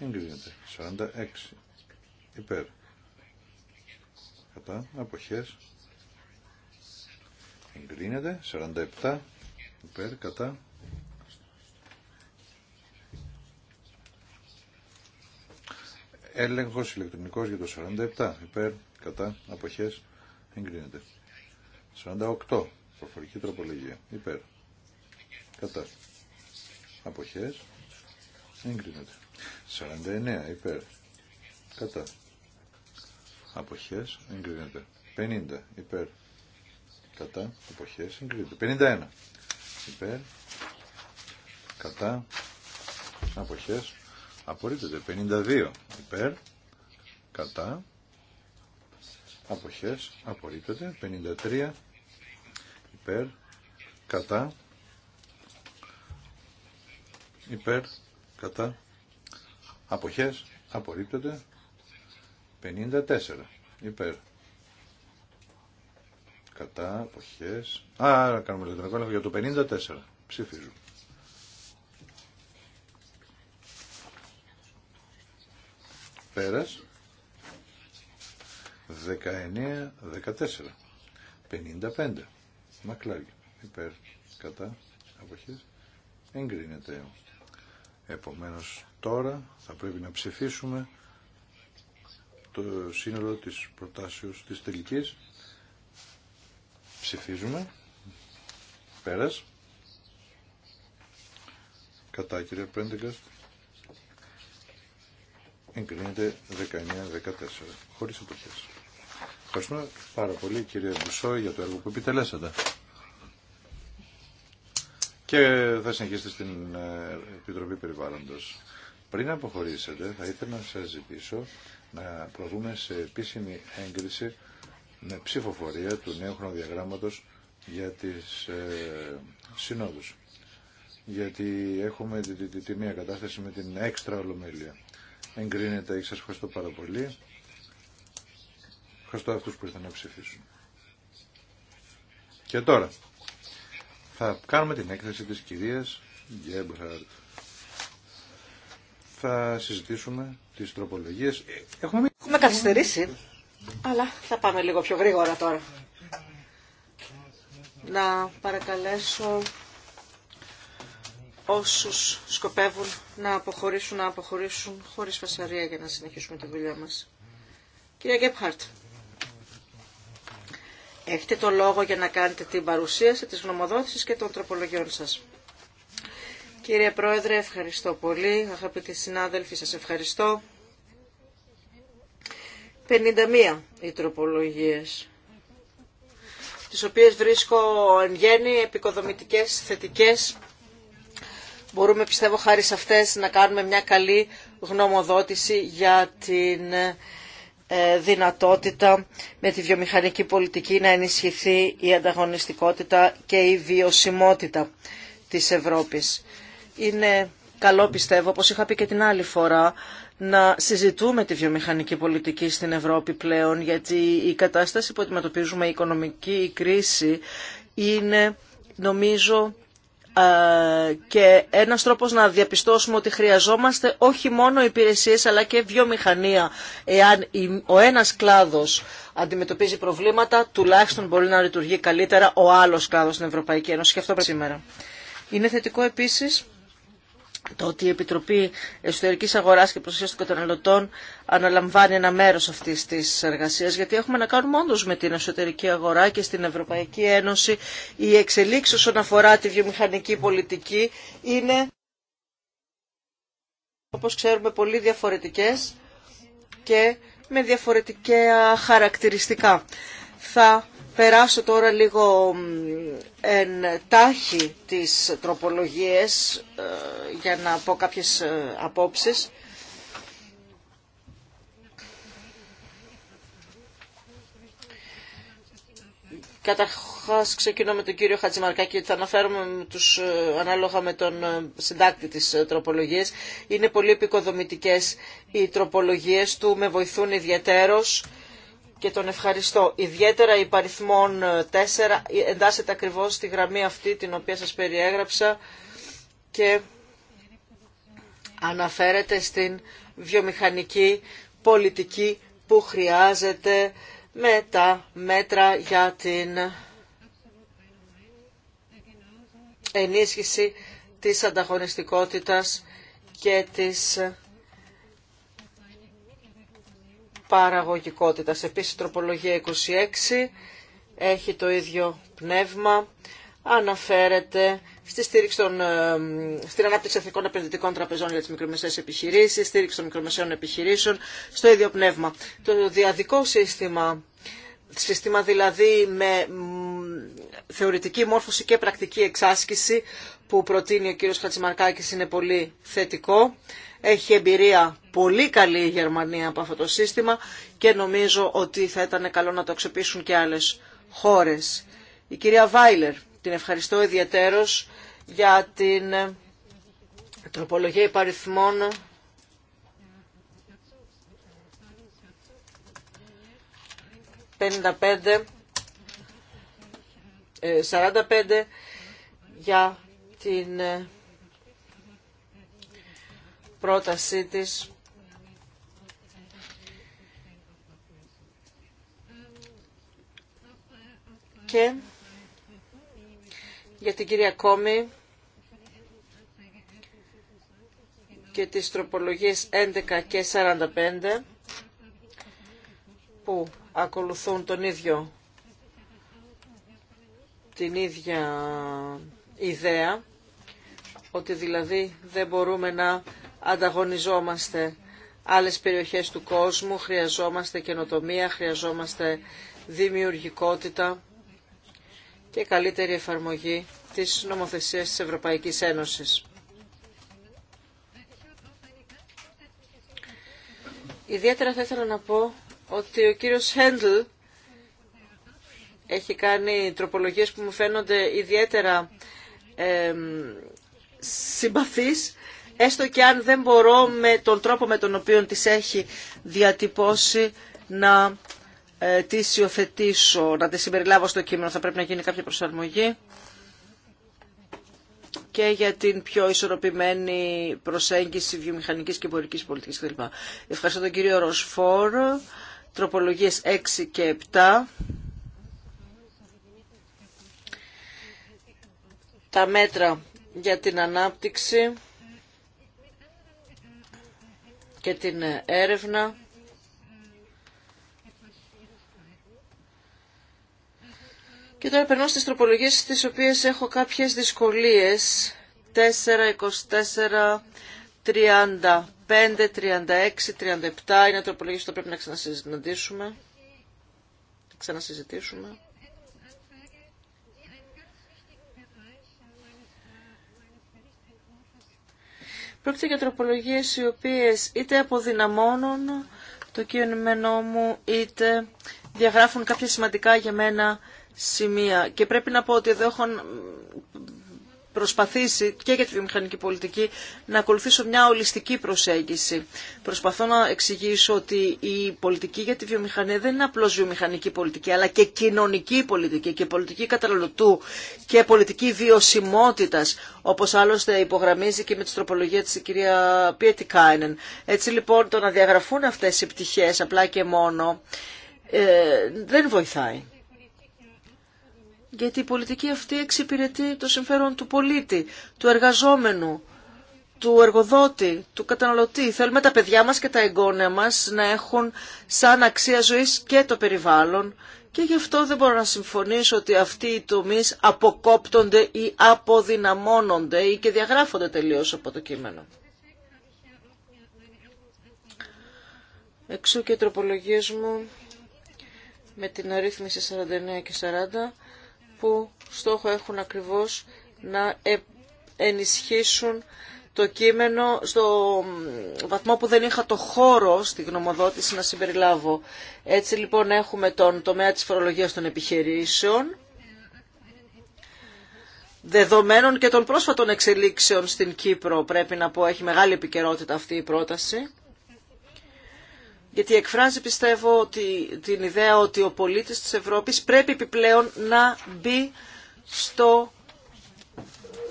εγκρίνεται 46 υπέρ κατά αποχές εγκρίνεται 47 υπέρ κατά έλεγχος ηλεκτρονικός για το 47 υπέρ κατά αποχές εγκρίνεται 48. Προφορική τροπολογία. Υπέρ. Κατά. Αποχές. Εγκρίνεται. 49. Υπέρ. Κατά. Αποχές. Εγκρίνεται. 50. Υπέρ. Κατά. Αποχές. Εγκρίνεται. 51. Υπέρ. Κατά. Αποχές. Απορρίπτεται. 52. Υπέρ. Κατά. Αποχές. Απορρίπτεται. 53 υπέρ, κατά, υπέρ, κατά, αποχές, απορρίπτεται, 54, υπέρ, κατά, αποχές, άρα κάνουμε ηλεκτρονικό για το 54, ψηφίζουμε. Πέρας, 19, 14, 55. Μακλάρκιν. Υπέρ. Κατά. Αποχές. Εγκρίνεται. Επομένως τώρα θα πρέπει να ψηφίσουμε το σύνολο της προτάσεως της τελικής. Ψηφίζουμε. Πέρας. Κατά κύριε Πρέντεγκαστ. Εγκρίνεται 19-14. Χωρίς αποχές. Ευχαριστούμε πάρα πολύ κύριε Μπουσό για το έργο που επιτελέσατε και θα συνεχίσετε στην ε, Επιτροπή Περιβάλλοντος. Πριν αποχωρήσετε, θα ήθελα να σας ζητήσω να προβούμε σε επίσημη έγκριση με ψηφοφορία του νέου χρονοδιαγράμματος για τις ε, συνόδους. Γιατί έχουμε τη, τη, μία κατάσταση με την έξτρα ολομέλεια. Εγκρίνεται, σας ευχαριστώ πάρα πολύ. Ευχαριστώ αυτούς που ήρθαν να ψηφίσουν. Και τώρα θα κάνουμε την έκθεση της κυρίας Γκέμπχαρτ. Θα συζητήσουμε τις τροπολογίες. Έχουμε, Έχουμε καθυστερήσει, αλλά θα πάμε λίγο πιο γρήγορα τώρα. Να παρακαλέσω όσους σκοπεύουν να αποχωρήσουν, να αποχωρήσουν χωρίς φασαρία για να συνεχίσουμε τη δουλειά μας. Κυρία Γκέμπχαρτ. Έχετε το λόγο για να κάνετε την παρουσίαση της γνωμοδότησης και των τροπολογιών σας. Κύριε Πρόεδρε, ευχαριστώ πολύ. Αγαπητοί συνάδελφοι, σας ευχαριστώ. 51 οι τροπολογίες, τις οποίες βρίσκω εν γέννη επικοδομητικές, θετικές. Μπορούμε, πιστεύω, χάρη σε αυτές να κάνουμε μια καλή γνωμοδότηση για την ε, δυνατότητα με τη βιομηχανική πολιτική να ενισχυθεί η ανταγωνιστικότητα και η βιωσιμότητα της Ευρώπης. Είναι καλό πιστεύω, όπως είχα πει και την άλλη φορά, να συζητούμε τη βιομηχανική πολιτική στην Ευρώπη πλέον, γιατί η κατάσταση που αντιμετωπίζουμε, η οικονομική κρίση, είναι νομίζω ε, και ένας τρόπος να διαπιστώσουμε ότι χρειαζόμαστε όχι μόνο υπηρεσίες αλλά και βιομηχανία. Εάν ο ένας κλάδος αντιμετωπίζει προβλήματα, τουλάχιστον μπορεί να λειτουργεί καλύτερα ο άλλος κλάδος στην Ευρωπαϊκή Ένωση και αυτό πρέπει σήμερα. Είναι θετικό επίσης το ότι η Επιτροπή Εσωτερικής Αγοράς και Προστασίας των Καταναλωτών αναλαμβάνει ένα μέρος αυτής της εργασίας, γιατί έχουμε να κάνουμε όντως με την εσωτερική αγορά και στην Ευρωπαϊκή Ένωση. Η εξελίξη όσον αφορά τη βιομηχανική πολιτική είναι, όπως ξέρουμε, πολύ διαφορετικές και με διαφορετικά χαρακτηριστικά. Θα περάσω τώρα λίγο εν τάχει τις τροπολογίες ε, για να πω κάποιες ε, απόψεις. Καταρχάς ξεκινώ με τον κύριο Χατζημαρκάκη θα αναφέρουμε τους, ε, ανάλογα με τον συντάκτη της τροπολογίας. Είναι πολύ επικοδομητικές οι τροπολογίες του, με βοηθούν διατέρος και τον ευχαριστώ. Ιδιαίτερα η παριθμόν 4 εντάσσεται ακριβώς στη γραμμή αυτή την οποία σας περιέγραψα και αναφέρεται στην βιομηχανική πολιτική που χρειάζεται με τα μέτρα για την ενίσχυση της ανταγωνιστικότητας και της παραγωγικότητας. Επίσης, η τροπολογία 26 έχει το ίδιο πνεύμα. Αναφέρεται στη στήριξη των, ε, στην ανάπτυξη εθνικών επενδυτικών τραπεζών για τις μικρομεσαίες επιχειρήσεις, στήριξη των μικρομεσαίων επιχειρήσεων, στο ίδιο πνεύμα. Το διαδικό σύστημα σύστημα δηλαδή με θεωρητική μόρφωση και πρακτική εξάσκηση που προτείνει ο κύριος Χατσιμαρκάκης είναι πολύ θετικό. Έχει εμπειρία πολύ καλή η Γερμανία από αυτό το σύστημα και νομίζω ότι θα ήταν καλό να το αξιοποιήσουν και άλλες χώρες. Η κυρία Βάιλερ, την ευχαριστώ ιδιαίτερος για την τροπολογία υπαριθμών ...55... 45 ε, για την ε, πρότασή της και για την κυρία Κόμη και τις τροπολογίες 11 και 45 που ακολουθούν τον ίδιο την ίδια ιδέα ότι δηλαδή δεν μπορούμε να ανταγωνιζόμαστε άλλες περιοχές του κόσμου, χρειαζόμαστε καινοτομία, χρειαζόμαστε δημιουργικότητα και καλύτερη εφαρμογή της νομοθεσίας της Ευρωπαϊκής Ένωσης. Ιδιαίτερα θα ήθελα να πω ότι ο κύριος Χέντλ έχει κάνει τροπολογίες που μου φαίνονται ιδιαίτερα ε, συμπαθείς έστω και αν δεν μπορώ με τον τρόπο με τον οποίο τις έχει διατυπώσει να ε, τις υιοθετήσω, να τις συμπεριλάβω στο κείμενο. Θα πρέπει να γίνει κάποια προσαρμογή και για την πιο ισορροπημένη προσέγγιση βιομηχανικής και εμπορικής πολιτικής κλπ. Ευχαριστώ τον κύριο Ροσφόρ, τροπολογίες 6 και 7. Τα μέτρα για την ανάπτυξη και την έρευνα. Και τώρα περνώ στις τροπολογίες στις οποίες έχω κάποιες δυσκολίες. 4, 24, 35, 36, 37 είναι τροπολογίες που πρέπει να Ξανασυζητήσουμε. Πρόκειται για τροπολογίες οι οποίες είτε αποδυναμώνουν το κείμενό μου είτε διαγράφουν κάποια σημαντικά για μένα σημεία. Και πρέπει να πω ότι εδώ έχω προσπαθήσει και για τη βιομηχανική πολιτική να ακολουθήσω μια ολιστική προσέγγιση. Προσπαθώ να εξηγήσω ότι η πολιτική για τη βιομηχανία δεν είναι απλώς βιομηχανική πολιτική, αλλά και κοινωνική πολιτική και πολιτική καταναλωτού και πολιτική βιωσιμότητας, όπως άλλωστε υπογραμμίζει και με τη τροπολογία της κυρία Πιετικάινεν. Έτσι λοιπόν το να διαγραφούν αυτές οι πτυχές απλά και μόνο ε, δεν βοηθάει γιατί η πολιτική αυτή εξυπηρετεί το συμφέρον του πολίτη, του εργαζόμενου, του εργοδότη, του καταναλωτή. Θέλουμε τα παιδιά μας και τα εγγόνια μας να έχουν σαν αξία ζωής και το περιβάλλον και γι' αυτό δεν μπορώ να συμφωνήσω ότι αυτοί οι τομείς αποκόπτονται ή αποδυναμώνονται ή και διαγράφονται τελείως από το κείμενο. Εξού και οι τροπολογίες μου με την αρρύθμιση 49 και 40 που στόχο έχουν ακριβώς να ε, ενισχύσουν το κείμενο στο βαθμό που δεν είχα το χώρο στη γνωμοδότηση να συμπεριλάβω. Έτσι λοιπόν έχουμε τον τομέα της φορολογίας των επιχειρήσεων, δεδομένων και των πρόσφατων εξελίξεων στην Κύπρο, πρέπει να πω έχει μεγάλη επικαιρότητα αυτή η πρόταση γιατί εκφράζει πιστεύω ότι, την ιδέα ότι ο πολίτης της Ευρώπης πρέπει επιπλέον να μπει στο,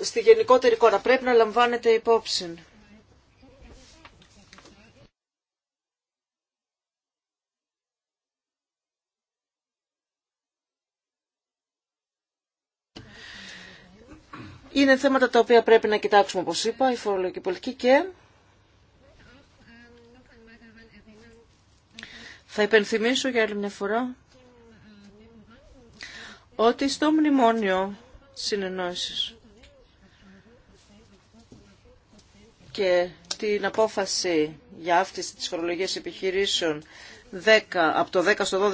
στη γενικότερη κόρα. πρέπει να λαμβάνεται υπόψη. Είναι θέματα τα οποία πρέπει να κοιτάξουμε, όπως είπα, η φορολογική πολιτική και Θα υπενθυμίσω για άλλη μια φορά ότι στο μνημόνιο συνεννόησης και την απόφαση για αύξηση της φορολογίας επιχειρήσεων 10, από το 10 στο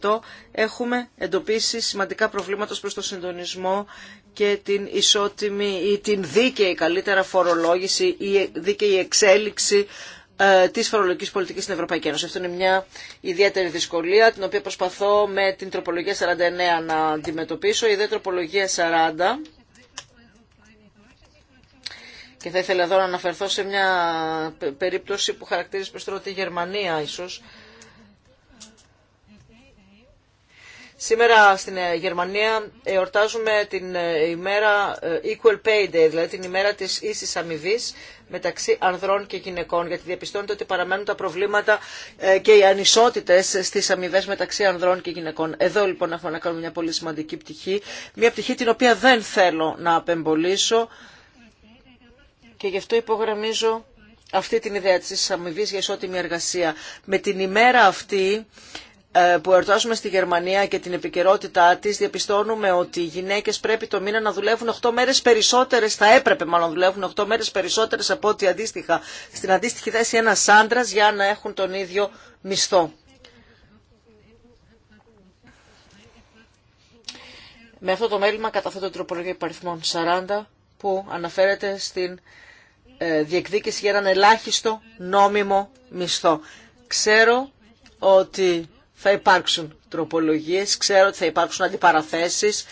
12% έχουμε εντοπίσει σημαντικά προβλήματα προς το συντονισμό και την ισότιμη ή την δίκαιη καλύτερα φορολόγηση ή δίκαιη εξέλιξη ε, τη φορολογική πολιτική στην Ευρωπαϊκή Ένωση. Αυτό είναι μια ιδιαίτερη δυσκολία, την οποία προσπαθώ με την τροπολογία 49 να αντιμετωπίσω. Η δε τροπολογία 40. Και θα ήθελα εδώ να αναφερθώ σε μια περίπτωση που χαρακτηρίζει περισσότερο τη Γερμανία ίσως, Σήμερα στην ε, Γερμανία εορτάζουμε την ε, ημέρα ε, Equal Pay Day, δηλαδή την ημέρα της ίσης αμοιβή μεταξύ ανδρών και γυναικών, γιατί διαπιστώνεται ότι παραμένουν τα προβλήματα και οι ανισότητες στις αμοιβέ μεταξύ ανδρών και γυναικών. Εδώ λοιπόν έχουμε να κάνουμε μια πολύ σημαντική πτυχή, μια πτυχή την οποία δεν θέλω να απεμπολίσω και γι' αυτό υπογραμμίζω αυτή την ιδέα της αμοιβή για ισότιμη εργασία. Με την ημέρα αυτή ε, που ερτάζουμε στη Γερμανία και την επικαιρότητά τη, διαπιστώνουμε ότι οι γυναίκε πρέπει το μήνα να δουλεύουν 8 μέρε περισσότερε, θα έπρεπε μάλλον να δουλεύουν 8 μέρε περισσότερε από ό,τι αντίστοιχα στην αντίστοιχη θέση ένα άντρα για να έχουν τον ίδιο μισθό. Με αυτό το μέλημα καταθέτω τροπολογία υπαριθμών 40 που αναφέρεται στην ε, διεκδίκηση για έναν ελάχιστο νόμιμο μισθό. Ξέρω ότι θα υπάρξουν τροπολογίες, ξέρω ότι θα υπάρξουν αντιπαραθέσεις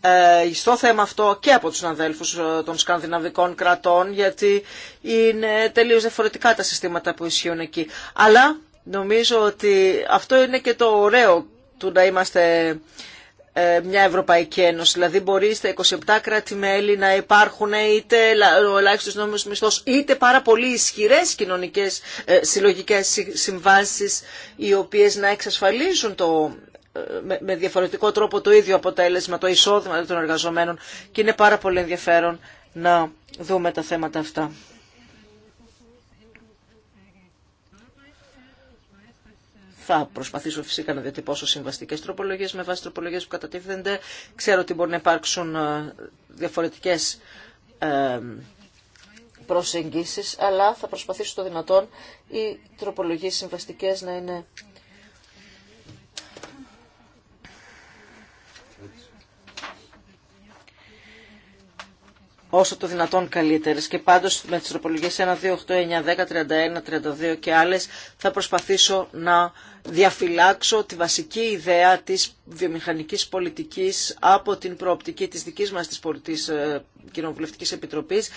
ε, στο θέμα αυτό και από τους αδέλφους ε, των σκανδιναβικών κρατών γιατί είναι τελείως διαφορετικά τα συστήματα που ισχύουν εκεί. Αλλά νομίζω ότι αυτό είναι και το ωραίο του να είμαστε ε, μια Ευρωπαϊκή Ένωση. Δηλαδή μπορεί στα 27 κράτη-μέλη να υπάρχουν είτε ο ελάχιστο νόμιμο μισθό είτε πάρα πολύ ισχυρέ κοινωνικέ ε, συλλογικέ συμβάσει οι οποίε να εξασφαλίζουν το ε, με διαφορετικό τρόπο το ίδιο αποτέλεσμα, το εισόδημα των εργαζομένων και είναι πάρα πολύ ενδιαφέρον να δούμε τα θέματα αυτά. Θα προσπαθήσω φυσικά να διατυπώσω συμβαστικέ τροπολογίες με βάση τροπολογίες που κατατίθενται. Ξέρω ότι μπορεί να υπάρξουν ε, διαφορετικές ε, προσεγγίσεις, αλλά θα προσπαθήσω το δυνατόν οι τροπολογίες συμβαστικές να είναι όσο το δυνατόν καλύτερες. Και πάντως με τι τροπολογίε 1, 2, 8, 9, 10, 31, 32 και άλλες θα προσπαθήσω να διαφυλάξω τη βασική ιδέα της βιομηχανικής πολιτικής από την προοπτική της δικής μας της, κοινοβουλευτική ε, Κοινοβουλευτικής Επιτροπής,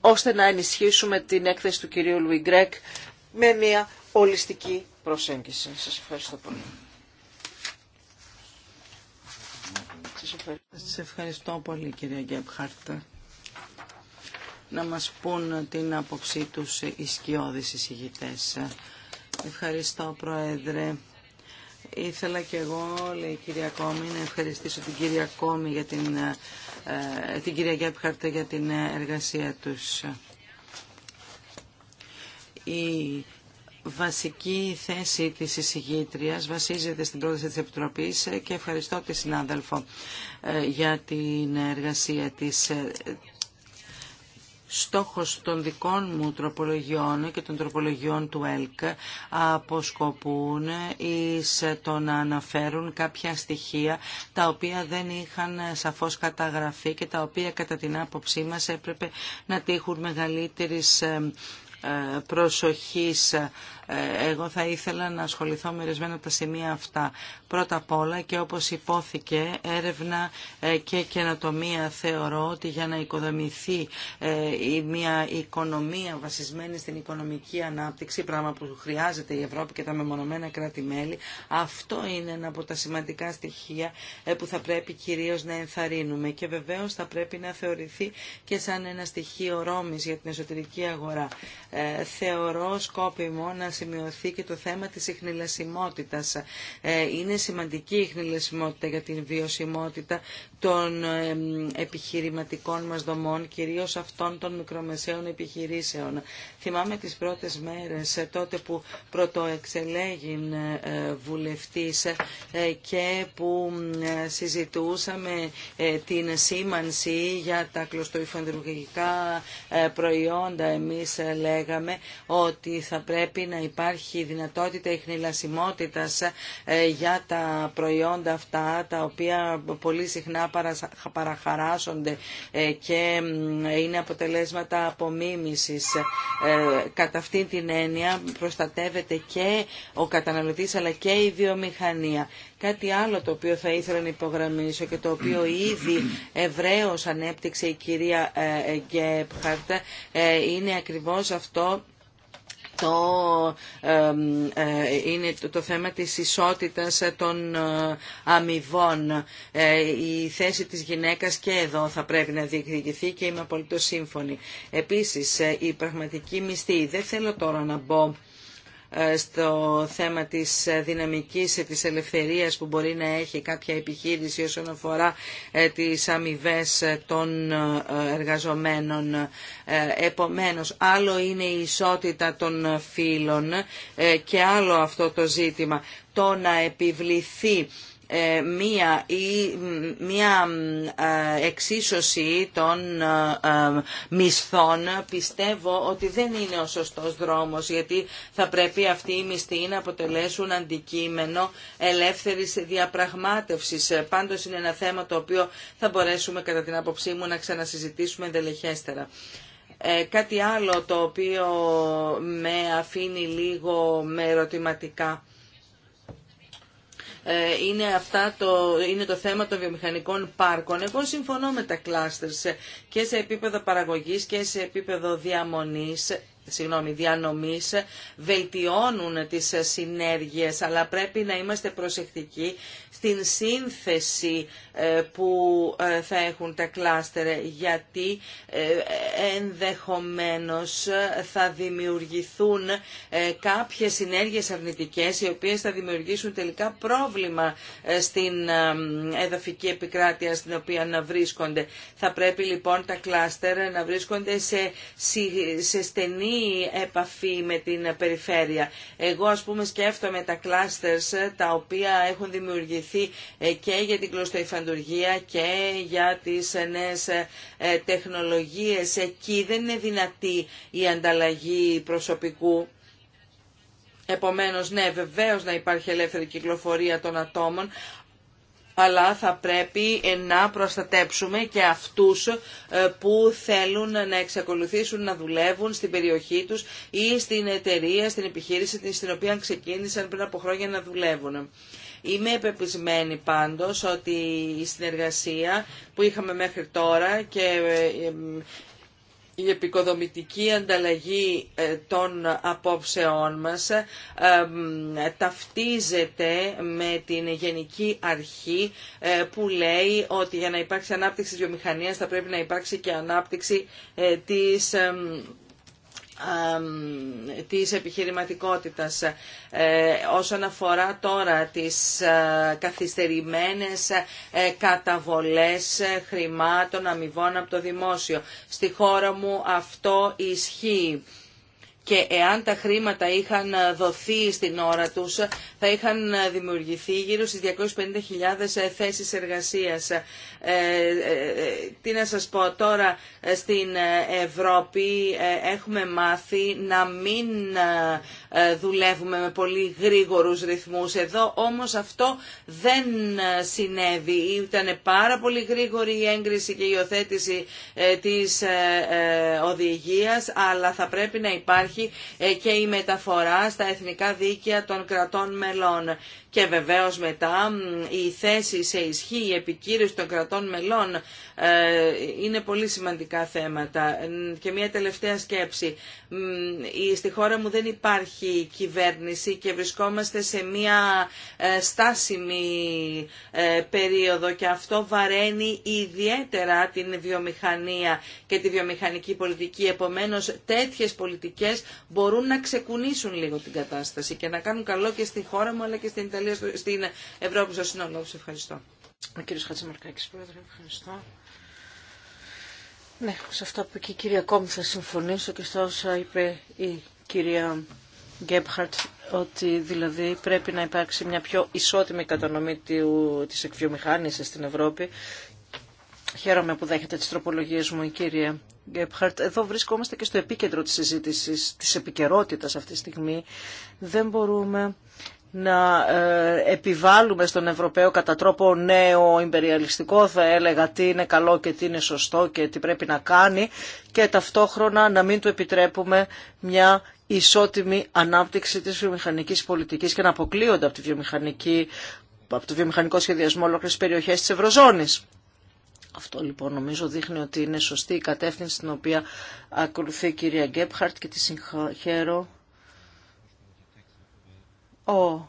ώστε να ενισχύσουμε την έκθεση του κυρίου Λουι Γκρέκ με μια ολιστική προσέγγιση. Σα ευχαριστώ πολύ. Σας ευχαριστώ πολύ κυρία Γκέμπχαρτ να μας πούν την άποψή τους οι σκιώδεις εισηγητές. Ευχαριστώ Πρόεδρε. Ήθελα και εγώ, λέει η κυρία Κόμη, να ευχαριστήσω την κυρία Κόμη για την, ε, την κυρία Γκέπχαρτ για την εργασία τους. Η βασική θέση της εισηγήτριας βασίζεται στην πρόταση της Επιτροπής και ευχαριστώ τη συνάδελφο ε, για την εργασία της στόχος των δικών μου τροπολογιών και των τροπολογιών του ΕΛΚ αποσκοπούν εις το να αναφέρουν κάποια στοιχεία τα οποία δεν είχαν σαφώς καταγραφεί και τα οποία κατά την άποψή μας έπρεπε να τύχουν μεγαλύτερης ε, ε, προσοχής εγώ θα ήθελα να ασχοληθώ με από τα σημεία αυτά. Πρώτα απ' όλα και όπως υπόθηκε έρευνα ε, και καινοτομία θεωρώ ότι για να οικοδομηθεί ε, μια οικονομία βασισμένη στην οικονομική ανάπτυξη, πράγμα που χρειάζεται η Ευρώπη και τα μεμονωμένα κράτη-μέλη, αυτό είναι ένα από τα σημαντικά στοιχεία ε, που θα πρέπει κυρίως να ενθαρρύνουμε και βεβαίως θα πρέπει να θεωρηθεί και σαν ένα στοιχείο ρόμης για την εσωτερική αγορά. θεωρώ σκόπιμο σημειωθεί και το θέμα της ιχνηλασιμότητας. Ε, είναι σημαντική η ιχνηλασιμότητα για την βιωσιμότητα των επιχειρηματικών μας δομών, κυρίως αυτών των μικρομεσαίων επιχειρήσεων. Θυμάμαι τις πρώτες μέρες, ε, τότε που πρωτοεξελέγην ε, βουλευτής και που συζητούσαμε την σήμανση για τα κλωστοϊφανδρουγικά προϊόντα. Εμείς λέγαμε ότι θα πρέπει να υπάρχει δυνατότητα ιχνηλασιμότητας ε, για τα προϊόντα αυτά τα οποία πολύ συχνά παραχαράσονται ε, και είναι αποτελέσματα απομίμησης. Ε, κατά αυτήν την έννοια προστατεύεται και ο καταναλωτής αλλά και η βιομηχανία. Κάτι άλλο το οποίο θα ήθελα να υπογραμμίσω και το οποίο ήδη ευρέως ανέπτυξε η κυρία Γκέπχαρτ είναι ακριβώς αυτό ε, το, είναι το, θέμα της ισότητας των ε, αμοιβών. Ε, η θέση της γυναίκας και εδώ θα πρέπει να διεκδικηθεί και είμαι απολύτως σύμφωνη. Επίσης, η πραγματική μισθή. Δεν θέλω τώρα να μπω ε, στο θέμα της ε, δυναμικής ε, της ελευθερίας που μπορεί να έχει κάποια επιχείρηση όσον αφορά τις αμοιβέ των εργαζομένων. Επομένως, άλλο είναι η ισότητα των φύλων και άλλο αυτό το ζήτημα. Το να επιβληθεί ε, μία ή μία ε, εξίσωση των ε, μισθών πιστεύω ότι δεν είναι ο σωστός δρόμος γιατί θα πρέπει αυτοί οι μισθοί να αποτελέσουν αντικείμενο ελεύθερης διαπραγμάτευσης. Πάντως είναι ένα θέμα το οποίο θα μπορέσουμε κατά την άποψή μου να ξανασυζητήσουμε δελεχέστερα. κάτι άλλο το οποίο με αφήνει λίγο με ερωτηματικά ε, είναι, αυτά το, είναι το θέμα των βιομηχανικών πάρκων. Εγώ συμφωνώ με τα κλάστερς και σε επίπεδο παραγωγής και σε επίπεδο διαμονής συγγνώμη, διανομής βελτιώνουν τις συνέργειες, αλλά πρέπει να είμαστε προσεκτικοί στην σύνθεση ε, που ε, θα έχουν τα κλάστερ, γιατί ε, ενδεχομένως θα δημιουργηθούν κάποιες συνέργειες αρνητικές, οι οποίες θα δημιουργήσουν τελικά πρόβλημα στην εδαφική επικράτεια στην οποία να βρίσκονται. Θα πρέπει λοιπόν τα κλάστερ να βρίσκονται σε στενή επαφή με την περιφέρεια. Εγώ ας πούμε σκέφτομαι τα κλάστερς τα οποία έχουν δημιουργηθεί ε, και για την κλωστοϊφαντουργία και για τις ε, νέες ε, τεχνολογίες. Εκεί δεν είναι δυνατή η ανταλλαγή προσωπικού. Επομένως, ναι, βεβαίως να υπάρχει ελεύθερη κυκλοφορία των ατόμων, αλλά θα πρέπει ε, να προστατέψουμε και αυτούς ε, που θέλουν να εξακολουθήσουν να δουλεύουν στην περιοχή τους ή στην εταιρεία, στην επιχείρηση στην οποία ξεκίνησαν πριν από χρόνια να δουλεύουν. Είμαι επεπισμένη πάντως ότι η συνεργασία που είχαμε μέχρι τώρα και ε, η επικοδομητική ανταλλαγή ε, των απόψεών μας ε, ταυτίζεται με την γενική αρχή ε, που λέει ότι για να υπάρξει ανάπτυξη της βιομηχανίας θα πρέπει να υπάρξει και ανάπτυξη της της επιχειρηματικότητας. Ε, όσον αφορά τώρα τις ε, καθυστερημένες ε, καταβολές χρημάτων αμοιβών από το δημόσιο. Στη χώρα μου αυτό ισχύει και εάν τα χρήματα είχαν ε, δοθεί στην ώρα τους θα είχαν ε, δημιουργηθεί γύρω στις 250.000 ε, θέσεις εργασίας. τι να σας πω τώρα, στην Ευρώπη έχουμε μάθει να μην δουλεύουμε με πολύ γρήγορους ρυθμούς. Εδώ όμως αυτό δεν συνέβη. Ήταν πάρα πολύ γρήγορη η έγκριση και η υιοθέτηση της οδηγίας, αλλά θα πρέπει να υπάρχει ε, και η μεταφορά στα εθνικά δίκαια των κρατών μελών. Και βεβαίως μετά η θέση σε ισχύ, η επικύρωση των κρατών μελών ε, είναι πολύ σημαντικά θέματα. Και μια τελευταία σκέψη. Στη χώρα μου δεν υπάρχει κυβέρνηση και βρισκόμαστε σε μια ε, στάσιμη ε, περίοδο και αυτό βαραίνει ιδιαίτερα την βιομηχανία και τη βιομηχανική πολιτική. Επομένως τέτοιες πολιτικές μπορούν να ξεκουνήσουν λίγο την κατάσταση και να κάνουν καλό και στη χώρα μου αλλά και στην, Ιταλία, στην Ευρώπη στο ευχαριστώ. κύριος Χατζημαρκάκης, Πρόεδρε, ευχαριστώ. Ναι, σε αυτά που και η κυρία Κόμη θα συμφωνήσω και στα όσα είπε η κυρία Γκέμπχαρτ ότι δηλαδή πρέπει να υπάρξει μια πιο ισότιμη κατανομή της εκβιομηχάνησης στην Ευρώπη. Χαίρομαι που δέχεται τις τροπολογίες μου η κυρία Γκέμπχαρτ. Εδώ βρισκόμαστε και στο επίκεντρο της συζήτησης, της επικαιρότητα αυτή τη στιγμή. Δεν μπορούμε να ε, επιβάλλουμε στον Ευρωπαίο κατά τρόπο νέο υπεριαλιστικό θα έλεγα τι είναι καλό και τι είναι σωστό και τι πρέπει να κάνει και ταυτόχρονα να μην του επιτρέπουμε μια ισότιμη ανάπτυξη της βιομηχανικής πολιτικής και να αποκλείονται από, τη το βιομηχανικό σχεδιασμό ολόκληρες περιοχές της Ευρωζώνης. Αυτό λοιπόν νομίζω δείχνει ότι είναι σωστή η κατεύθυνση την οποία ακολουθεί η κυρία Γκέπχαρτ και τη συγχαίρω ο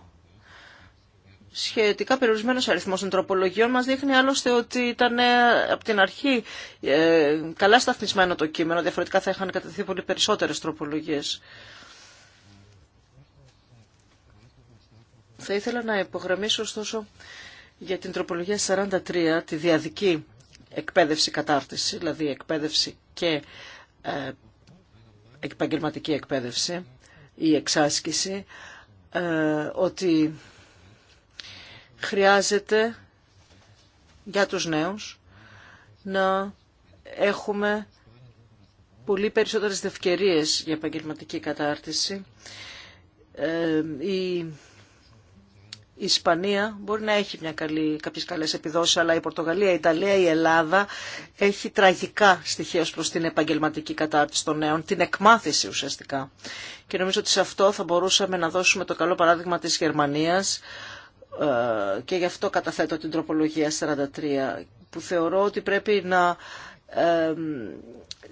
σχετικά περιορισμένος αριθμός των τροπολογιών μας δείχνει άλλωστε ότι ήταν ε, από την αρχή ε, καλά σταθμισμένο το κείμενο, διαφορετικά θα είχαν κατατεθεί πολύ περισσότερες τροπολογίες. Θα ήθελα να υπογραμμίσω ωστόσο για την τροπολογία 43, τη διαδική εκπαίδευση-κατάρτιση, δηλαδή εκπαίδευση και ε, επαγγελματική εκπαίδευση ή εξάσκηση, ε, ότι χρειάζεται για τους νέους να έχουμε πολύ περισσότερες ευκαιρίες για επαγγελματική κατάρτιση. Ε, η Ισπανία μπορεί να έχει μια καλή, κάποιες καλές επιδόσεις, αλλά η Πορτογαλία, η Ιταλία, η Ελλάδα έχει τραγικά στοιχεία ως προς την επαγγελματική κατάρτιση των νέων, την εκμάθηση ουσιαστικά. Και νομίζω ότι σε αυτό θα μπορούσαμε να δώσουμε το καλό παράδειγμα της Γερμανίας ε, και γι' αυτό καταθέτω την τροπολογία 43, που θεωρώ ότι πρέπει να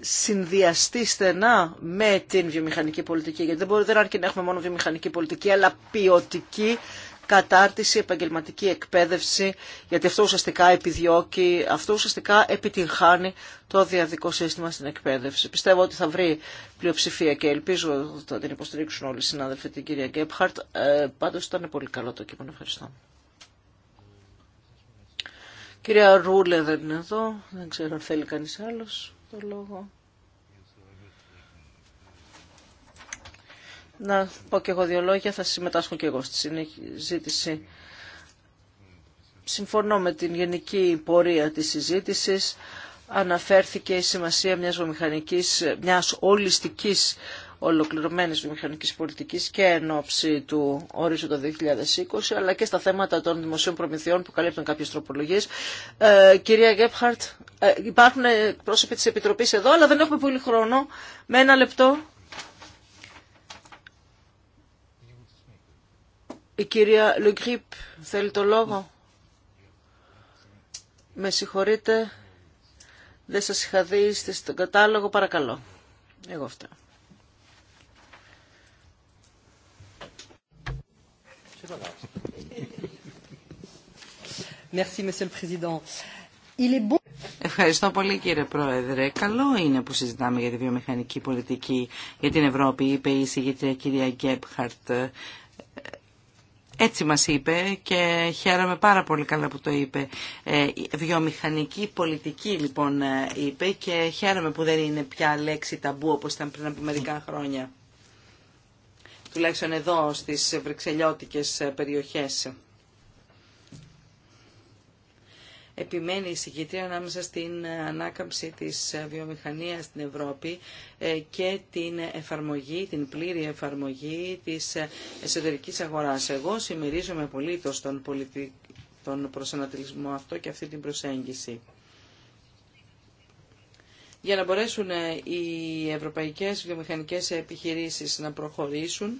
συνδυαστεί στενά με την βιομηχανική πολιτική, γιατί δεν μπορεί δεν αρκεί να έχουμε μόνο βιομηχανική πολιτική, αλλά ποιοτική κατάρτιση, επαγγελματική εκπαίδευση, γιατί αυτό ουσιαστικά επιδιώκει, αυτό ουσιαστικά επιτυγχάνει το διαδικό σύστημα στην εκπαίδευση. Πιστεύω ότι θα βρει πλειοψηφία και ελπίζω ότι θα την υποστηρίξουν όλοι οι συνάδελφοι την κυρία Γκέπχαρτ. Ε, πάντως ήταν πολύ καλό το κείμενο. Ευχαριστώ. Κυρία Ρούλε δεν είναι εδώ. Δεν ξέρω αν θέλει κανείς άλλος το λόγο. να πω και εγώ δύο λόγια, θα συμμετάσχω και εγώ στη συζήτηση. Συμφωνώ με την γενική πορεία της συζήτησης. Αναφέρθηκε η σημασία μιας βιομηχανικής, μιας ολιστικής ολοκληρωμένης βιομηχανικής πολιτικής και εν ώψη του ορίζοντα 2020, αλλά και στα θέματα των δημοσίων προμηθειών που καλύπτουν κάποιες τροπολογίες. Ε, κυρία Γκέπχαρτ, ε, υπάρχουν πρόσωποι της Επιτροπής εδώ, αλλά δεν έχουμε πολύ χρόνο. Με ένα λεπτό. Η κυρία Λουγκρίπ θέλει το λόγο. Με συγχωρείτε, δεν σας είχα δει στον κατάλογο, παρακαλώ. Εγώ αυτά. Ευχαριστώ πολύ κύριε Πρόεδρε. Καλό είναι που συζητάμε για τη βιομηχανική πολιτική για την Ευρώπη, είπε η συγγετρία κυρία Γκέμπχαρτ, έτσι μας είπε και χαίρομαι πάρα πολύ καλά που το είπε. Ε, βιομηχανική πολιτική λοιπόν ε, είπε και χαίρομαι που δεν είναι πια λέξη ταμπού όπως ήταν πριν από μερικά χρόνια. Τουλάχιστον εδώ στις βρυξελιώτικες ε, περιοχές. επιμένει η συγκήτρια ανάμεσα στην ανάκαμψη της βιομηχανίας στην Ευρώπη ε, και την εφαρμογή, την πλήρη εφαρμογή της εσωτερικής αγοράς. Εγώ συμμερίζομαι πολύ τον, πολιτι... τον προσανατολισμό αυτό και αυτή την προσέγγιση. Για να μπορέσουν ε, οι ευρωπαϊκές βιομηχανικές επιχειρήσεις να προχωρήσουν,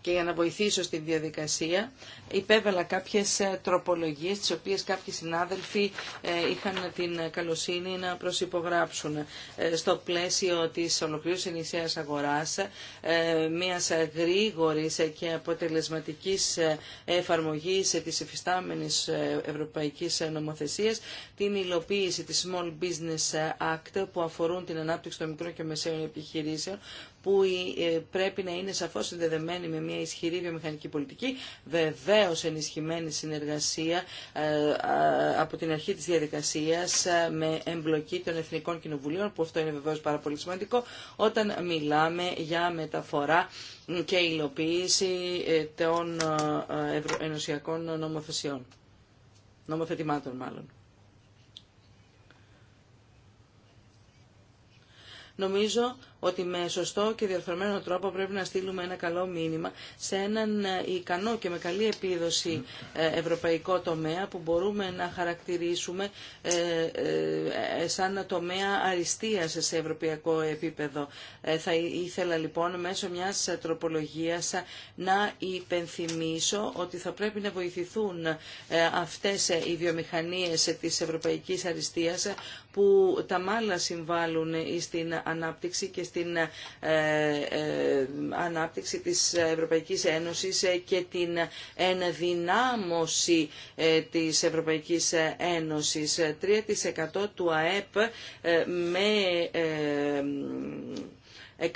και για να βοηθήσω στη διαδικασία υπέβαλα κάποιες ε, τροπολογίες τις οποίες κάποιοι συνάδελφοι ε, είχαν την καλοσύνη να προσυπογράψουν ε, στο πλαίσιο της ολοκλήρωσης νησίας αγοράς μιας γρήγορης και αποτελεσματικής εφαρμογής της εφιστάμενης ευρωπαϊκής νομοθεσίας την υλοποίηση της Small Business Act που αφορούν την ανάπτυξη των μικρών και μεσαίων επιχειρήσεων που ε, πρέπει να είναι σαφώς συνδεδεμένη με μια ισχυρή βιομηχανική πολιτική, βεβαίως ενισχυμένη συνεργασία ε, ε, από την αρχή της διαδικασίας με εμπλοκή των Εθνικών Κοινοβουλίων, που αυτό είναι βεβαίως πάρα πολύ σημαντικό, όταν μιλάμε για μεταφορά και υλοποίηση των ενωσιακών νομοθεσιών, νομοθετημάτων μάλλον. Νομίζω ότι με σωστό και διορθωμένο τρόπο πρέπει να στείλουμε ένα καλό μήνυμα σε έναν ικανό και με καλή επίδοση ε, ευρωπαϊκό τομέα που μπορούμε να χαρακτηρίσουμε ε, ε, σαν τομέα αριστείας σε ευρωπαϊκό επίπεδο. Θα ήθελα λοιπόν μέσω μιας τροπολογίας να υπενθυμίσω ότι θα πρέπει να βοηθηθούν αυτές οι βιομηχανίες της ευρωπαϊκής αριστείας που τα μάλα συμβάλλουν στην ανάπτυξη στην ε, ε, ανάπτυξη της Ευρωπαϊκής Ένωσης ε, και την ενδυνάμωση της Ευρωπαϊκής Ένωσης. 3% του ΑΕΠ με 100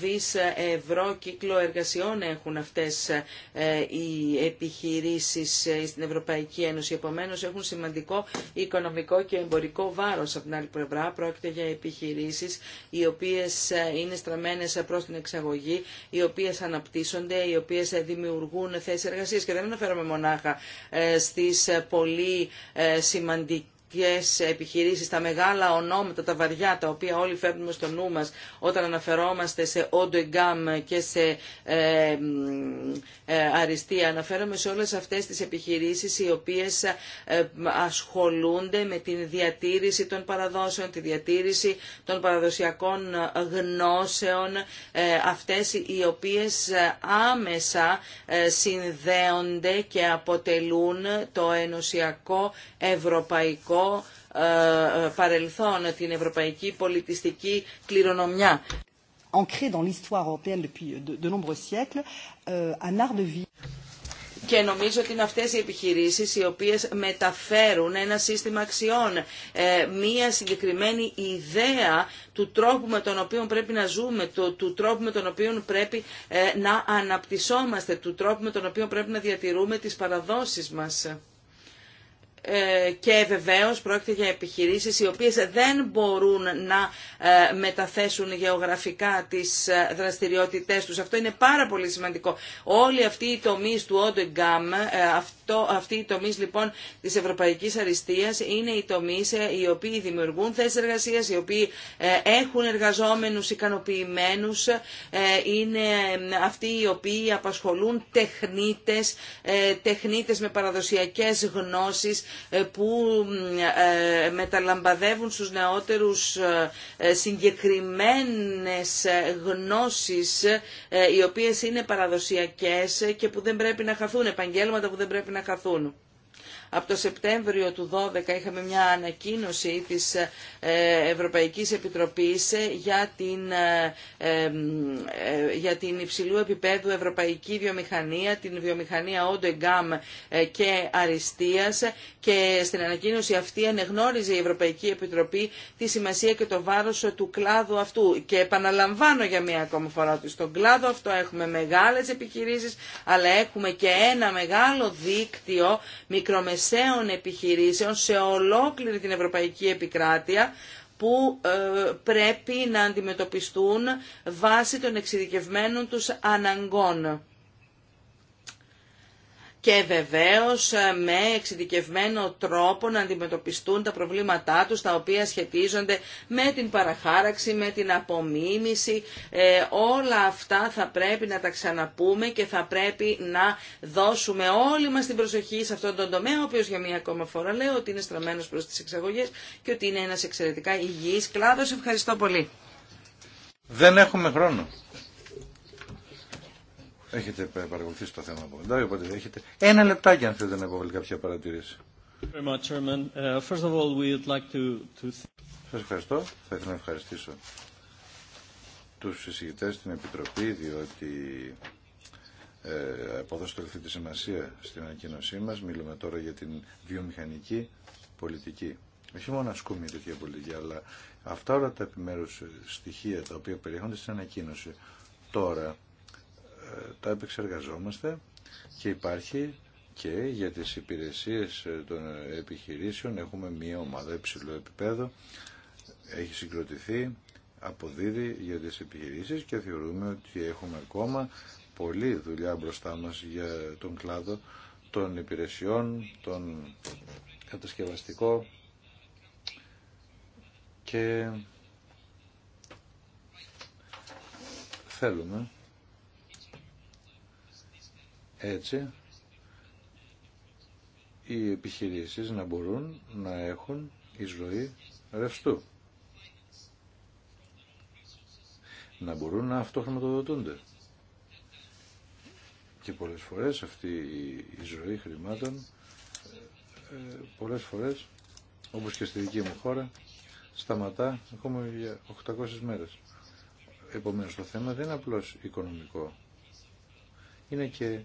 δις ευρώ κύκλο εργασιών έχουν αυτές ε, οι επιχειρήσεις ε, στην Ευρωπαϊκή Ένωση. Επομένως έχουν σημαντικό οικονομικό και εμπορικό βάρος. Από την άλλη πλευρά πρόκειται για επιχειρήσεις οι οποίες ε, είναι στραμμένες προς την εξαγωγή, οι οποίες αναπτύσσονται, οι οποίες δημιουργούν θέσεις εργασίας. Και δεν αναφέρομαι μονάχα στις πολύ σημαντικές επιχειρήσεις, τα μεγάλα ονόματα, τα βαριά, τα οποία όλοι φέρνουμε στο νου μας όταν αναφερόμαστε σε Οντεγκάμ και σε ε, ε, ε, Αριστεία. Αναφέρομαι σε όλες αυτές τις επιχειρήσεις οι οποίες ε, ασχολούνται με την διατήρηση των παραδόσεων, τη διατήρηση των παραδοσιακών γνώσεων, ε, αυτές οι οποίες άμεσα συνδέονται και αποτελούν το ενωσιακό ευρωπαϊκό ε, ε, παρελθόν, την ευρωπαϊκή πολιτιστική κληρονομιά. Ancré dans l'histoire européenne depuis euh, de, nombreux siècles, euh, un art de vie. Και νομίζω ότι είναι αυτές οι επιχειρήσεις οι οποίες μεταφέρουν ένα σύστημα αξιών, ε, μία συγκεκριμένη ιδέα του τρόπου με τον οποίο πρέπει να ζούμε, του, του τρόπου με τον οποίο πρέπει να αναπτυσσόμαστε, του τρόπου με τον οποίο πρέπει να διατηρούμε τις παραδόσεις μας. Ε, και βεβαίως πρόκειται για επιχειρήσεις οι οποίες δεν μπορούν να ε, μεταθέσουν γεωγραφικά τις ε, δραστηριότητές τους. Αυτό είναι πάρα πολύ σημαντικό. Όλοι αυτοί οι τομείς του αυτό, αυτοί οι τομείς λοιπόν της Ευρωπαϊκής Αριστείας είναι οι τομείς οι οποίοι δημιουργούν θέσεις εργασίας, οι οποίοι έχουν εργαζόμενους ικανοποιημένους, είναι αυτοί οι οποίοι απασχολούν τεχνίτες, τεχνίτες με παραδοσιακές γνώσεις, ε, που ε, μεταλαμπαδεύουν στους νεότερους ε, συγκεκριμένες γνώσεις οι οποίες είναι παραδοσιακές και που δεν πρέπει να χαθούν, επαγγέλματα που δεν πρέπει να χαθούν. Από το Σεπτέμβριο του 2012 είχαμε μια ανακοίνωση της ε, Ευρωπαϊκής Επιτροπής ε, για την, ε, για την υψηλού επίπεδου ευρωπαϊκή βιομηχανία, την βιομηχανία Odegam και αριστείας και στην ανακοίνωση αυτή ανεγνώριζε η Ευρωπαϊκή Επιτροπή τη σημασία και το βάρος του κλάδου αυτού. Και επαναλαμβάνω για μία ακόμα φορά ότι στον κλάδο αυτό έχουμε μεγάλες επιχειρήσεις, αλλά έχουμε και ένα μεγάλο δίκτυο μικρομεσαίων μεσαίων επιχειρήσεων σε ολόκληρη την Ευρωπαϊκή Επικράτεια που ε, πρέπει να αντιμετωπιστούν βάσει των εξειδικευμένων τους αναγκών και βεβαίως ε, με εξειδικευμένο τρόπο να αντιμετωπιστούν τα προβλήματά τους τα οποία σχετίζονται με την παραχάραξη, με την απομίμηση. Ε, όλα αυτά θα πρέπει να τα ξαναπούμε και θα πρέπει να δώσουμε όλη μας την προσοχή σε αυτόν τον τομέα ο οποίος για μία ακόμα φορά λέω ότι είναι στραμμένος προς τις εξαγωγές και ότι είναι ένας εξαιρετικά υγιής κλάδος. Ευχαριστώ πολύ. Δεν έχουμε χρόνο. Έχετε παρακολουθήσει το θέμα από κοντά, οπότε έχετε ένα λεπτάκι αν θέλετε να υποβάλει κάποια παρατήρηση. Uh, Σας ευχαριστώ. Θα ήθελα να ευχαριστήσω τους συζητητές στην Επιτροπή, διότι ε, αποδοστολθεί τη σημασία στην ανακοίνωσή μας. Μιλούμε τώρα για την βιομηχανική πολιτική. Όχι μόνο ασκούμε τέτοια πολιτική, αλλά αυτά όλα τα επιμέρους στοιχεία τα οποία περιέχονται στην ανακοίνωση τώρα τα επεξεργαζόμαστε και υπάρχει και για τις υπηρεσίες ε, των επιχειρήσεων έχουμε μία ομάδα υψηλού επίπεδου, έχει συγκροτηθεί, αποδίδει για τις επιχειρήσεις και θεωρούμε ότι έχουμε ακόμα πολλή δουλειά μπροστά μας για τον κλάδο των υπηρεσιών, τον κατασκευαστικό και θέλουμε έτσι οι επιχειρήσεις να μπορούν να έχουν εισρωή ρευστού. Να μπορούν να αυτοχρηματοδοτούνται. Και πολλές φορές αυτή η εισρωή χρημάτων ε, πολλές φορές όπως και στη δική μου χώρα σταματά ακόμα για 800 μέρες. Επομένως το θέμα δεν είναι απλώς οικονομικό. Είναι και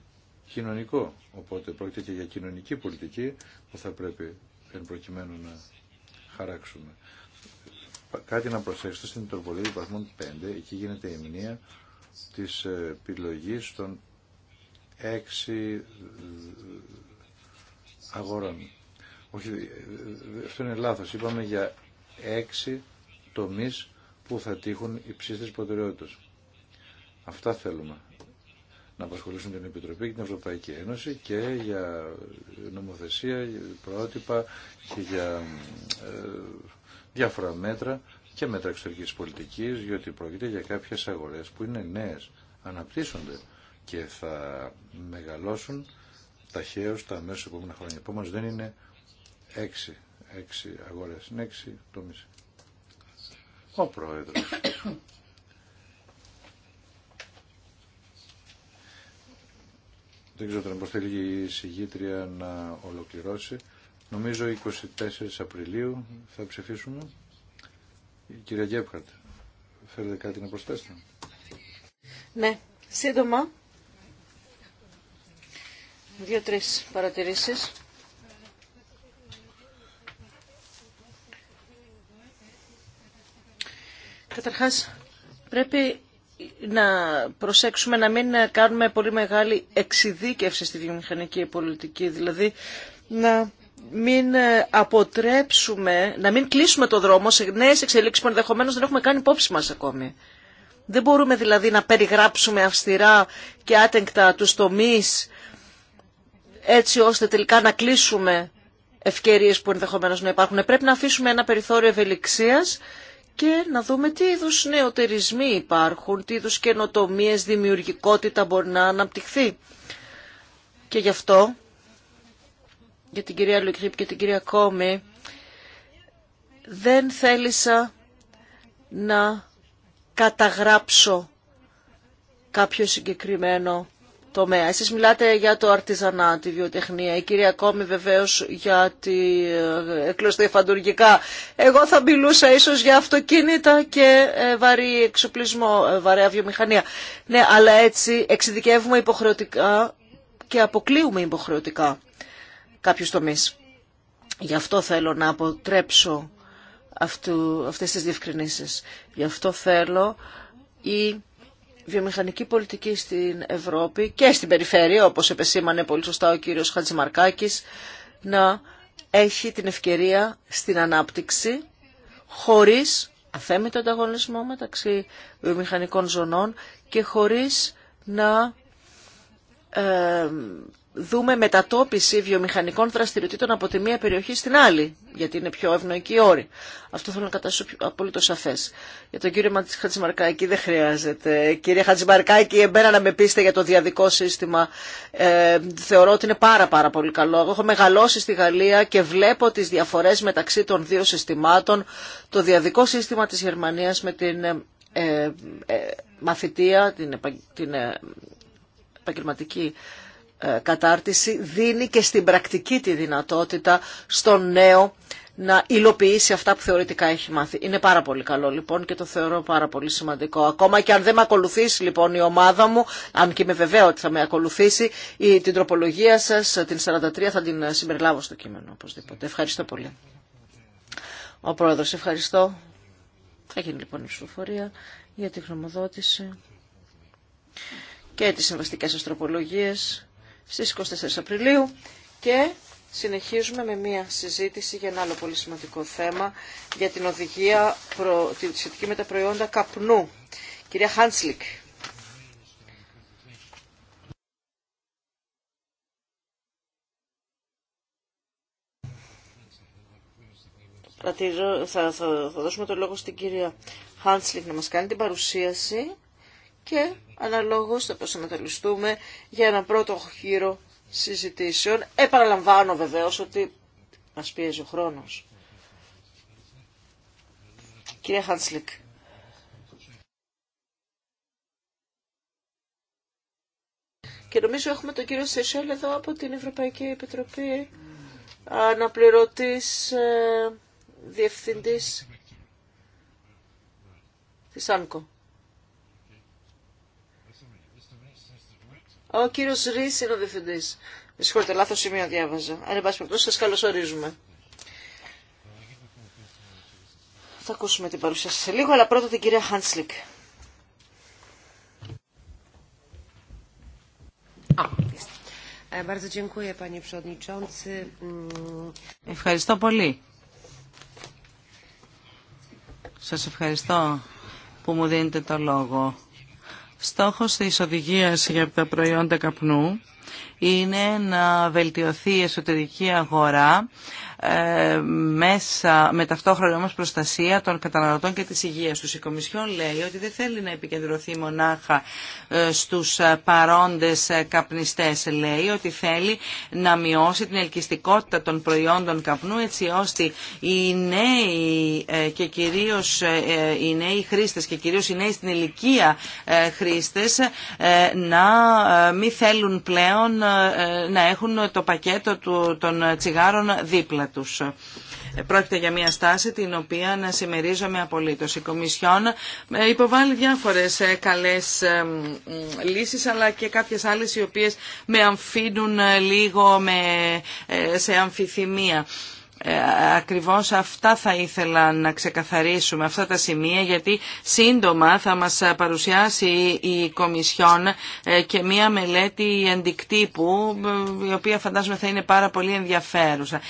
κοινωνικό. Οπότε πρόκειται και για κοινωνική πολιτική που θα πρέπει εν προκειμένου να χαράξουμε. Κάτι να προσέξετε στην τροπολογία βαθμών 5, εκεί γίνεται η μνήμα της επιλογή των 6 αγορών. Όχι, αυτό είναι λάθος. Είπαμε για έξι τομεί που θα τύχουν υψίστες προτεραιότητε. Αυτά θέλουμε να απασχολήσουν την Επιτροπή και την Ευρωπαϊκή Ένωση και για νομοθεσία, πρότυπα και για ε, διάφορα μέτρα και μέτρα εξωτερικής πολιτικής, διότι πρόκειται για κάποιες αγορές που είναι νέες, αναπτύσσονται και θα μεγαλώσουν ταχαίως τα μέσα επόμενα χρόνια. Επομένως δεν είναι έξι, έξι αγορές, είναι έξι τομείς. Ο Πρόεδρος. Δεν ξέρω τώρα θέλει η συγγήτρια να ολοκληρώσει. Νομίζω 24 Απριλίου θα ψηφίσουμε. κυρία Γκέπχαρτ, θέλετε κάτι να προσθέσετε. Ναι, σύντομα. Δύο-τρεις παρατηρήσεις. Καταρχάς, πρέπει να προσέξουμε να μην κάνουμε πολύ μεγάλη εξειδίκευση στη βιομηχανική πολιτική, δηλαδή να μην αποτρέψουμε, να μην κλείσουμε το δρόμο σε νέες εξελίξεις που ενδεχομένως δεν έχουμε κάνει υπόψη μας ακόμη. Δεν μπορούμε δηλαδή να περιγράψουμε αυστηρά και άτεγκτα τους τομείς έτσι ώστε τελικά να κλείσουμε ευκαιρίες που ενδεχομένως να υπάρχουν. Πρέπει να αφήσουμε ένα περιθώριο ευελιξίας και να δούμε τι είδους νεοτερισμοί υπάρχουν, τι είδους καινοτομίες, δημιουργικότητα μπορεί να αναπτυχθεί. Και γι' αυτό, για την κυρία Λουκρύπ και την κυρία Κόμη, δεν θέλησα να καταγράψω κάποιο συγκεκριμένο τομέα. Εσείς μιλάτε για το αρτιζανά, τη βιοτεχνία, η κυρία Κόμη βεβαίως για τη ε, φαντουργικά. Εγώ θα μιλούσα ίσως για αυτοκίνητα και ε, βαρύ εξοπλισμό, ε, βαρέα βιομηχανία. Ναι, αλλά έτσι εξειδικεύουμε υποχρεωτικά και αποκλείουμε υποχρεωτικά κάποιους τομείς. Γι' αυτό θέλω να αποτρέψω αυτού, αυτές τις διευκρινήσεις. Γι' αυτό θέλω η βιομηχανική πολιτική στην Ευρώπη και στην περιφέρεια, όπως επεσήμανε πολύ σωστά ο κύριος Χατζημαρκάκης, να έχει την ευκαιρία στην ανάπτυξη χωρίς αθέμητο ανταγωνισμό μεταξύ βιομηχανικών ζωνών και χωρίς να ε, δούμε μετατόπιση βιομηχανικών δραστηριοτήτων από τη μία περιοχή στην άλλη, γιατί είναι πιο ευνοϊκή η όρη. Αυτό θέλω να καταστήσω απόλυτο σαφέ. Για τον κύριο Χατζημαρκάκη δεν χρειάζεται. Κύριε Χατζημαρκάκη, εμένα να με πείστε για το διαδικό σύστημα. Ε, θεωρώ ότι είναι πάρα, πάρα πολύ καλό. Εγώ έχω μεγαλώσει στη Γαλλία και βλέπω τι διαφορέ μεταξύ των δύο συστημάτων. Το διαδικό σύστημα τη Γερμανία με την ε, ε, ε μαθητεία, την, την επαγγελματική ε, κατάρτιση δίνει και στην πρακτική τη δυνατότητα στον νέο να υλοποιήσει αυτά που θεωρητικά έχει μάθει. Είναι πάρα πολύ καλό λοιπόν και το θεωρώ πάρα πολύ σημαντικό. Ακόμα και αν δεν με ακολουθήσει λοιπόν η ομάδα μου, αν και είμαι βεβαίω ότι θα με ακολουθήσει, η, την τροπολογία σας, την 43, θα την συμπεριλάβω στο κείμενο οπωσδήποτε. Ευχαριστώ πολύ. Ο Πρόεδρος, ευχαριστώ. Θα γίνει λοιπόν η ψηφοφορία για τη γνωμοδότηση και τις συμβαστικές αστροπολογίες στις 24 Απριλίου και συνεχίζουμε με μια συζήτηση για ένα άλλο πολύ σημαντικό θέμα για την οδηγία προ... τη σχετική με τα προϊόντα καπνού. Κυρία Χάντσλικ. Θα, θα, θα δώσουμε το λόγο στην κυρία Χάντσλικ να μας κάνει την παρουσίαση και αναλόγως θα προσανατολιστούμε για ένα πρώτο χείρο συζητήσεων. Επαναλαμβάνω βεβαίως ότι μας πιέζει ο χρόνος. Κυρία Χάνσλικ. Και νομίζω έχουμε τον κύριο Σεσέλ εδώ από την Ευρωπαϊκή Επιτροπή, αναπληρωτής ε, διευθυντής της ΑΝΚΟ. Ο κύριος Ρή είναι ο διευθυντή. Με συγχωρείτε, λάθο σημείο διάβαζα. Αν πάση περιπτώσει, σας καλωσορίζουμε. Θα ακούσουμε την παρουσίαση σε λίγο, αλλά πρώτα την κυρία Χάνσλικ. Ευχαριστώ πολύ. Σας ευχαριστώ που μου δίνετε το λόγο. Στόχος της οδηγίας για τα προϊόντα καπνού είναι να βελτιωθεί η εσωτερική αγορά ε, μέσα με ταυτόχρονα όμως προστασία των καταναλωτών και της υγείας τους. Η Κομισιόν λέει ότι δεν θέλει να επικεντρωθεί μονάχα ε, στους ε, παρόντες καπνιστές. Λέει ότι θέλει να μειώσει την ελκυστικότητα των προϊόντων καπνού έτσι ώστε οι νέοι και κυρίως οι νέοι χρήστες και κυρίως οι νέοι στην ηλικία χρήστες να μην θέλουν πλέον να έχουν το πακέτο των τσιγάρων δίπλα Πρόκειται για μια στάση την οποία να συμμερίζομαι απολύτως. Η Κομισιόν ε, υποβάλλει διάφορες ε, καλές ε, λύσεις αλλά και κάποιες άλλες οι οποίες με αμφίνουν λίγο με, σε αμφιθυμία. Ε, ακριβώς αυτά θα ήθελα να ξεκαθαρίσουμε, αυτά τα σημεία, γιατί σύντομα θα μας παρουσιάσει η Κομισιόν ε, και μία μελέτη αντικτύπου, ε, η οποία φαντάζομαι θα είναι πάρα πολύ ενδιαφέρουσα.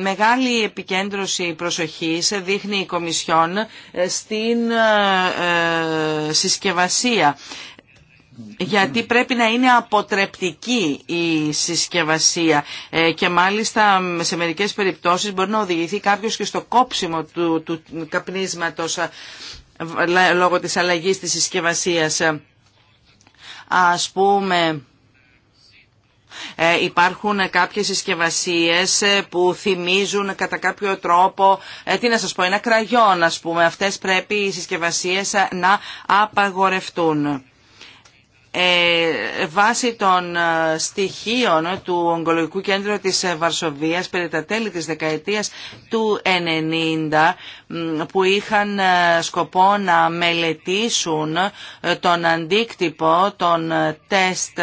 Μεγάλη επικέντρωση προσοχής δείχνει η Κομισιόν στην συσκευασία γιατί πρέπει να είναι αποτρεπτική η συσκευασία ε, και μάλιστα σε μερικές περιπτώσεις μπορεί να οδηγηθεί κάποιος και στο κόψιμο του, του καπνίσματος ε, λόγω της αλλαγής της συσκευασίας. Ας πούμε... Ε, υπάρχουν κάποιες συσκευασίες που θυμίζουν κατά κάποιο τρόπο, τι να σας πω, ένα κραγιόν ας πούμε. Αυτές πρέπει οι συσκευασίες να απαγορευτούν. Ε, βάσει των ε, στοιχείων του Ογκολογικού Κέντρου της ε, Βαρσοβίας περί τα τέλη της δεκαετίας του 90 που είχαν σκοπό να μελετήσουν τον αντίκτυπο των τεστ,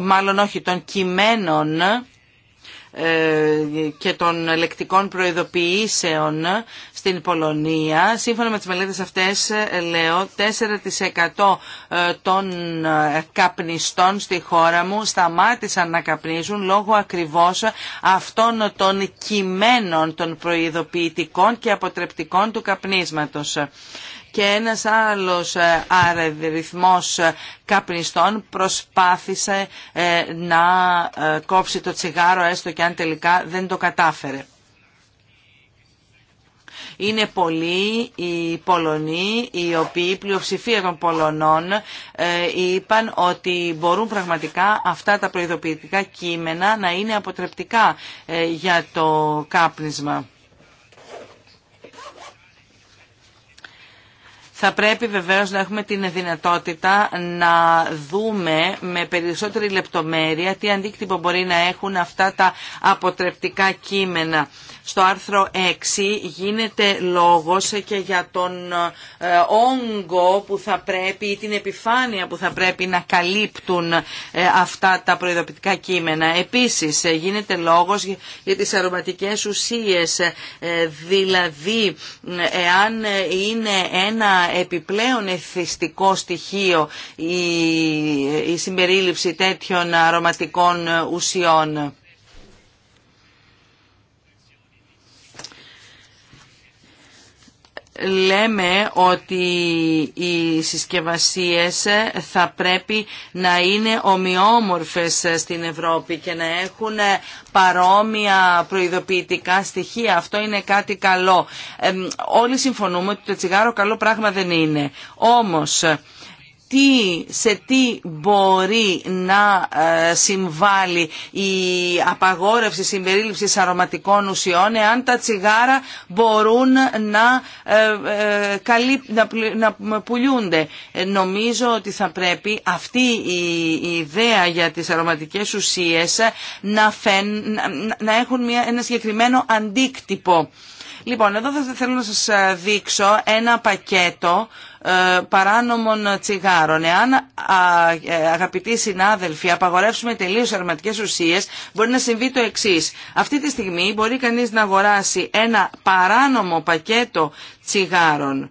μάλλον όχι των κειμένων και των λεκτικών προειδοποιήσεων στην Πολωνία, σύμφωνα με τις μελέτες αυτές, ε, λέω, 4% ε, των ε, καπνιστών στη χώρα μου σταμάτησαν να καπνίζουν λόγω ακριβώς αυτών των κειμένων, των προειδοποιητικών και αποτρεπτικών του καπνίσματος και ένας άλλος αριθμός καπνιστών προσπάθησε να κόψει το τσιγάρο έστω και αν τελικά δεν το κατάφερε. Είναι πολλοί οι Πολωνοί, οι οποίοι η πλειοψηφία των Πολωνών ε, είπαν ότι μπορούν πραγματικά αυτά τα προειδοποιητικά κείμενα να είναι αποτρεπτικά ε, για το κάπνισμα. Θα πρέπει βεβαίως να έχουμε την δυνατότητα να δούμε με περισσότερη λεπτομέρεια τι αντίκτυπο μπορεί να έχουν αυτά τα αποτρεπτικά κείμενα στο άρθρο 6 γίνεται λόγος και για τον ε, όγκο που θα πρέπει ή την επιφάνεια που θα πρέπει να καλύπτουν ε, αυτά τα προειδοποιητικά κείμενα. Επίσης ε, γίνεται λόγος για τις αρωματικές ουσίες, δηλαδή εάν είναι ένα επιπλέον εθιστικό στοιχείο η συμπερίληψη τέτοιων αρωματικών ουσιών. λέμε ότι οι συσκευασίες θα πρέπει να είναι ομοιόμορφες στην Ευρώπη και να έχουν παρόμοια προειδοποιητικά στοιχεία. Αυτό είναι κάτι καλό. όλοι συμφωνούμε ότι το τσιγάρο καλό πράγμα δεν είναι. Όμως τι, σε τι μπορεί να ε, συμβάλλει η απαγόρευση συμπερίληψης αρωματικών ουσιών εάν τα τσιγάρα μπορούν να, ε, ε, να πουλιούνται. Νομίζω ότι θα πρέπει αυτή η ιδέα για τις αρωματικές ουσίες να έχουν ένα συγκεκριμένο αντίκτυπο. Λοιπόν, εδώ θα θέλω να σας ε, δείξω ένα πακέτο ε, παράνομων τσιγάρων. Εάν, ε, αγαπητοί συνάδελφοι, απαγορεύσουμε τελείως αρματικές ουσίες, μπορεί να συμβεί το εξής. Αυτή τη στιγμή μπορεί κανείς να αγοράσει ένα παράνομο πακέτο τσιγάρων.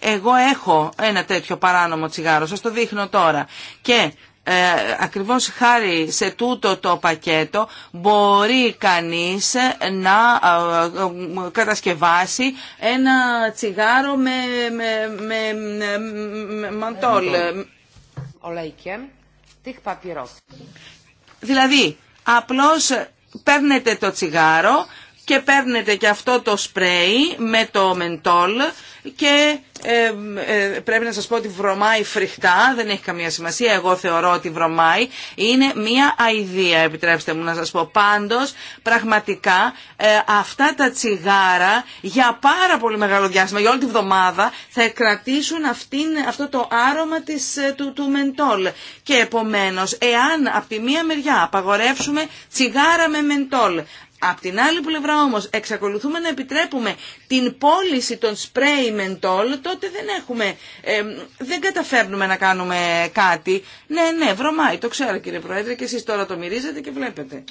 Εγώ έχω ένα τέτοιο παράνομο τσιγάρο, σας το δείχνω τώρα. Και ε, ακριβώς χάρη σε τούτο το πακέτο μπορεί κανείς να ε, ε, κατασκευάσει ένα τσιγάρο με, με, με, με μαντόλ. Δηλαδή, απλώς παίρνετε το τσιγάρο, και παίρνετε και αυτό το σπρέι με το μεντόλ και ε, ε, πρέπει να σας πω ότι βρωμάει φρικτά, δεν έχει καμία σημασία, εγώ θεωρώ ότι βρωμάει. Είναι μία αηδία, επιτρέψτε μου να σας πω. Πάντως, πραγματικά, ε, αυτά τα τσιγάρα για πάρα πολύ μεγάλο διάστημα, για όλη τη βδομάδα, θα κρατήσουν αυτήν, αυτό το άρωμα της, του, του μεντόλ. Και επομένως, εάν από τη μία μεριά απαγορεύσουμε τσιγάρα με μεντόλ, Απ' την άλλη πλευρά όμως εξακολουθούμε να επιτρέπουμε την πώληση των σπρέι μεντόλ, τότε δεν έχουμε, δεν καταφέρνουμε να κάνουμε κάτι. Ναι, ναι, βρωμάει, το ξέρω κύριε Πρόεδρε και εσείς τώρα το μυρίζετε και βλέπετε.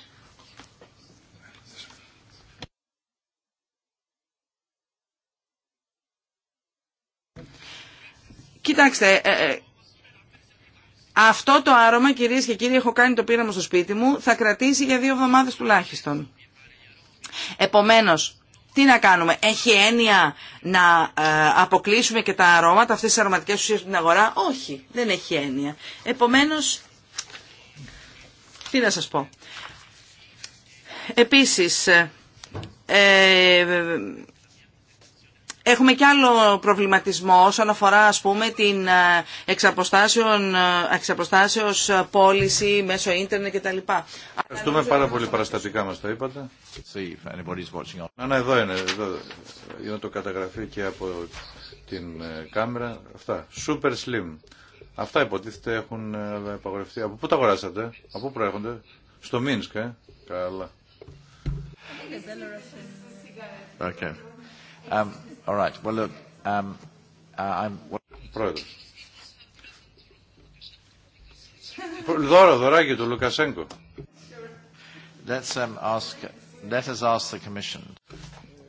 Κοιτάξτε, ε, ε, αυτό το άρωμα κυρίες και κύριοι έχω κάνει το πείραμα στο σπίτι μου, θα κρατήσει για δύο εβδομάδες τουλάχιστον. Επομένως, τι να κάνουμε, έχει έννοια να ε, αποκλείσουμε και τα αρώματα, αυτές τις αρωματικές ουσίες στην αγορά. Όχι, δεν έχει έννοια. Επομένως, τι να σας πω. Επίσης, ε, ε Έχουμε και άλλο προβληματισμό όσον αφορά ας πούμε την ε, ε, εξαποστάσεως ε, πώληση μέσω ίντερνετ κτλ. Ευχαριστούμε πάρα πολύ παραστατικά μας το είπατε. Να, ναι, εδώ είναι, εδώ είναι το καταγραφεί και από την κάμερα. Αυτά, super slim. Αυτά υποτίθεται έχουν επαγορευτεί. Από πού τα αγοράσατε, από πού προέρχονται. Στο Μίνσκ, ε. Καλά. Okay. Um... All right. Well, look, um, uh, I'm... Πρόεδρος. Δώρο, δωράκι του Λουκασέγκο. Let's, um, ask, let us ask the commission.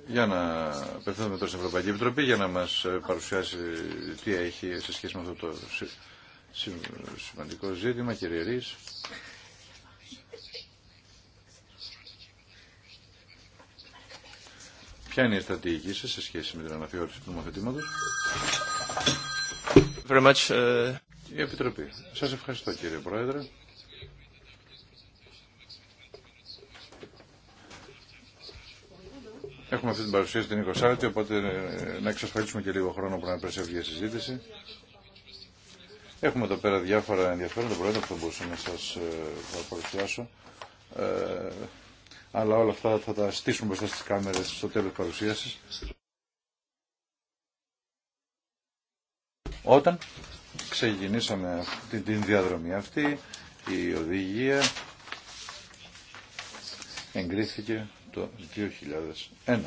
Για να απευθύνουμε τώρα στην Ευρωπαϊκή Επιτροπή για να μας ε, παρουσιάσει τι έχει σε σχέση με αυτό το σημαντικό ζήτημα, κύριε Ρίς. Ποια είναι η στρατηγική σας σε σχέση με την αναθεώρηση του νομοθετήματος. Very much, ε, Η Επιτροπή. Σας ευχαριστώ κύριε Πρόεδρε. Έχουμε αυτή την παρουσίαση την 20η, οπότε ε, να εξασφαλίσουμε και λίγο χρόνο που να σε η συζήτηση. Έχουμε εδώ πέρα διάφορα ενδιαφέροντα προϊόντα που θα μπορούσα να σας ε, παρουσιάσω αλλά όλα αυτά θα τα στήσουμε μπροστά στις κάμερες στο τέλος παρουσίασης. Όταν ξεκινήσαμε την διαδρομή αυτή, η οδηγία εγκρίθηκε το 2001.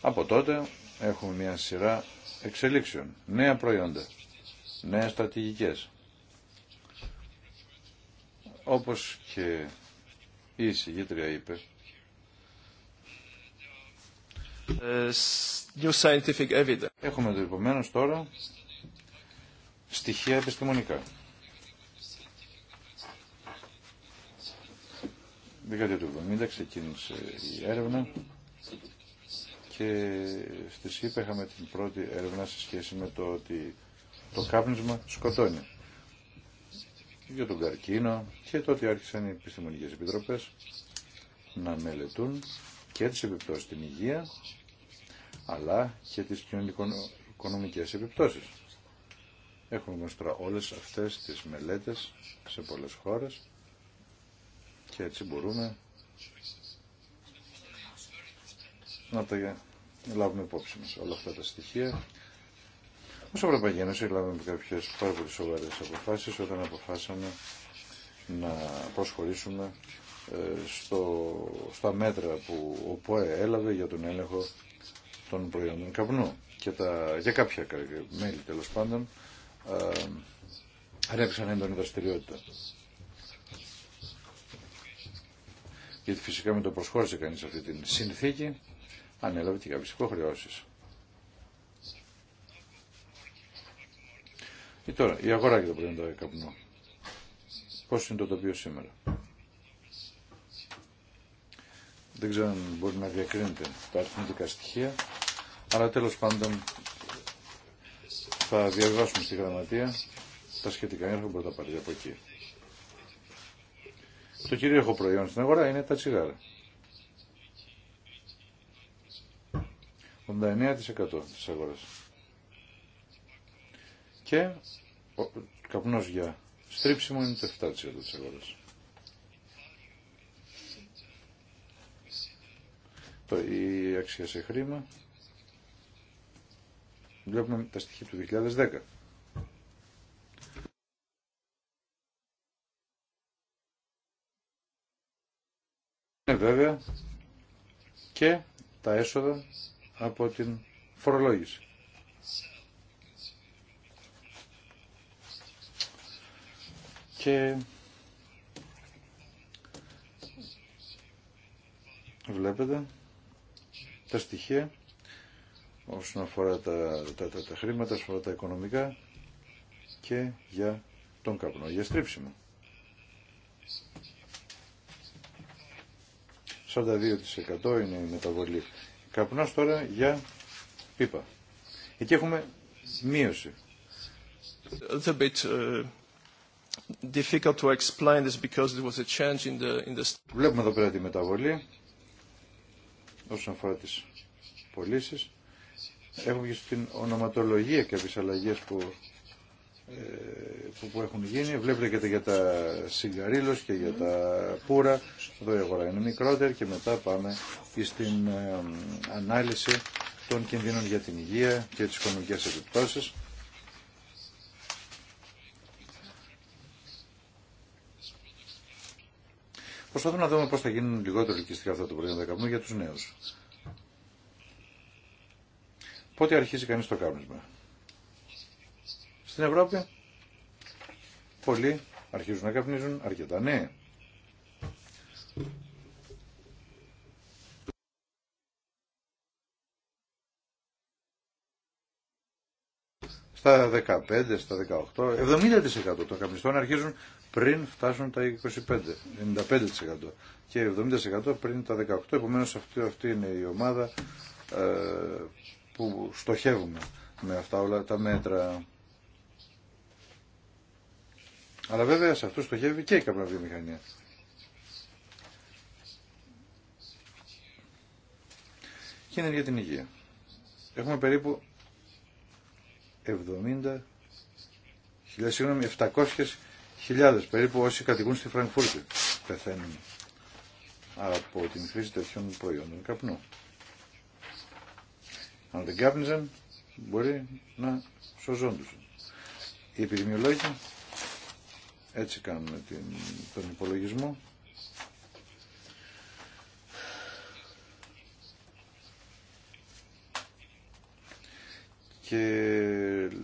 Από τότε έχουμε μια σειρά εξελίξεων, νέα προϊόντα, νέα στρατηγικές. Όπως και η εισηγήτρια είπε ε, new scientific Έχουμε επομένω τώρα στοιχεία επιστημονικά. Δεκαετία του 70 ξεκίνησε η έρευνα και στη ΣΥΠΑ είχαμε την πρώτη έρευνα σε σχέση με το ότι το κάπνισμα σκοτώνει για τον καρκίνο και τότε άρχισαν οι επιστημονικές επιτροπές να μελετούν και τις επιπτώσεις στην υγεία αλλά και τις κοινωνικο-οικονομικές επιπτώσεις. Έχουμε γνωστρά όλες αυτές τις μελέτες σε πολλές χώρες και έτσι μπορούμε να τα λάβουμε υπόψη μας όλα αυτά τα στοιχεία ως Ευρωπαϊκή Ένωση λάβαμε κάποιες πάρα πολύ σοβαρές αποφάσεις όταν αποφάσαμε να προσχωρήσουμε ε, στο, στα μέτρα που ο ΠΟΕ έλαβε για τον έλεγχο των προϊόντων καπνού και, τα, κάποια μέλη τέλο πάντων ρέψαν ε, έντονη δραστηριότητα. Γιατί φυσικά με το προσχώρησε κανείς αυτή την συνθήκη ανέλαβε και κάποιες υποχρεώσεις. Και ε, τώρα, η αγορά και το προϊόντα το καπνό. Πώς είναι το τοπίο σήμερα. Δεν ξέρω αν μπορεί να διακρίνεται τα αριθμητικά στοιχεία, αλλά τέλος πάντων θα διαβάσουμε στη γραμματεία τα σχετικά έργα που θα πάρει από εκεί. Το κυρίαρχο προϊόν στην αγορά είναι τα τσιγάρα. 89% της αγοράς και ο καπνός για στρίψιμο είναι το 7% της αγοράς. η αξία σε χρήμα βλέπουμε τα στοιχεία του 2010. Είναι βέβαια και τα έσοδα από την φορολόγηση. και βλέπετε τα στοιχεία όσον αφορά τα, τα, τα, τα χρήματα, όσον αφορά τα οικονομικά και για τον καπνό, για στρίψιμο. 42% είναι η μεταβολή. Καπνός τώρα για πίπα. Εκεί έχουμε μείωση. Ε, difficult to explain because was a change in the, in the... Βλέπουμε εδώ πέρα τη μεταβολή όσον αφορά τις πωλήσει. Έχουμε και στην ονοματολογία κάποιες αλλαγές ε, που, που, έχουν γίνει. Βλέπετε και για τα σιγαρίλος και για τα πουρα. Εδώ η αγορά είναι μικρότερη και μετά πάμε στην ε, ανάλυση των κινδύνων για την υγεία και τις οικονομικές επιπτώσεις. Προσπαθούμε να δούμε πώς θα γίνουν λιγότερο ελκυστικά αυτά τα προϊόντα για τους νέους. Πότε αρχίζει κανεί το κάπνισμα. Στην Ευρώπη πολλοί αρχίζουν να καπνίζουν αρκετά νέοι. στα 15, στα 18, 70% των καπνιστών αρχίζουν πριν φτάσουν τα 25, 95% και 70% πριν τα 18. Επομένως αυτή, αυτή είναι η ομάδα ε, που στοχεύουμε με αυτά όλα τα μέτρα. Αλλά βέβαια σε αυτού στοχεύει και η καπνοβιομηχανία. Και είναι για την υγεία. Έχουμε περίπου 70. 700.000 περίπου όσοι κατοικούν στη Φραγκφούρτη πεθαίνουν από την χρήση τέτοιων προϊόντων καπνού. Αν δεν κάπνιζαν, μπορεί να σωζόντουσαν. Οι επιδημιολόγοι έτσι κάνουν τον υπολογισμό και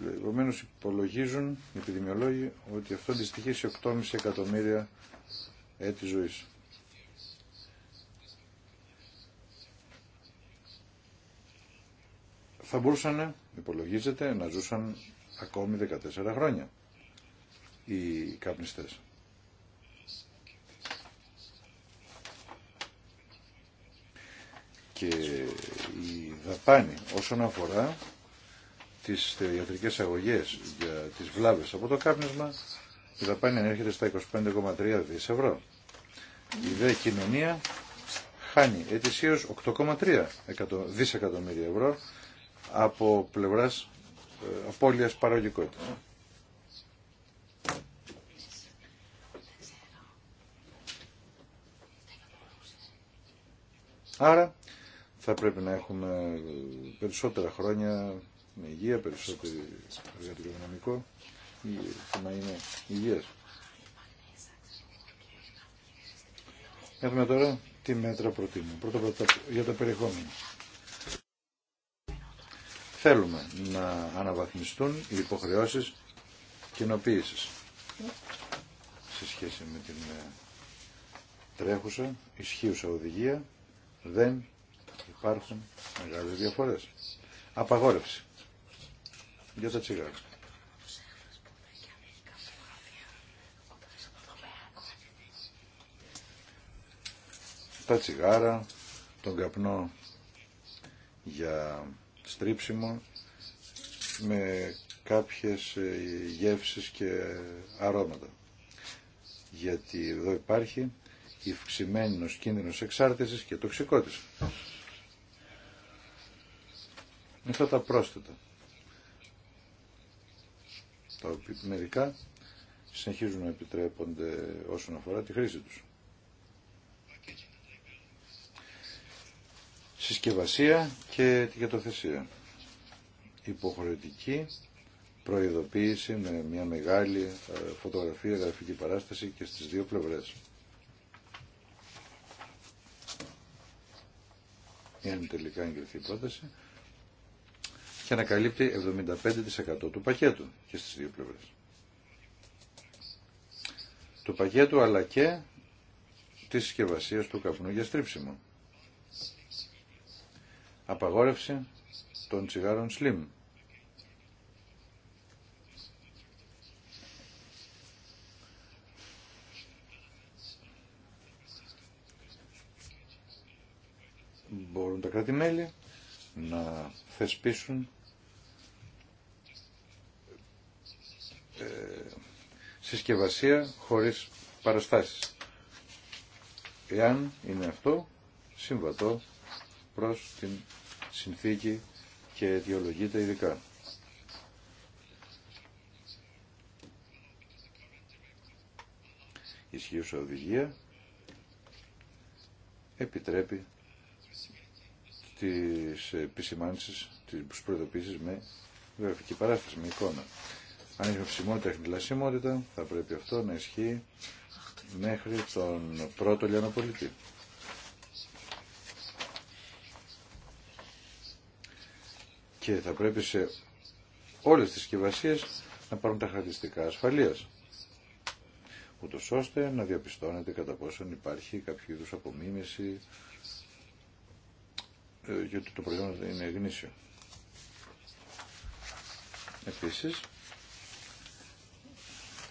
επομένω υπολογίζουν οι επιδημιολόγοι ότι αυτό αντιστοιχεί σε 8,5 εκατομμύρια έτη ζωής. Θα μπορούσαν, υπολογίζεται, να ζούσαν ακόμη 14 χρόνια οι καπνιστές. Και η δαπάνη όσον αφορά τις ιατρικές αγωγές για τις βλάβες από το κάπνισμα η δαπάνη ανέρχεται στα 25,3 δις ευρώ. Η δε κοινωνία χάνει ετησίως 8,3 δισεκατομμύρια ευρώ από πλευράς ε, απώλειας παραγωγικότητας. Άρα θα πρέπει να έχουμε περισσότερα χρόνια με υγεία, περισσότερο εργατικό δυναμικό, το να είναι υγεία. Έχουμε τώρα τι μέτρα προτείνουμε. Πρώτα απ' για τα περιεχόμενο. Θέλουμε να αναβαθμιστούν οι υποχρεώσεις κοινοποίησης σε σχέση με την ε, τρέχουσα, ισχύουσα οδηγία δεν υπάρχουν μεγάλες διαφορές. Απαγόρευση για τα τσιγάρα. Τα τσιγάρα, τον καπνό για στρίψιμο με κάποιες ε, γεύσεις και αρώματα. Γιατί εδώ υπάρχει υυξημένος κίνδυνος εξάρτησης και τοξικότητας. Αυτά τα πρόσθετα τα οποία μερικά συνεχίζουν να επιτρέπονται όσον αφορά τη χρήση τους. Συσκευασία και ετικετοθεσία. Υποχρεωτική προειδοποίηση με μια μεγάλη ε, φωτογραφία, γραφική παράσταση και στις δύο πλευρές. Εάν τελικά εγκριθεί η πρόταση, και να καλύπτει 75% του πακέτου και στις δύο πλευρές. Του πακέτο αλλά και της συσκευασία του καπνού για στρίψιμο. Απαγόρευση των τσιγάρων slim. μπορούν τα κράτη-μέλη να θεσπίσουν συσκευασία χωρίς παραστάσεις. Εάν είναι αυτό, συμβατό προς την συνθήκη και αιτιολογείται ειδικά. Η ισχύουσα οδηγία επιτρέπει τις επισημάνσεις, τις προειδοποίησεις με γραφική παράσταση, με εικόνα αν έχει οψιμότητα έχει λασιμότητα, θα πρέπει αυτό να ισχύει μέχρι τον πρώτο λιανοπολιτή. Και θα πρέπει σε όλες τις συσκευασίες να πάρουν τα χαρακτηριστικά ασφαλείας Ούτω ώστε να διαπιστώνεται κατά πόσον υπάρχει κάποιο είδου απομίμηση ε, γιατί το προϊόν είναι γνήσιο. Επίσης,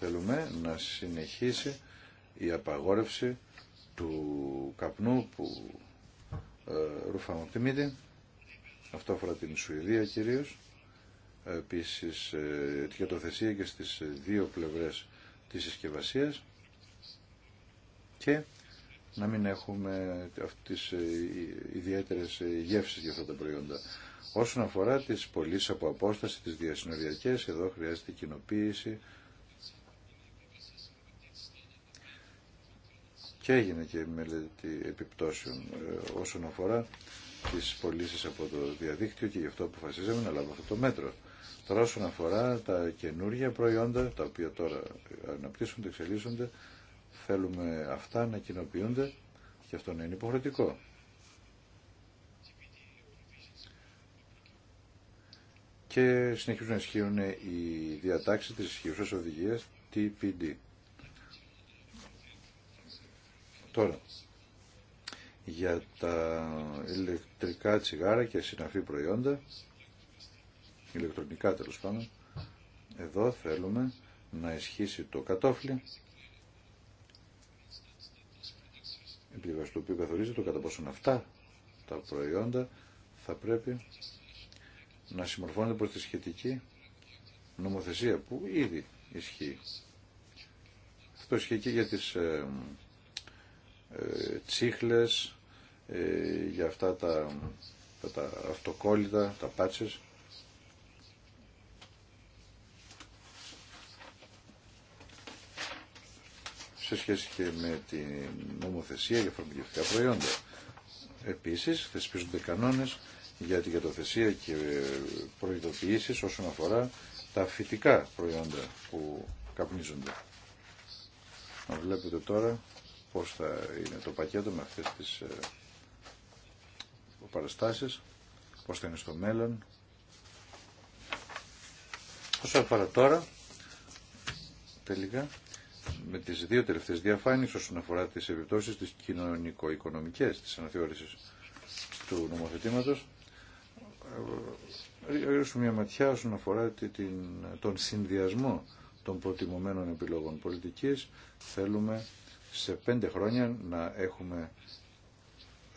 θέλουμε να συνεχίσει η απαγόρευση του καπνού που ε, ρουφάμε από τη μύτη. Αυτό αφορά την Σουηδία κυρίως. Επίσης ε, και στις δύο πλευρές της συσκευασία και να μην έχουμε αυτές τις ε, ιδιαίτερες ε, γεύσεις για αυτά τα προϊόντα. Όσον αφορά τις πωλήσει από απόσταση, τις διασυνοριακές, εδώ χρειάζεται κοινοποίηση και έγινε και μελέτη επιπτώσεων ε, όσον αφορά τις πωλήσει από το διαδίκτυο και γι' αυτό αποφασίζαμε να λάβουμε αυτό το μέτρο. Τώρα όσον αφορά τα καινούργια προϊόντα, τα οποία τώρα αναπτύσσονται, εξελίσσονται, θέλουμε αυτά να κοινοποιούνται και αυτό να είναι υποχρεωτικό. Και συνεχίζουν να ισχύουν οι διατάξεις της ισχυρής οδηγίας TPD. Τώρα, για τα ηλεκτρικά τσιγάρα και συναφή προϊόντα, ηλεκτρονικά τέλος πάντων, εδώ θέλουμε να ισχύσει το κατόφλι, επί του καθορίζεται το κατά πόσον αυτά τα προϊόντα θα πρέπει να συμμορφώνεται προς τη σχετική νομοθεσία που ήδη ισχύει. Αυτό ισχύει και για τις ε, ε, τσίχλες, ε, για αυτά τα, τα, αυτοκόλλητα, τα πάτσες. σε σχέση και με την νομοθεσία για φαρμακευτικά προϊόντα. Επίσης, θεσπίζονται κανόνες για την κατοθεσία και προειδοποιήσεις όσον αφορά τα φυτικά προϊόντα που καπνίζονται. Να βλέπετε τώρα πώς θα είναι το πακέτο με αυτές τις ε, παραστάσεις, πώς θα είναι στο μέλλον. Όσο αφορά τώρα, τελικά, με τις δύο τελευταίες διαφάνειες όσον αφορά τις επιπτώσεις της κοινωνικο-οικονομικές της αναθεώρησης του νομοθετήματος, ε, ε, ρίξω μια ματιά όσον αφορά τον συνδυασμό των προτιμωμένων επιλογών πολιτικής. Θέλουμε σε πέντε χρόνια να έχουμε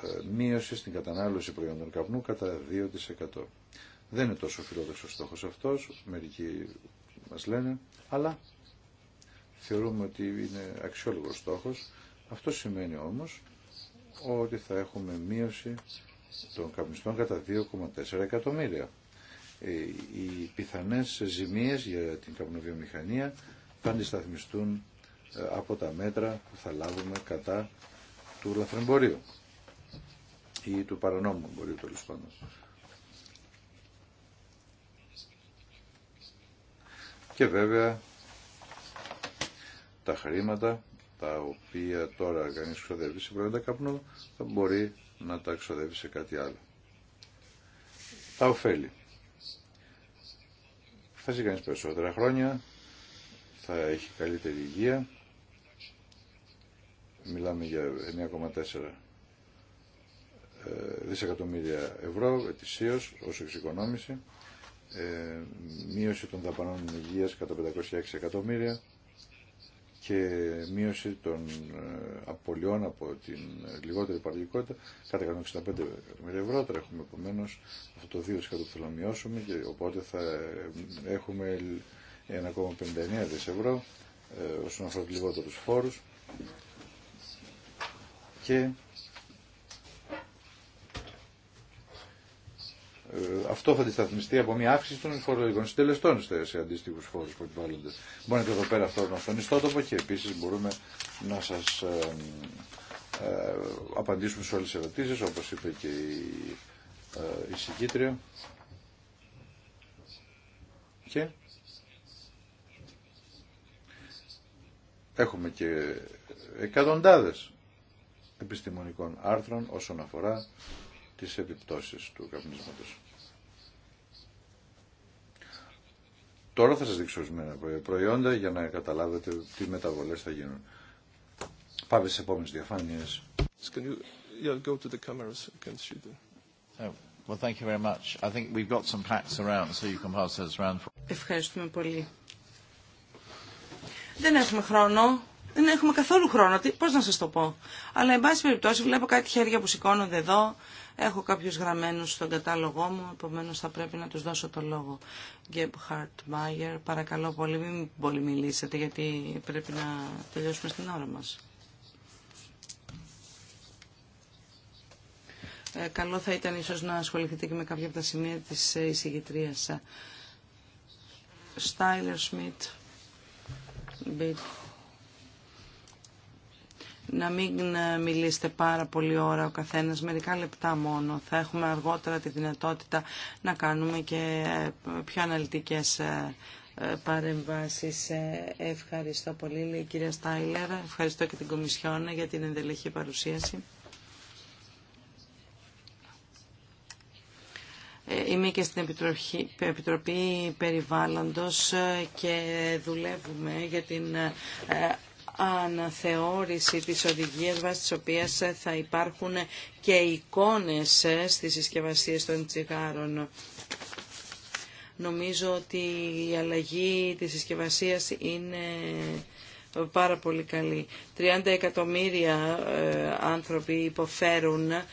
ε, μείωση στην κατανάλωση προϊόντων καπνού κατά 2%. Δεν είναι τόσο φιλόδοξο στόχος αυτός, μερικοί μας λένε, αλλά θεωρούμε ότι είναι αξιόλογος στόχος. Αυτό σημαίνει όμως ότι θα έχουμε μείωση των καπνιστών κατά 2,4 εκατομμύρια. Ε, οι πιθανές ζημίες για την καπνοβιομηχανία θα αντισταθμιστούν από τα μέτρα που θα λάβουμε κατά του λαθρεμπορίου ή του παρανόμου μπορεί το πάντων. Και βέβαια τα χρήματα τα οποία τώρα κανείς ξοδεύει σε προϊόντα καπνού θα μπορεί να τα ξοδεύει σε κάτι άλλο. Τα ωφέλη. Θα ζει κανείς περισσότερα χρόνια, θα έχει καλύτερη υγεία, μιλάμε για 9,4 ε, δισεκατομμύρια ευρώ ετησίως ως εξοικονόμηση, ε, μείωση των δαπανών υγείας κατά 506 εκατομμύρια και μείωση των ε, απολειών από την λιγότερη παραγωγικότητα κατά 165 εκατομμύρια ευρώ. Τώρα έχουμε επομένω αυτό το 2% που να μειώσουμε και οπότε θα έχουμε 1,59 δις ευρώ όσον αφορά του λιγότερους φόρους και ε, αυτό θα αντισταθμιστεί από μια αύξηση των φορολογικών συντελεστών σε αντίστοιχους φόρους που επιβάλλονται. Μπορείτε εδώ πέρα αυτό να στον ιστότοπο και επίσης μπορούμε να σας ε, ε, απαντήσουμε σε όλες τις ερωτήσεις όπως είπε και η, ε, Και έχουμε και εκατοντάδες επιστημονικών άρθρων όσον αφορά τις επιπτώσεις του καπνίσματος. Τώρα θα σας δείξω ορισμένα προϊόντα για να καταλάβετε τι μεταβολές θα γίνουν. Πάμε στις επόμενες διαφάνειες. Oh, Ευχαριστούμε πολύ. Δεν έχουμε χρόνο δεν έχουμε καθόλου χρόνο. Τι, πώς να σας το πω. Αλλά, εν πάση περιπτώσει, βλέπω κάτι χέρια που σηκώνονται εδώ. Έχω κάποιου γραμμένους στον κατάλογό μου, Επομένω θα πρέπει να του δώσω το λόγο. Γκέμπχαρτ Μάγερ, παρακαλώ πολύ, μην πολύ μιλήσετε, γιατί πρέπει να τελειώσουμε στην ώρα μας. Ε, καλό θα ήταν ίσως να ασχοληθείτε και με κάποια από τα σημεία της ε, εισηγητρίας. Στάιλερ Σμιτ, Μπίτ, να μην ε, μιλήσετε πάρα πολύ ώρα ο καθένας, μερικά λεπτά μόνο. Θα έχουμε αργότερα τη δυνατότητα να κάνουμε και ε, πιο αναλυτικές ε, παρεμβάσεις. Ευχαριστώ πολύ, λέει η κυρία Στάιλερ. Ευχαριστώ και την Κομισιόνα για την εντελεχή παρουσίαση. Είμαι και στην Επιτροπή Περιβάλλοντος και δουλεύουμε για την αναθεώρηση της οδηγίας βάσει της οποίας θα υπάρχουν και εικόνες ε, στις συσκευασίες των τσιγάρων. Νομίζω ότι η αλλαγή της συσκευασίας είναι πάρα πολύ καλή. 30 εκατομμύρια ε, άνθρωποι υποφέρουν ε,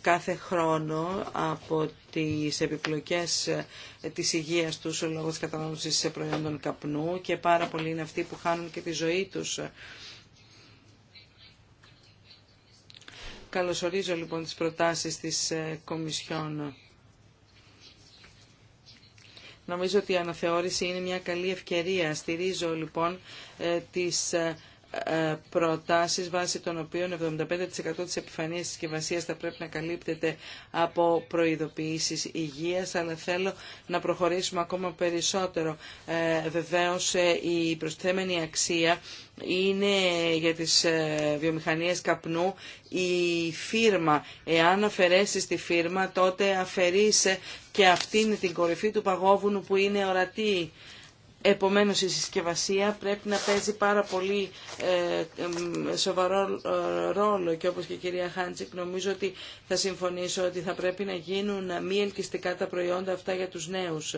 κάθε χρόνο από τις επιπλοκές ε, της υγείας τους λόγω της κατανάλωσης προϊόντων καπνού και πάρα πολλοί είναι αυτοί που χάνουν και τη ζωή τους. Καλωσορίζω λοιπόν τις προτάσεις της ε, Κομισιόν. Νομίζω ότι η αναθεώρηση είναι μια καλή ευκαιρία. Στηρίζω λοιπόν ε, τις ε, προτάσεις βάσει των οποίων 75% της επιφανίας της συσκευασίας θα πρέπει να καλύπτεται από προειδοποιήσεις υγείας αλλά θέλω να προχωρήσουμε ακόμα περισσότερο. Ε, βεβαίως ε, η προσθέμενη αξία είναι για τις βιομηχανίες καπνού η φύρμα. Εάν αφαιρέσεις τη φύρμα τότε αφαιρείς και αυτήν την κορυφή του παγόβουνου που είναι ορατή. Επομένως η συσκευασία πρέπει να παίζει πάρα πολύ ε, σοβαρό ε, ρόλο και όπως και η κυρία Χάντζικ νομίζω ότι θα συμφωνήσω ότι θα πρέπει να γίνουν μη ελκυστικά τα προϊόντα αυτά για τους νέους.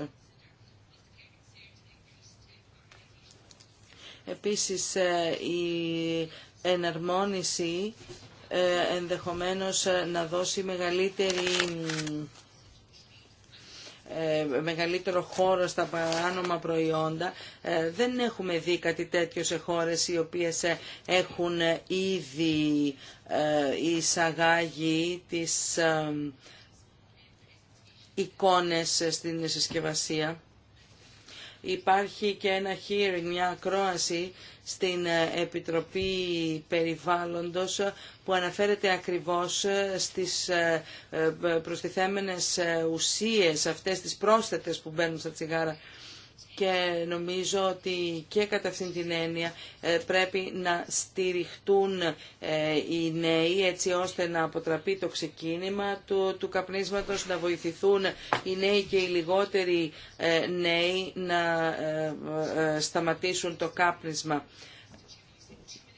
Επίσης ε, η εναρμόνιση ενδεχομένως να δώσει μεγαλύτερη ε, μεγαλύτερο χώρο στα παράνομα προϊόντα. Ε, δεν έχουμε δει κάτι τέτοιο σε χώρες οι οποίες ε, έχουν ήδη εισαγάγει τις εικόνες στην συσκευασία. Υπάρχει και ένα hearing, μια ακρόαση στην ε, Επιτροπή Περιβάλλοντος που αναφέρεται ακριβώς ε, στις ε, προστιθέμενες ουσίες αυτές τις πρόσθετες που μπαίνουν στα τσιγάρα και νομίζω ότι και κατά αυτήν την έννοια ε, πρέπει να στηριχτούν ε, οι νέοι έτσι ώστε να αποτραπεί το ξεκίνημα του, του καπνίσματος, να βοηθηθούν οι νέοι και οι λιγότεροι ε, νέοι να σταματήσουν το κάπνισμα.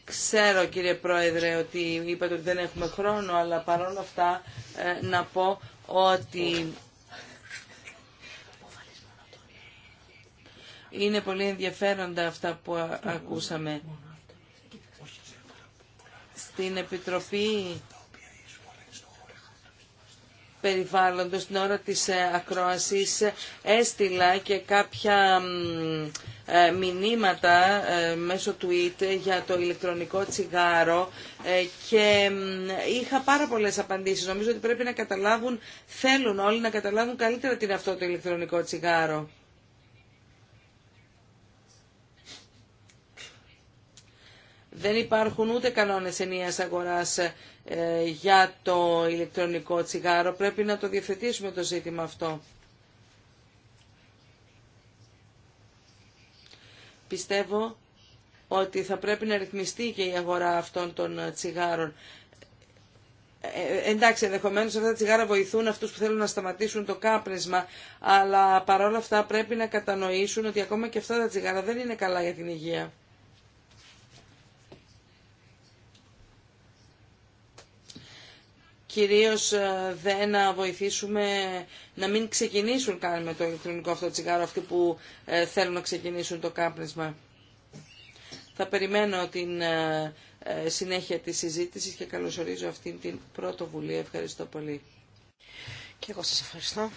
Ξέρω κύριε Πρόεδρε ότι είπατε ότι δεν έχουμε χρόνο, αλλά παρόλα αυτά να πω ότι Είναι πολύ ενδιαφέροντα αυτά που ακούσαμε. Στην Επιτροπή Περιβάλλοντος, την ώρα της ε, ακρόασης, έστειλα και κάποια ε, μηνύματα ε, μέσω tweet για το ηλεκτρονικό τσιγάρο και είχα πάρα πολλές απαντήσεις. Νομίζω ότι πρέπει να καταλάβουν, θέλουν όλοι να καταλάβουν καλύτερα τι είναι αυτό το ηλεκτρονικό τσιγάρο. Δεν υπάρχουν ούτε κανόνες ενίας αγοράς ε, για το ηλεκτρονικό τσιγάρο. Πρέπει να το διευθετήσουμε το ζήτημα αυτό. Πιστεύω ότι θα πρέπει να ρυθμιστεί και η αγορά αυτών των τσιγάρων. Ε, ε, εντάξει, ενδεχομένω αυτά τα τσιγάρα βοηθούν αυτού που θέλουν να σταματήσουν το κάπνισμα, αλλά παρόλα αυτά πρέπει να κατανοήσουν ότι ακόμα και αυτά τα τσιγάρα δεν είναι καλά για την υγεία. κυρίως ε, δεν να βοηθήσουμε να μην ξεκινήσουν καν με το ηλεκτρονικό αυτό τσιγάρο αυτοί που ε, θέλουν να ξεκινήσουν το κάπνισμα. Θα περιμένω την ε, συνέχεια της συζήτησης και καλωσορίζω αυτήν την πρωτοβουλία. Ευχαριστώ πολύ. Και εγώ σας ευχαριστώ.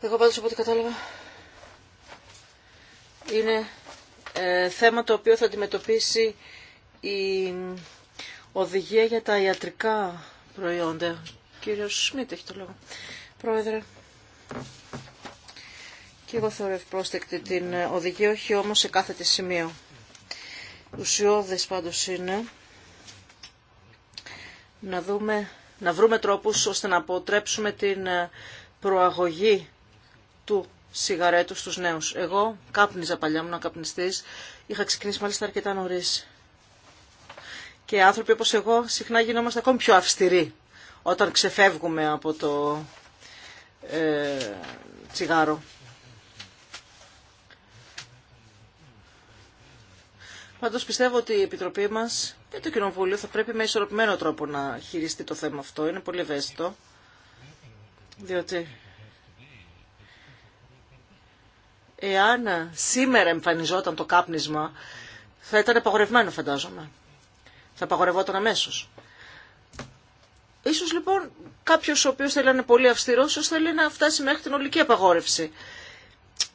Εγώ πάντως από ό,τι κατάλαβα είναι θέμα το οποίο θα αντιμετωπίσει η οδηγία για τα ιατρικά προϊόντα. Κύριο Σμίτ έχει το λόγο. Πρόεδρε, και εγώ θεωρώ ευπρόσθεκτη την οδηγία, όχι όμως σε κάθε τη σημείο. Ουσιώδες πάντως είναι να, δούμε, να βρούμε τρόπους ώστε να αποτρέψουμε την προαγωγή του σιγαρέτου στους νέους. Εγώ κάπνιζα παλιά μου να καπνιστής, είχα ξεκινήσει μάλιστα αρκετά νωρίς και άνθρωποι όπως εγώ συχνά γινόμαστε ακόμη πιο αυστηροί όταν ξεφεύγουμε από το ε, τσιγάρο. Πάντως πιστεύω ότι η Επιτροπή μας και το Κοινοβούλιο θα πρέπει με ισορροπημένο τρόπο να χειριστεί το θέμα αυτό. Είναι πολύ ευαίσθητο, διότι εάν σήμερα εμφανιζόταν το κάπνισμα, θα ήταν απαγορευμένο φαντάζομαι θα απαγορευόταν αμέσω. Ίσως λοιπόν κάποιο ο οποίο θέλει να είναι πολύ αυστηρός, ίσω θέλει να φτάσει μέχρι την ολική απαγόρευση.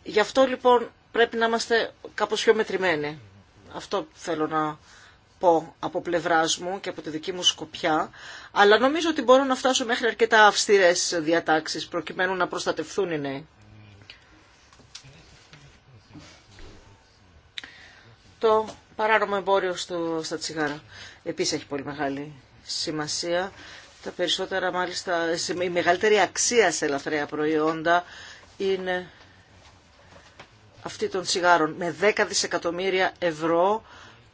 Γι' αυτό λοιπόν πρέπει να είμαστε κάπω πιο μετρημένοι. Αυτό θέλω να πω από πλευρά μου και από τη δική μου σκοπιά, αλλά νομίζω ότι μπορώ να φτάσω μέχρι αρκετά αυστηρές διατάξει προκειμένου να προστατευθούν οι νέοι. Το παράνομο εμπόριο στο, στα τσιγάρα. Επίσης έχει πολύ μεγάλη σημασία. Τα περισσότερα μάλιστα, η μεγαλύτερη αξία σε λαθρέα προϊόντα είναι αυτή των τσιγάρων με 10 δισεκατομμύρια ευρώ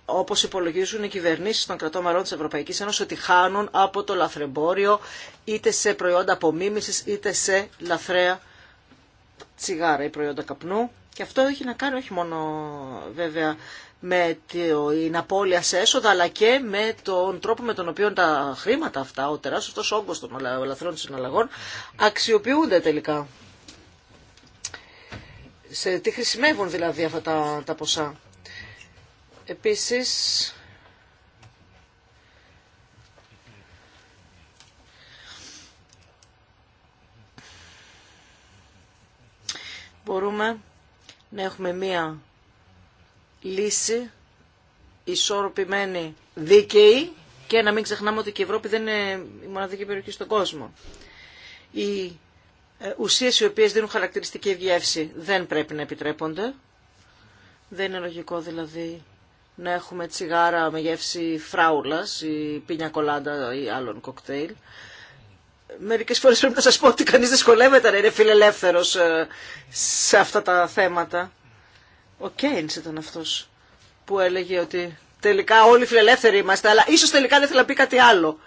όπως υπολογίζουν οι κυβερνήσεις των κρατών μαρών της Ευρωπαϊκής Ένωσης ότι χάνουν από το λαθρεμπόριο είτε σε προϊόντα απομίμησης είτε σε λαθρέα τσιγάρα ή προϊόντα καπνού. Και αυτό έχει να κάνει όχι μόνο βέβαια με την απώλεια σε έσοδα, αλλά και με τον τρόπο με τον οποίο τα χρήματα αυτά, ο τεράστιος όγκο των ελαφρών συναλλαγών, αξιοποιούνται τελικά. Σε τι χρησιμεύουν δηλαδή αυτά τα, τα ποσά. Επίσης, μπορούμε να έχουμε μία λύση ισορροπημένη, δίκαιη και να μην ξεχνάμε ότι και η Ευρώπη δεν είναι η μοναδική περιοχή στον κόσμο. Οι ε, ουσίες οι οποίες δίνουν χαρακτηριστική γεύση δεν πρέπει να επιτρέπονται. Δεν είναι λογικό δηλαδή να έχουμε τσιγάρα με γεύση φράουλας ή πίνια κολάντα ή άλλων κοκτέιλ μερικές φορές πρέπει να σας πω ότι κανείς δυσκολεύεται να είναι φιλελεύθερος ε, σε αυτά τα θέματα. Ο Κέινς ήταν αυτός που έλεγε ότι τελικά όλοι φιλελεύθεροι είμαστε, αλλά ίσως τελικά δεν θέλει να πει κάτι άλλο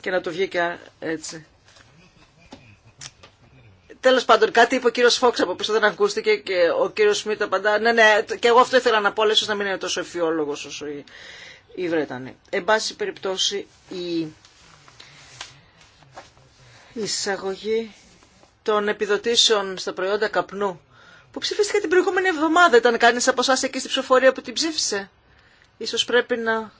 και να βγει βγήκε έτσι. Τέλο πάντων, κάτι είπε ο κύριο Φόξ από πίσω, δεν ακούστηκε και ο κύριο Σμιτ απαντά. Ναι, ναι, και εγώ αυτό ήθελα να πω, αλλά ίσω να μην είναι τόσο εφιόλογο όσο οι, οι Βρετανοί. Εν πάση περιπτώσει, η εισαγωγή των επιδοτήσεων στα προϊόντα καπνού που ψηφίστηκε την προηγούμενη εβδομάδα. Ήταν κάνει από εσά εκεί στην ψηφοφορία που την ψήφισε. Ίσως πρέπει να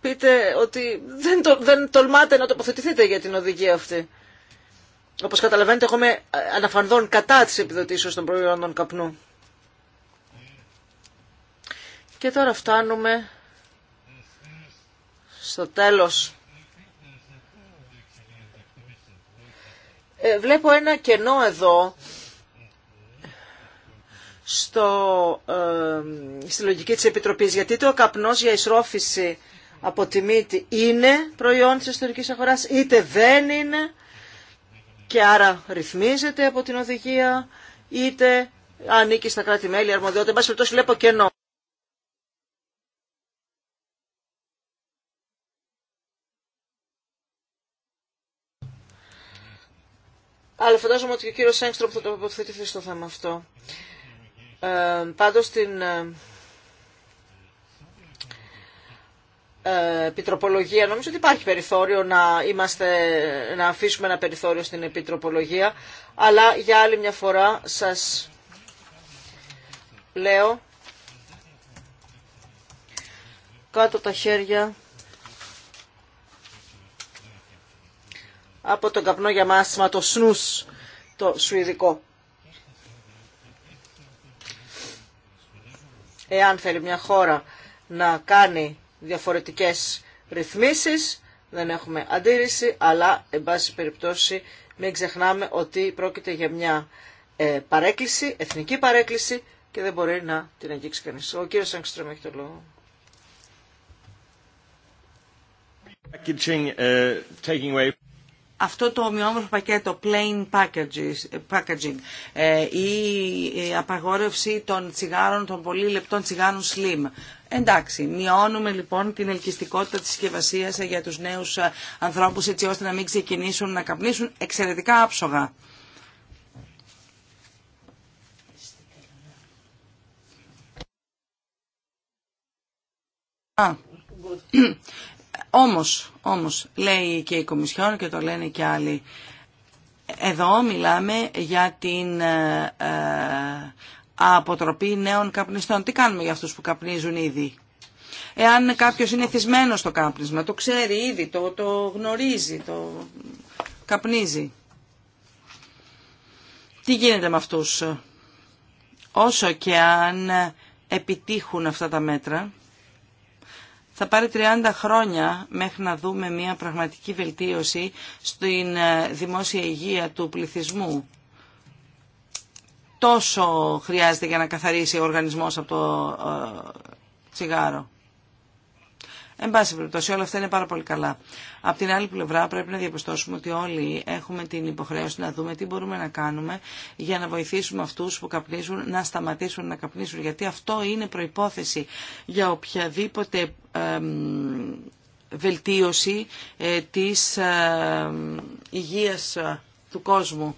πείτε ότι δεν, το, δεν τολμάτε να τοποθετηθείτε για την οδηγία αυτή. Όπως καταλαβαίνετε, έχουμε αναφανδόν κατά τις επιδοτήσεις των προϊόντων καπνού. Και τώρα φτάνουμε στο τέλος Ε, βλέπω ένα κενό εδώ στο, ε, στη λογική της Επιτροπής, γιατί το καπνός για ισρόφηση από τη μύτη είναι προϊόν της ιστορικής αγοράς, είτε δεν είναι και άρα ρυθμίζεται από την οδηγία, είτε ανήκει στα κράτη-μέλη αρμοδιότητα. Εν πάση βλέπω κενό. αλλά φαντάζομαι ότι και ο κύριος Έγκστροπ θα αποθετηθεί στο θέμα αυτό. Ε, πάντως την ε, ε, επιτροπολογία, νομίζω ότι υπάρχει περιθώριο να, είμαστε, να αφήσουμε ένα περιθώριο στην επιτροπολογία, αλλά για άλλη μια φορά σας λέω κάτω τα χέρια από τον καπνό για μάσημα, το σνούς, το σουηδικό. Εάν θέλει μια χώρα να κάνει διαφορετικές ρυθμίσεις, δεν έχουμε αντίρρηση, αλλά, εν πάση περιπτώσει, μην ξεχνάμε ότι πρόκειται για μια ε, παρέκκληση, εθνική παρέκκληση και δεν μπορεί να την αγγίξει κανείς. Ο κύριος Άγκστρομ έχει το λόγο αυτό το ομοιόμορφο πακέτο plain packaging, ε, η απαγόρευση των τσιγάρων, των πολύ λεπτών τσιγάρων slim. Εντάξει, μειώνουμε λοιπόν την ελκυστικότητα της συσκευασία ε, για τους νέους ε, ανθρώπους έτσι ώστε να μην ξεκινήσουν να καπνίσουν εξαιρετικά άψογα. Όμως, όμως, λέει και η Κομισιόν και το λένε και άλλοι, εδώ μιλάμε για την ε, ε, αποτροπή νέων καπνιστών. Τι κάνουμε για αυτούς που καπνίζουν ήδη. Εάν κάποιος είναι θυσμένος στο κάπνισμα, το ξέρει ήδη, το, το γνωρίζει, το καπνίζει. Τι γίνεται με αυτούς. Όσο και αν επιτύχουν αυτά τα μέτρα, θα πάρει 30 χρόνια μέχρι να δούμε μια πραγματική βελτίωση στην ε, δημόσια υγεία του πληθυσμού. Τόσο χρειάζεται για να καθαρίσει ο οργανισμός από το ε, τσιγάρο. Εν πάση περιπτώσει, όλα αυτά είναι πάρα πολύ καλά. Απ' την άλλη πλευρά, πρέπει να διαπιστώσουμε ότι όλοι έχουμε την υποχρέωση να δούμε τι μπορούμε να κάνουμε για να βοηθήσουμε αυτού που καπνίζουν να σταματήσουν να καπνίζουν. Γιατί αυτό είναι προπόθεση για οποιαδήποτε βελτίωση ε, της ε, υγείας ε, του κόσμου.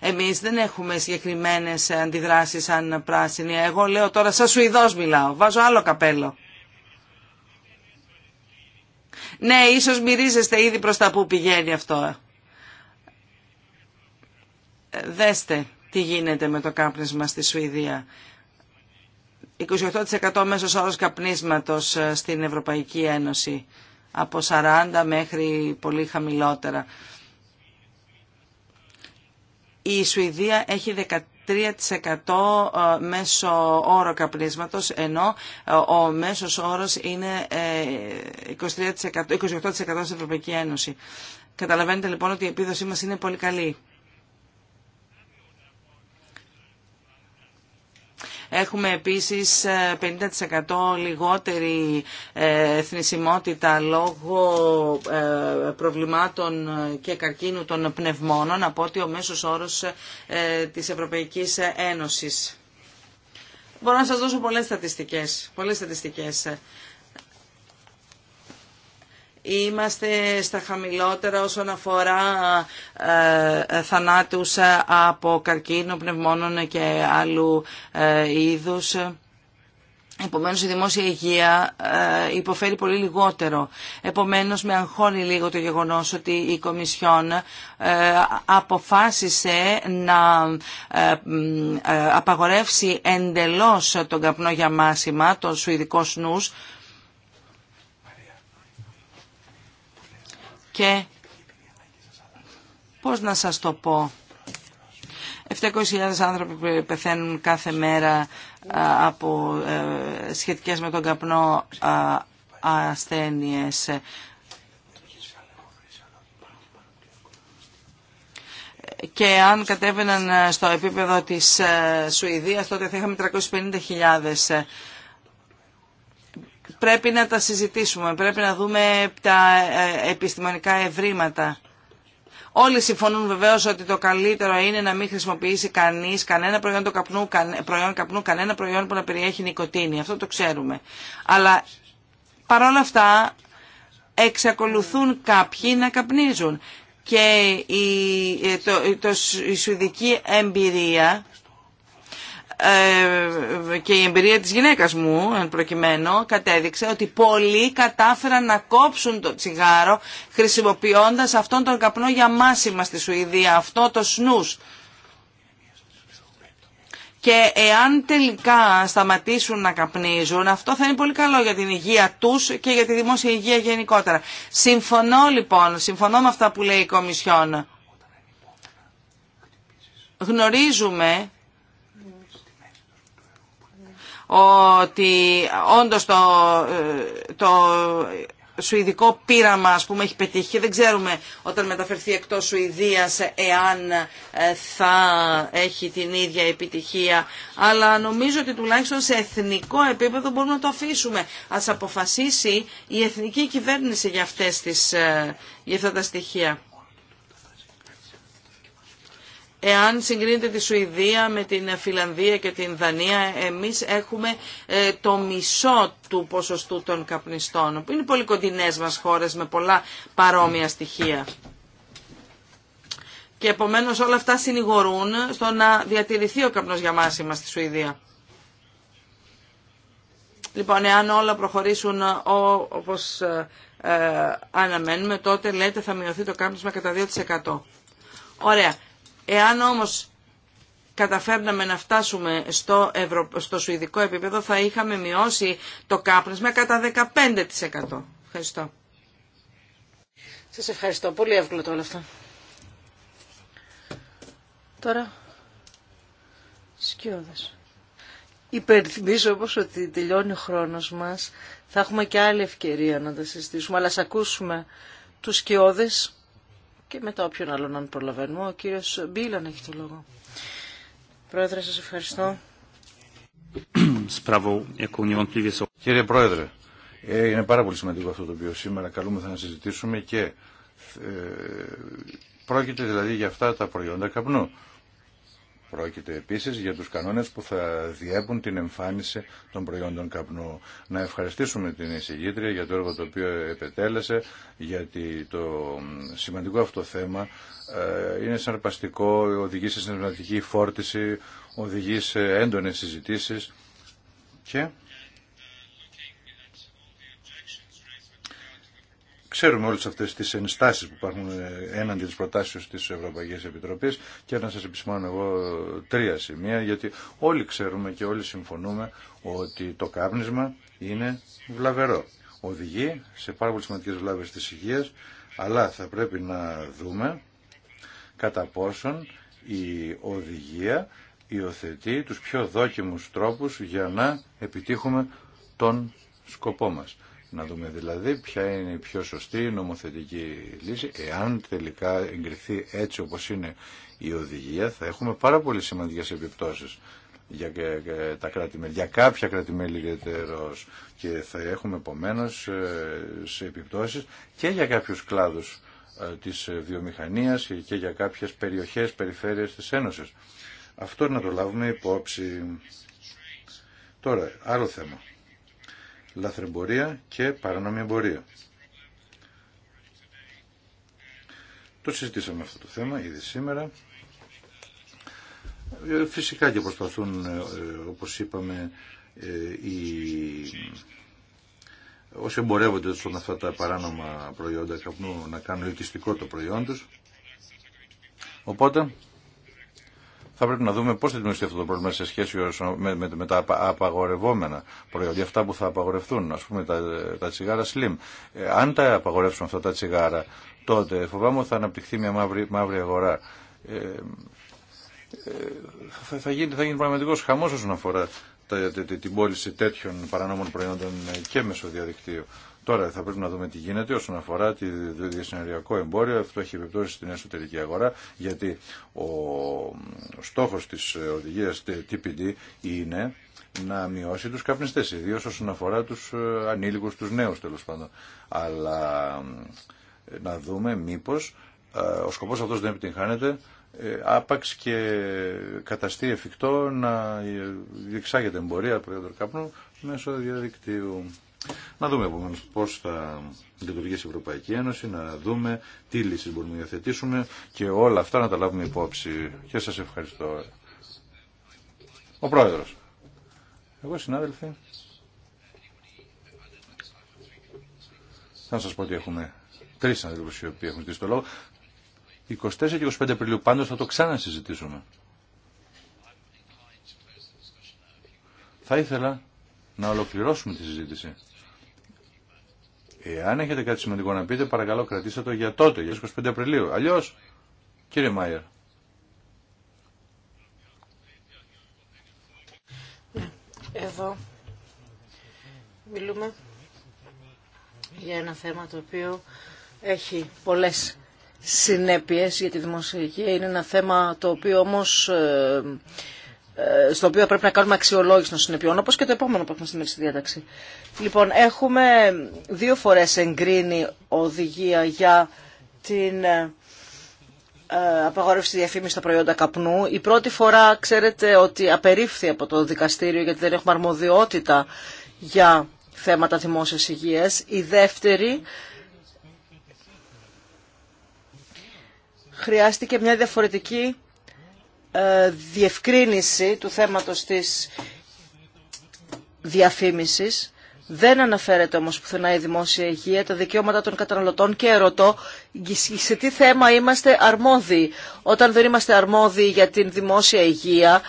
Εμείς δεν έχουμε συγκεκριμένες αντιδράσεις σαν πράσινοι. Εγώ λέω τώρα σαν Σουηδός μιλάω, βάζω άλλο καπέλο. Ναι, ίσως μυρίζεστε ήδη προς τα που πηγαίνει αυτό. Ε, δέστε τι γίνεται με το κάπνισμα στη Σουηδία. 28% μέσος όρος καπνίσματος ε, στην Ευρωπαϊκή Ένωση. Από 40 μέχρι πολύ χαμηλότερα. Η Σουηδία έχει 13% ε, μέσο όρο καπνίσματος, ενώ ε, ο μέσος όρος είναι 23%, ε, 28% στην Ευρωπαϊκή Ένωση. Καταλαβαίνετε λοιπόν ότι η επίδοσή μας είναι πολύ καλή. Έχουμε επίσης 50% ε, λιγότερη ε, θνησιμότητα λόγω ε, προβλημάτων και καρκίνου των πνευμόνων από ότι ο μέσος όρος της Ευρωπαϊκής Ένωσης. Μπορώ να σας δώσω πολλές στατιστικές. Πολλές στατιστικές. Είμαστε στα χαμηλότερα όσον αφορά ε, ε, θανάτους από καρκίνο, πνευμόνων και άλλου ε, είδους. Επομένως η δημόσια υγεία υποφέρει πολύ λιγότερο. Επομένως με αγχώνει λίγο το γεγονός ότι η Κομισιόν αποφάσισε να απαγορεύσει εντελώς τον καπνό για μάσημα, τον σουηδικό σνούς, και πώς να σας το πω. 700.000 άνθρωποι πεθαίνουν κάθε μέρα από ε, σχετικές με τον καπνό ασθένειες. και αν κατέβαιναν στο επίπεδο της ε, Σουηδίας τότε θα είχαμε 350.000 πρέπει να τα συζητήσουμε, πρέπει να δούμε τα ε, επιστημονικά ευρήματα. Όλοι συμφωνούν βεβαίω ότι το καλύτερο είναι να μην χρησιμοποιήσει κανεί κανένα προϊόν, το καπνού, προϊόν καπνού, κανένα προϊόν που να περιέχει νοικοτήνη. Αυτό το ξέρουμε. Αλλά παρόλα αυτά εξακολουθούν κάποιοι να καπνίζουν. Και η, ε, το, το, η σουηδική εμπειρία ε, και η εμπειρία της γυναίκας μου εν προκειμένου κατέδειξε ότι πολλοί κατάφεραν να κόψουν το τσιγάρο χρησιμοποιώντας αυτόν τον καπνό για μάσημα στη Σουηδία, αυτό το σνούς. Και εάν τελικά σταματήσουν να καπνίζουν, αυτό θα είναι πολύ καλό για την υγεία τους και για τη δημόσια υγεία γενικότερα. Συμφωνώ λοιπόν, συμφωνώ με αυτά που λέει η Κομισιόν. Γνωρίζουμε ότι όντως το, το σουηδικό πείραμα ας πούμε έχει πετύχει. Δεν ξέρουμε όταν μεταφερθεί εκτός Σουηδίας εάν ε, θα έχει την ίδια επιτυχία. Αλλά νομίζω ότι τουλάχιστον σε εθνικό επίπεδο μπορούμε να το αφήσουμε. Ας αποφασίσει η εθνική κυβέρνηση για, αυτές τις, ε, για αυτά τα στοιχεία. Εάν συγκρίνεται τη Σουηδία με την Φιλανδία και την Δανία, εμείς έχουμε ε, το μισό του ποσοστού των καπνιστών, που είναι πολύ κοντινές μας χώρες με πολλά παρόμοια στοιχεία. Και επομένως όλα αυτά συνηγορούν στο να διατηρηθεί ο καπνός για μας στη Σουηδία. Λοιπόν, εάν όλα προχωρήσουν όπως ε, ε, αναμένουμε, τότε λέτε θα μειωθεί το κάπνισμα κατά 2%. Ωραία. Εάν όμως καταφέρναμε να φτάσουμε στο, ευρω... στο σουηδικό επίπεδο θα είχαμε μειώσει το κάπνισμα κατά 15%. Ευχαριστώ. Σας ευχαριστώ. Πολύ εύκολο το όλα αυτά. Τώρα, σκιώδες. Υπενθυμίζω όπως ότι τελειώνει ο χρόνος μας. Θα έχουμε και άλλη ευκαιρία να τα συζητήσουμε, αλλά ας ακούσουμε τους σκιώδες και μετά όποιον άλλον αν προλαβαίνουμε. Ο κύριος Μπίλαν έχει το λόγο. Πρόεδρε, σας ευχαριστώ. Κύριε Πρόεδρε, ε, είναι πάρα πολύ σημαντικό αυτό το οποίο σήμερα καλούμεθα να συζητήσουμε και ε, πρόκειται δηλαδή για αυτά τα προϊόντα καπνού. Πρόκειται επίσης για τους κανόνες που θα διέπουν την εμφάνιση των προϊόντων καπνού. Να ευχαριστήσουμε την εισηγήτρια για το έργο το οποίο επετέλεσε, γιατί το σημαντικό αυτό θέμα ε, είναι συναρπαστικό, οδηγεί σε συναρπαστική φόρτιση, οδηγεί σε έντονες συζητήσεις και Ξέρουμε όλες αυτές τις ενστάσεις που υπάρχουν ε, έναντι της προτάσεως της Ευρωπαϊκής Επιτροπής και να σας επισημάνω εγώ τρία σημεία γιατί όλοι ξέρουμε και όλοι συμφωνούμε ότι το κάπνισμα είναι βλαβερό. Οδηγεί σε πάρα πολύ σημαντικές βλάβες της υγείας αλλά θα πρέπει να δούμε κατά πόσον η οδηγία υιοθετεί τους πιο δόκιμους τρόπους για να επιτύχουμε τον σκοπό μας. Να δούμε δηλαδή ποια είναι η πιο σωστή νομοθετική λύση. Εάν τελικά εγκριθεί έτσι όπως είναι η οδηγία θα έχουμε πάρα πολύ σημαντικές επιπτώσεις για τα κρατη κάποια κράτη-μέλη και θα έχουμε επομένω ε, σε επιπτώσεις και για κάποιους κλάδους ε, της βιομηχανίας και για κάποιες περιοχές, περιφέρειες της Ένωσης. Αυτό να το λάβουμε υπόψη. Τώρα, άλλο θέμα λαθρεμπορία και παράνομη εμπορία. Το συζητήσαμε αυτό το θέμα ήδη σήμερα. Ε, φυσικά και προσπαθούν, ε, όπως είπαμε, ε, οι... όσοι εμπορεύονται στον αυτά τα παράνομα προϊόντα καπνού να κάνουν ελκυστικό το προϊόν τους. Οπότε θα πρέπει να δούμε πώ θα δημιουργηθεί αυτό το πρόβλημα σε σχέση με, με, τα απαγορευόμενα προϊόντα, αυτά που θα απαγορευτούν, α πούμε τα, τα τσιγάρα slim. Ε, αν τα απαγορεύσουν αυτά τα τσιγάρα, τότε φοβάμαι ότι θα αναπτυχθεί μια μαύρη, μαύρη αγορά. Ε, ε θα, γίνει, θα γίνει πραγματικός χαμός όσον αφορά τα, την πώληση τέτοιων παρανόμων προϊόντων ε, και μέσω διαδικτύου. Τώρα θα πρέπει να δούμε τι γίνεται όσον αφορά το διασυνοριακό εμπόριο. Αυτό έχει επιπτώσει στην εσωτερική αγορά, γιατί ο στόχος της οδηγίας TPD είναι να μειώσει τους καπνιστές, ιδίω όσον αφορά τους ε, ανήλικους, τους νέους τέλος πάντων. Αλλά ε, να δούμε μήπως ε, ο σκοπός αυτός δεν επιτυγχάνεται άπαξ και καταστεί εφικτό να διεξάγεται εμπορία προϊόντων καπνού μέσω διαδικτύου. Να δούμε επομένω πώ θα λειτουργήσει η Ευρωπαϊκή Ένωση, να δούμε τι λύσει μπορούμε να υιοθετήσουμε και όλα αυτά να τα λάβουμε υπόψη. Και σα ευχαριστώ. Ο Πρόεδρο. Εγώ συνάδελφοι. Θα σα πω ότι έχουμε τρει συναδέλφου οι οποίοι έχουν ζητήσει το λόγο. 24 και 25 Απριλίου πάντω θα το ξανασυζητήσουμε. Θα ήθελα να ολοκληρώσουμε τη συζήτηση. Εάν έχετε κάτι σημαντικό να πείτε, παρακαλώ κρατήστε το για τότε, για 25 Απριλίου. Αλλιώ, κύριε Μάιερ. Ναι, εδώ μιλούμε για ένα θέμα το οποίο έχει πολλές συνέπειες για τη δημοσιογραφία Είναι ένα θέμα το οποίο όμως ε, ε, στο οποίο πρέπει να κάνουμε αξιολόγηση των συνεπειών, όπως και το επόμενο που έχουμε στην μέση διάταξη. Λοιπόν, έχουμε δύο φορές εγκρίνει οδηγία για την ε, ε, απαγόρευση διαφήμιση στα προϊόντα καπνού. Η πρώτη φορά ξέρετε ότι απερίφθη από το δικαστήριο γιατί δεν έχουμε αρμοδιότητα για θέματα δημόσιας υγείας. Η δεύτερη χρειάστηκε μια διαφορετική ε, διευκρίνηση του θέματος της διαφήμισης. Δεν αναφέρεται όμως πουθενά η δημόσια υγεία, τα δικαιώματα των καταναλωτών και ερωτώ σε τι θέμα είμαστε αρμόδιοι. Όταν δεν είμαστε αρμόδιοι για την δημόσια υγεία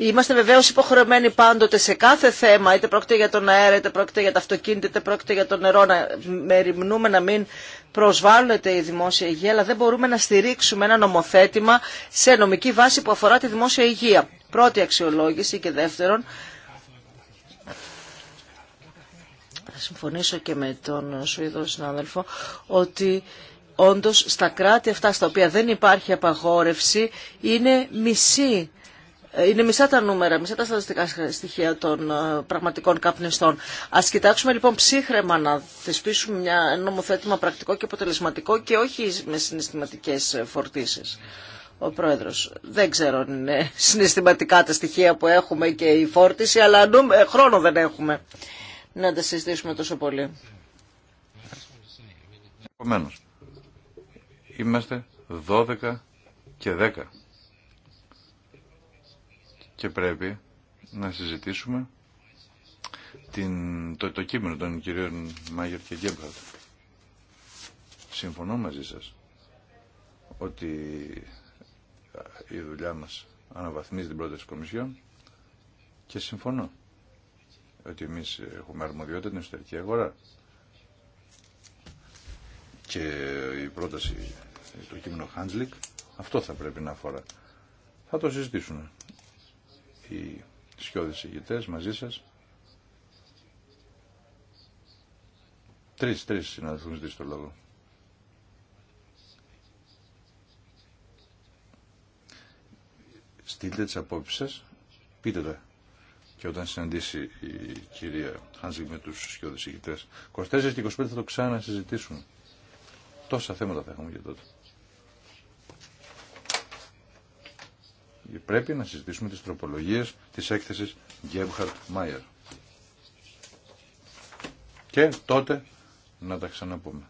Είμαστε βεβαίω υποχρεωμένοι πάντοτε σε κάθε θέμα, είτε πρόκειται για τον αέρα, είτε πρόκειται για τα αυτοκίνητα, είτε πρόκειται για το νερό, να μεριμνούμε να μην προσβάλλεται η δημόσια υγεία, αλλά δεν μπορούμε να στηρίξουμε ένα νομοθέτημα σε νομική βάση που αφορά τη δημόσια υγεία. Πρώτη αξιολόγηση και δεύτερον, θα συμφωνήσω και με τον Σουηδό συνάδελφο, ότι όντως στα κράτη αυτά στα οποία δεν υπάρχει απαγόρευση είναι μισή είναι μισά τα νούμερα, μισά τα στατιστικά στοιχεία των ε, πραγματικών καπνιστών. Α κοιτάξουμε λοιπόν ψύχρεμα να θεσπίσουμε μια νομοθέτημα πρακτικό και αποτελεσματικό και όχι με συναισθηματικέ ε, φορτίσεις. Ο πρόεδρος, δεν ξέρω αν είναι [LAUGHS] συναισθηματικά τα στοιχεία που έχουμε και η φόρτιση, αλλά ε, χρόνο δεν έχουμε να τα συζητήσουμε τόσο πολύ. Επομένως, είμαστε 12 και 10 και πρέπει να συζητήσουμε την, το, το κείμενο των κυρίων Μάγερ και Γκέμπχαρτ. Συμφωνώ μαζί σας ότι η δουλειά μας αναβαθμίζει την πρόταση Κομισιόν και συμφωνώ ότι εμείς έχουμε αρμοδιότητα την εσωτερική αγορά και η πρόταση, το κείμενο Χάντζλικ, αυτό θα πρέπει να αφορά. Θα το συζητήσουμε οι σκιώδεις ηγητές μαζί σας. Τρεις, τρεις συναδελφούς ζητήσει το λόγο. Στείλτε τις απόψεις σας, πείτε τα. Και όταν συναντήσει η κυρία Χάνζικ με τους σκιώδεις ηγητές, 24 και 25 θα το ξανασυζητήσουν. Τόσα θέματα θα έχουμε για τότε. πρέπει να συζητήσουμε τις τροπολογίες της έκθεσης Γκέμχαρτ Μάιερ. Και τότε να τα ξαναπούμε.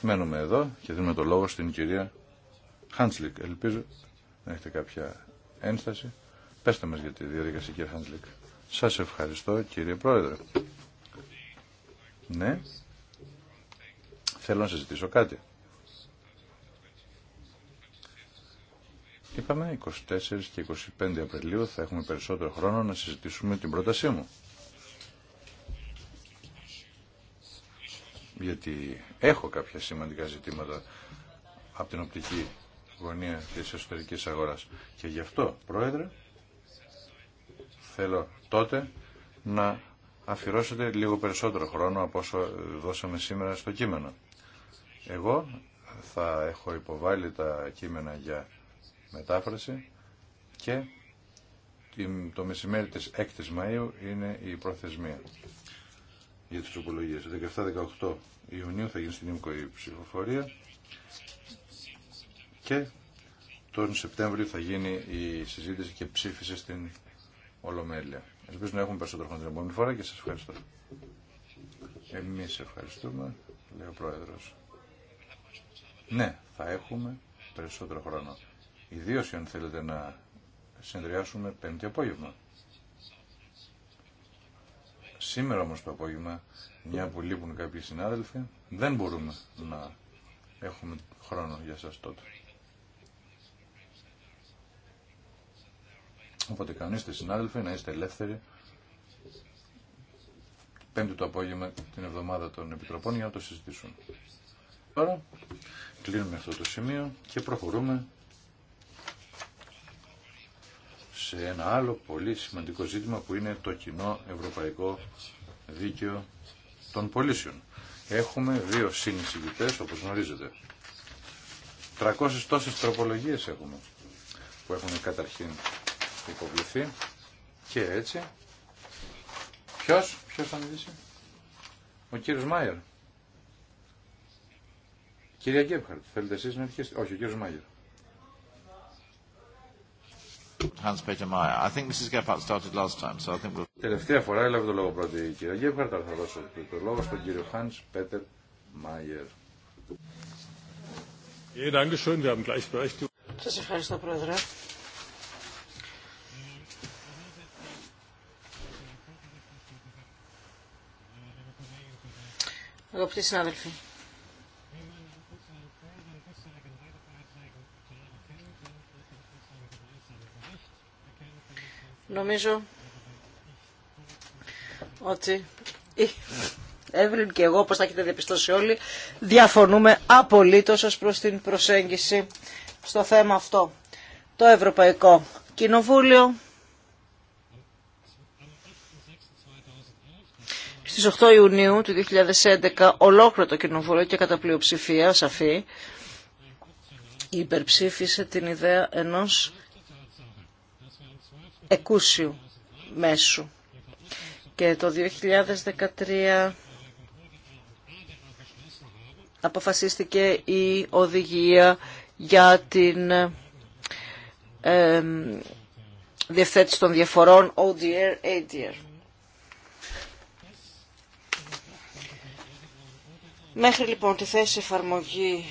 Μένουμε εδώ και δίνουμε το λόγο στην κυρία Χάντσλικ. Ελπίζω να έχετε κάποια ένσταση. Πέστε μας για τη διαδικασία κύριε Χάντσλικ. Σας ευχαριστώ κύριε Πρόεδρε. Ναι. Θέλω να σας ζητήσω κάτι. Είπαμε 24 και 25 Απριλίου θα έχουμε περισσότερο χρόνο να συζητήσουμε την πρότασή μου. Γιατί έχω κάποια σημαντικά ζητήματα από την οπτική γωνία της εσωτερικής αγοράς. Και γι' αυτό, Πρόεδρε, θέλω τότε να αφιερώσετε λίγο περισσότερο χρόνο από όσο δώσαμε σήμερα στο κείμενο. Εγώ θα έχω υποβάλει τα κείμενα για μετάφραση και το μεσημέρι της 6ης Μαΐου είναι η προθεσμία για τις τροπολογίες. 17-18 Ιουνίου θα γίνει στην ΙΜΚΟ η ψηφοφορία και τον Σεπτέμβριο θα γίνει η συζήτηση και ψήφιση στην Ολομέλεια. Ελπίζω να έχουμε περισσότερο χρόνο την επόμενη φορά και σας ευχαριστώ. Εμείς ευχαριστούμε, λέει ο Πρόεδρος. Ναι, θα έχουμε περισσότερο χρόνο. Ιδίω αν θέλετε να συνδυάσουμε πέμπτη απόγευμα. Σήμερα όμως το απόγευμα, μια που λείπουν κάποιοι συνάδελφοι, δεν μπορούμε να έχουμε χρόνο για σας τότε. Οπότε κανονίστε συνάδελφοι να είστε ελεύθεροι πέμπτη το απόγευμα την εβδομάδα των Επιτροπών για να το συζητήσουν. Τώρα κλείνουμε αυτό το σημείο και προχωρούμε σε ένα άλλο πολύ σημαντικό ζήτημα που είναι το κοινό ευρωπαϊκό δίκαιο των πολίσεων. Έχουμε δύο συνεισηγητές, όπως γνωρίζετε. 300 τόσες τροπολογίες έχουμε που έχουν καταρχήν υποβληθεί και έτσι. Ποιος, ποιος θα μιλήσει. Ο κύριος Μάιερ. Κυρία Γκέμχαρτ θέλετε εσείς να αρχίσετε. Όχι, ο κύριος Μάιερ. Hans-Peter Τελευταία φορά έλαβε το λόγο πρώτη η κυρία θα δώσω το λόγο στον κύριο Hans-Peter Meyer. Σας ευχαριστώ, Πρόεδρε. Αγαπητοί συνάδελφοι, Νομίζω ότι η Εύλην και εγώ, όπως θα έχετε διαπιστώσει όλοι, διαφωνούμε απολύτως ως προς την προσέγγιση στο θέμα αυτό. Το Ευρωπαϊκό Κοινοβούλιο στις 8 Ιουνίου του 2011 ολόκληρο το Κοινοβούλιο και κατά πλειοψηφία σαφή υπερψήφισε την ιδέα ενός εκούσιου μέσου. Και το 2013 αποφασίστηκε η οδηγία για την ε, διευθέτηση των διαφορών ODR, ADR. Μέχρι λοιπόν τη θέση εφαρμογή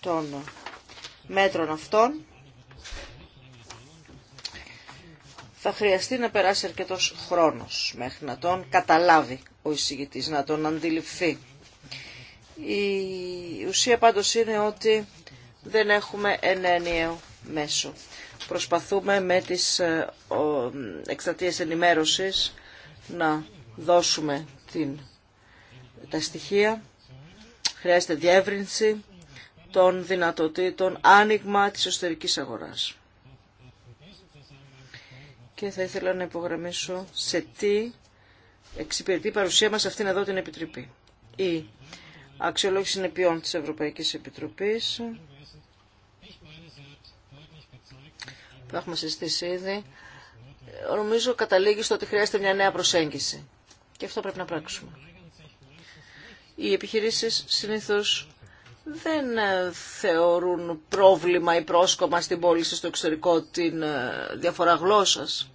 των μέτρων αυτών θα χρειαστεί να περάσει αρκετός χρόνος μέχρι να τον καταλάβει ο εισηγητής, να τον αντιληφθεί. Η ουσία πάντως είναι ότι δεν έχουμε ένα μέσο. Προσπαθούμε με τις ε, εκστατείες ενημέρωσης να δώσουμε την, τα στοιχεία. Χρειάζεται διεύρυνση των δυνατοτήτων, άνοιγμα της εσωτερικής αγοράς και θα ήθελα να υπογραμμίσω σε τι εξυπηρετεί η παρουσία μας αυτήν εδώ την Επιτροπή. Η αξιολόγηση συνεπειών της Ευρωπαϊκής Επιτροπής που έχουμε συζητήσει ήδη νομίζω καταλήγει στο ότι χρειάζεται μια νέα προσέγγιση. Και αυτό πρέπει να πράξουμε. Οι επιχειρήσεις συνήθως δεν ε, θεωρούν πρόβλημα ή πρόσκομα στην πώληση στο εξωτερικό την ε, διαφορά γλώσσας.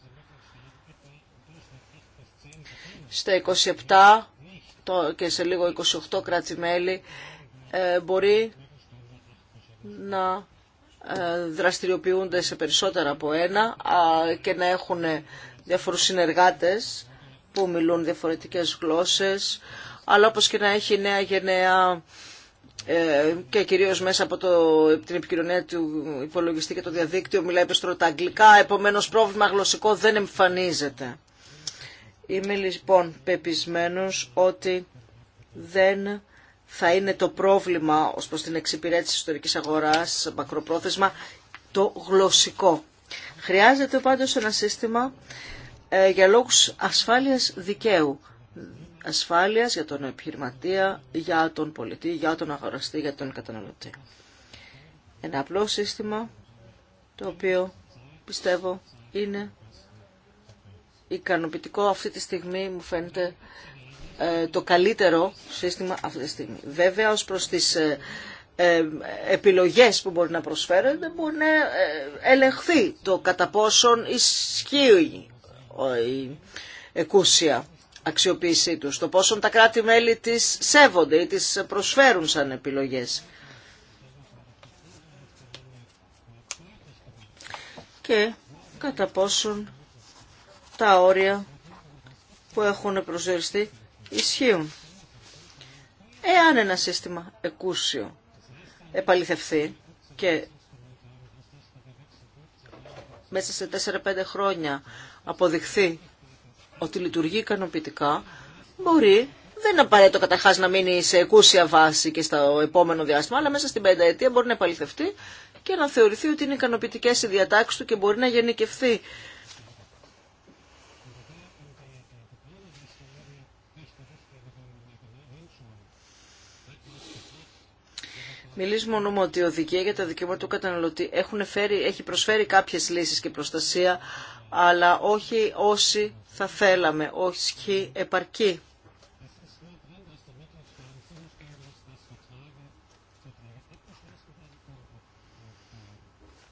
Στα 27 και σε λίγο 28 κράτη-μέλη ε, μπορεί να δραστηριοποιούνται σε περισσότερα από ένα και να έχουν διαφορούς συνεργάτες που μιλούν διαφορετικές γλώσσες, αλλά όπως και να έχει νέα γενναία ε, και κυρίως μέσα από το, την επικοινωνία του υπολογιστή και το διαδίκτυο μιλάει πεστρό τα αγγλικά, επομένως πρόβλημα γλωσσικό δεν εμφανίζεται. Είμαι λοιπόν πεπισμένος ότι δεν θα είναι το πρόβλημα ως προς την εξυπηρέτηση της ιστορικής αγοράς μακροπρόθεσμα το γλωσσικό. Χρειάζεται πάντως ένα σύστημα ε, για λόγους ασφάλειας δικαίου ασφάλειας για τον επιχειρηματία, για τον πολιτή, για τον αγοραστή, για τον καταναλωτή. Ένα απλό σύστημα το οποίο πιστεύω είναι ικανοποιητικό αυτή τη στιγμή μου φαίνεται ε, το καλύτερο σύστημα αυτή τη στιγμή. Βέβαια ως προς τις ε, ε, επιλογές που μπορεί να προσφέρονται μπορεί να ελεγχθεί το κατά πόσον ισχύει η εκούσια αξιοποίησή τους, το πόσο τα κράτη-μέλη τις σέβονται ή τις προσφέρουν σαν επιλογές. Και κατά πόσον τα όρια που έχουν προσδιοριστεί ισχύουν. Εάν ένα σύστημα εκούσιο επαληθευθεί και μέσα σε 4-5 χρόνια αποδειχθεί ότι λειτουργεί ικανοποιητικά, μπορεί δεν είναι απαραίτητο καταρχά να μείνει σε εκούσια βάση και στο επόμενο διάστημα, αλλά μέσα στην πενταετία μπορεί να επαληθευτεί και να θεωρηθεί ότι είναι ικανοποιητικέ οι διατάξει του και μπορεί να γενικευθεί. Μιλήσουμε μόνο ότι η οδηγία για τα δικαιώματα του καταναλωτή έχουν φέρει, έχει προσφέρει κάποιες λύσεις και προστασία αλλά όχι όσοι θα θέλαμε, όχι επαρκή.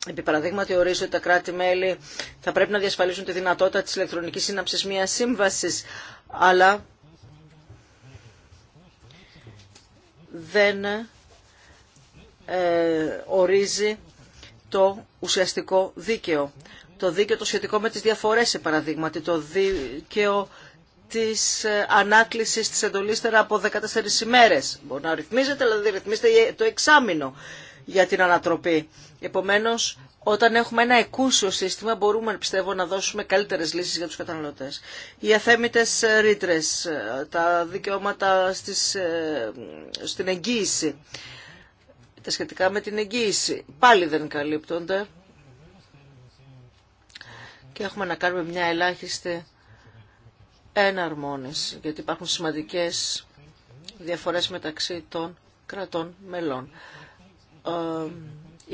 Επί παραδείγματι ορίζω ότι τα κράτη-μέλη θα πρέπει να διασφαλίσουν τη δυνατότητα της ηλεκτρονικής σύναψης μιας σύμβασης, αλλά δεν ε, ορίζει το ουσιαστικό δίκαιο το δίκαιο το σχετικό με τις διαφορές, σε παραδείγματι, το δίκαιο της ε, ανάκλησης της εντολής από 14 ημέρες. Μπορεί να ρυθμίζετε, αλλά δεν ρυθμίζεται το εξάμεινο για την ανατροπή. Επομένως, όταν έχουμε ένα εκούσιο σύστημα μπορούμε πιστεύω να δώσουμε καλύτερες λύσεις για τους καταναλωτές. Οι αθέμητες ε, ρήτρε, ε, τα δικαιώματα στις, στην εγγύηση, τα σχετικά με την εγγύηση, πάλι δεν καλύπτονται και έχουμε να κάνουμε μια ελάχιστη εναρμόνιση, γιατί υπάρχουν σημαντικές διαφορές μεταξύ των κρατών μελών. Ε,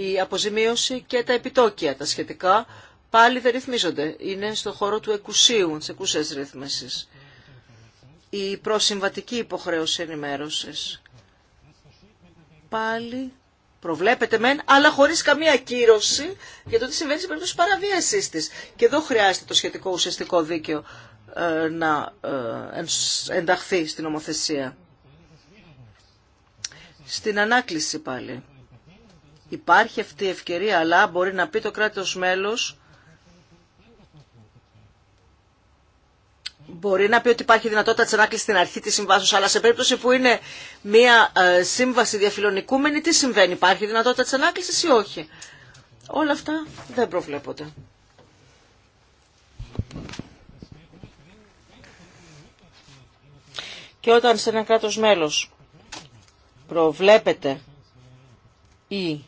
η αποζημίωση και τα επιτόκια τα σχετικά πάλι δεν ρυθμίζονται. Είναι στο χώρο του εκουσίου, της εκούσιας ρύθμισης. Η προσυμβατική υποχρέωση ενημέρωσης πάλι προβλέπεται μεν, αλλά χωρί καμία κύρωση για το τι συμβαίνει σε περίπτωση παραβίασή τη. Και εδώ χρειάζεται το σχετικό ουσιαστικό δίκαιο ε, να ε, ενταχθεί στην νομοθεσία. Στην ανάκληση πάλι. Υπάρχει αυτή η ευκαιρία, αλλά μπορεί να πει το κράτος μέλος μπορεί να πει ότι υπάρχει δυνατότητα τη ανάκληση στην αρχή τη συμβάσεω, αλλά σε περίπτωση που είναι μία ε, σύμβαση διαφιλονικούμενη, τι συμβαίνει, υπάρχει δυνατότητα τη ανάκληση ή όχι. Όλα αυτά δεν προβλέπονται. Και όταν σε ένα κράτος μέλος προβλέπεται η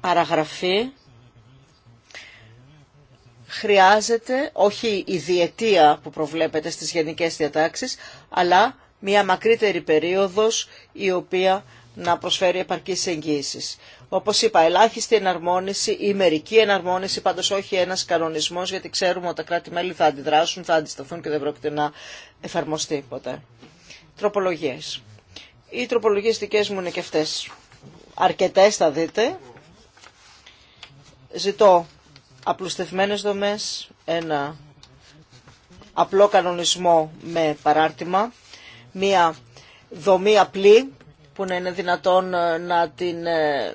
παραγραφή χρειάζεται όχι η διετία που προβλέπεται στις γενικές διατάξεις, αλλά μια μακρύτερη περίοδος η οποία να προσφέρει επαρκείς εγγύησεις. Όπως είπα, ελάχιστη εναρμόνιση ή μερική εναρμόνιση, πάντως όχι ένας κανονισμός, γιατί ξέρουμε ότι τα κράτη-μέλη θα αντιδράσουν, θα αντισταθούν και δεν πρόκειται να εφαρμοστεί ποτέ. Τροπολογίες. Οι τροπολογίες μου είναι και αυτές. Αρκετές θα δείτε. Ζητώ απλουστευμένες δομές, ένα απλό κανονισμό με παράρτημα, μία δομή απλή που να είναι δυνατόν ε, να την ε,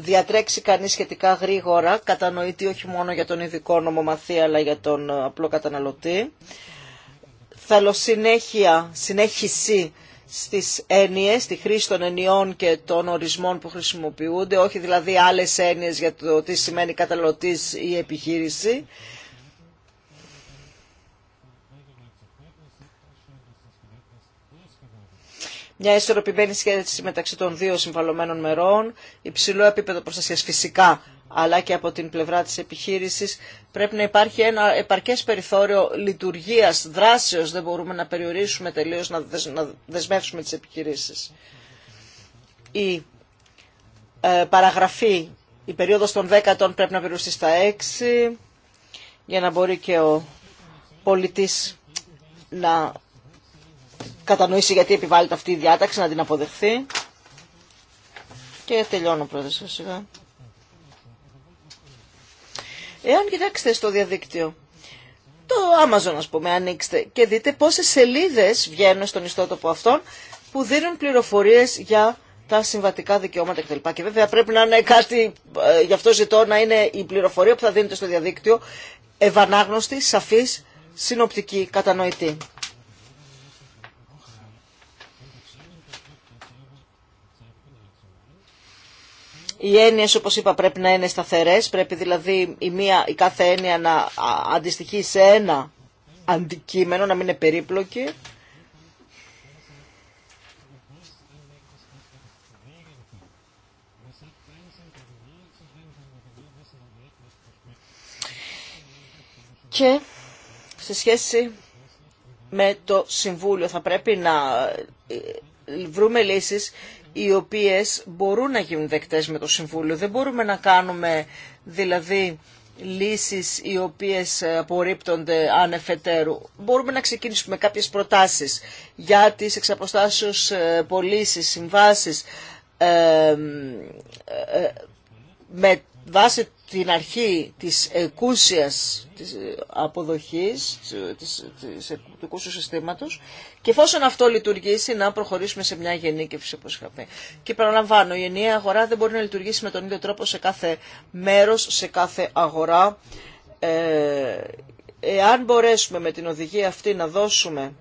διατρέξει κανείς σχετικά γρήγορα, κατανοητή όχι μόνο για τον ειδικό νομομαθή αλλά για τον απλό καταναλωτή. συνέχεια, συνέχιση στις έννοιες, στη χρήση των ενιών και των ορισμών που χρησιμοποιούνται, όχι δηλαδή άλλες έννοιες για το τι σημαίνει καταναλωτής ή επιχείρηση. Μια ισορροπημένη σχέση μεταξύ των δύο συμβαλωμένων μερών, υψηλό επίπεδο προστασίας φυσικά αλλά και από την πλευρά της επιχείρησης πρέπει να υπάρχει ένα επαρκές περιθώριο λειτουργίας, δράσεως, δεν μπορούμε να περιορίσουμε τελείως, να, δεσμεύσουμε τις επιχειρήσεις. Η ε, παραγραφή, η περίοδος των 10 ετών πρέπει να περιοριστεί στα 6, για να μπορεί και ο πολιτής να κατανοήσει γιατί επιβάλλεται αυτή η διάταξη, να την αποδεχθεί. Και τελειώνω πρώτα σιγά. Εάν κοιτάξετε στο διαδίκτυο, το Amazon ας πούμε ανοίξτε και δείτε πόσες σελίδες βγαίνουν στον ιστότοπο αυτών που δίνουν πληροφορίες για τα συμβατικά δικαιώματα κτλ. Και βέβαια πρέπει να είναι κάτι, ε, γι' αυτό ζητώ να είναι η πληροφορία που θα δίνετε στο διαδίκτυο ευανάγνωστη, σαφής, συνοπτική, κατανοητή. Οι έννοιε, όπω είπα πρέπει να είναι σταθερές, πρέπει δηλαδή η, μία, η κάθε έννοια να αντιστοιχεί σε ένα αντικείμενο, να μην είναι περίπλοκη. Και σε σχέση με το Συμβούλιο θα πρέπει να ε, ε, βρούμε λύσεις οι οποίες μπορούν να γίνουν δεκτές με το Συμβούλιο. Δεν μπορούμε να κάνουμε δηλαδή λύσεις οι οποίες ε, απορρίπτονται ανεφετέρου. Μπορούμε να ξεκινήσουμε κάποιες προτάσεις για τις εξαποστάσεις, ε, πωλήσει, συμβάσεις, ε, με βάση την αρχή της εκούσιας της ε, αποδοχής της, ε, του ε, εκούσιου συστήματος και εφόσον αυτό λειτουργήσει να προχωρήσουμε σε μια γενίκευση όπως είχα πει. Και παραλαμβάνω, η ενιαία αγορά δεν μπορεί να λειτουργήσει με τον ίδιο τρόπο σε κάθε μέρος, σε κάθε αγορά. Ε, εάν μπορέσουμε με την οδηγία αυτή να δώσουμε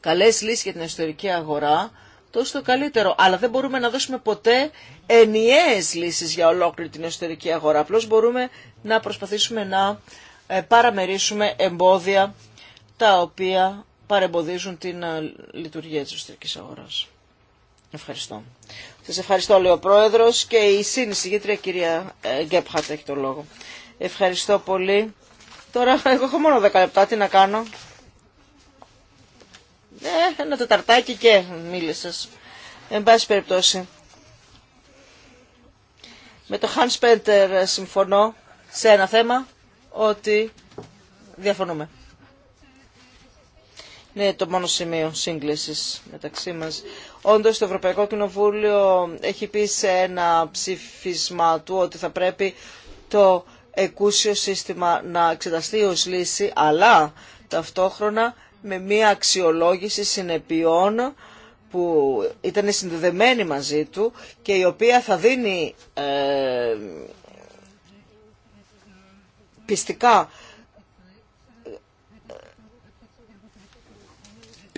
καλές λύσεις για την εσωτερική αγορά, τόσο το καλύτερο. Αλλά δεν μπορούμε να δώσουμε ποτέ ενιαίες λύσεις για ολόκληρη την εσωτερική αγορά. Απλώς μπορούμε να προσπαθήσουμε να ε, παραμερίσουμε εμπόδια τα οποία παρεμποδίζουν την ε, λειτουργία της εσωτερικής αγοράς. Ευχαριστώ. Σας ευχαριστώ, λέει ο Πρόεδρος και η συνεισηγήτρια κυρία ε, Γκέπχατ έχει το λόγο. Ευχαριστώ πολύ. Τώρα εγώ έχω μόνο 10 λεπτά, τι να κάνω. Ε, ένα τεταρτάκι και μίλησες. Εν πάση περιπτώσει. Με το Hans Πέντερ συμφωνώ σε ένα θέμα ότι διαφωνούμε. Είναι το μόνο σημείο σύγκληση μεταξύ μα. Όντω, το Ευρωπαϊκό Κοινοβούλιο έχει πει σε ένα ψήφισμα του ότι θα πρέπει το εκούσιο σύστημα να εξεταστεί ω λύση, αλλά ταυτόχρονα με μία αξιολόγηση συνεπειών που ήταν συνδεδεμένη μαζί του και η οποία θα δίνει ε, πιστικά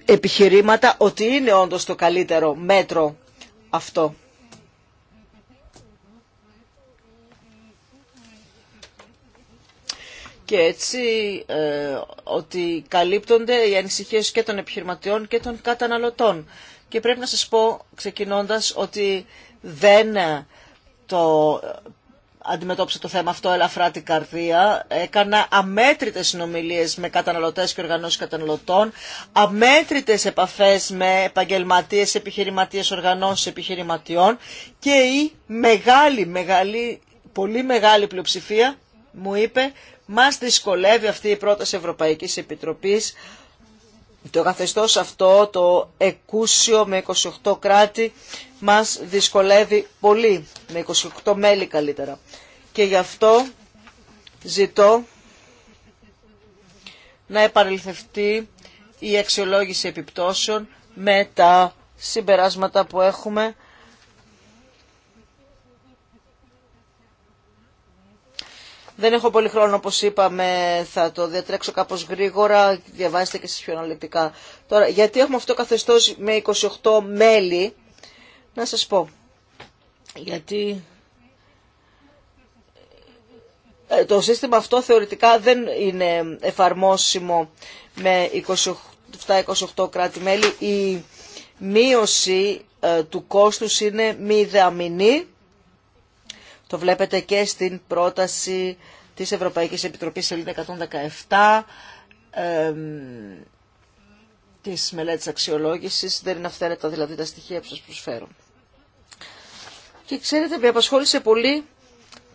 επιχειρήματα ότι είναι όντως το καλύτερο μέτρο αυτό. Και έτσι ε, ότι καλύπτονται οι ανησυχίες και των επιχειρηματιών και των καταναλωτών. Και πρέπει να σας πω, ξεκινώντας, ότι δεν ε, το ε, αντιμετώπισα το θέμα αυτό ελαφρά την καρδία. Έκανα αμέτρητες συνομιλίες με καταναλωτές και οργανώσεις καταναλωτών, αμέτρητες επαφές με επαγγελματίες, επιχειρηματίες, οργανώσεις επιχειρηματιών και η μεγάλη, μεγάλη, πολύ μεγάλη πλειοψηφία μου είπε μας δυσκολεύει αυτή η πρόταση Ευρωπαϊκής Επιτροπής το καθεστώς αυτό, το εκούσιο με 28 κράτη, μας δυσκολεύει πολύ, με 28 μέλη καλύτερα. Και γι' αυτό ζητώ να επαρελθευτεί η αξιολόγηση επιπτώσεων με τα συμπεράσματα που έχουμε Δεν έχω πολύ χρόνο, όπως είπαμε, θα το διατρέξω κάπως γρήγορα, διαβάστε και στις πιο αναλυτικά. Τώρα, γιατί έχουμε αυτό καθεστώς με 28 μέλη, να σας πω. Γιατί ε, το σύστημα αυτό θεωρητικά δεν είναι εφαρμόσιμο με 27-28 κράτη-μέλη. Η μείωση ε, του κόστους είναι μη το βλέπετε και στην πρόταση της Ευρωπαϊκής Επιτροπής σελίδα 117 ε, της μελέτης αξιολόγησης. Δεν είναι αυθαίρετα δηλαδή τα στοιχεία που σας προσφέρω. Και ξέρετε, με απασχόλησε πολύ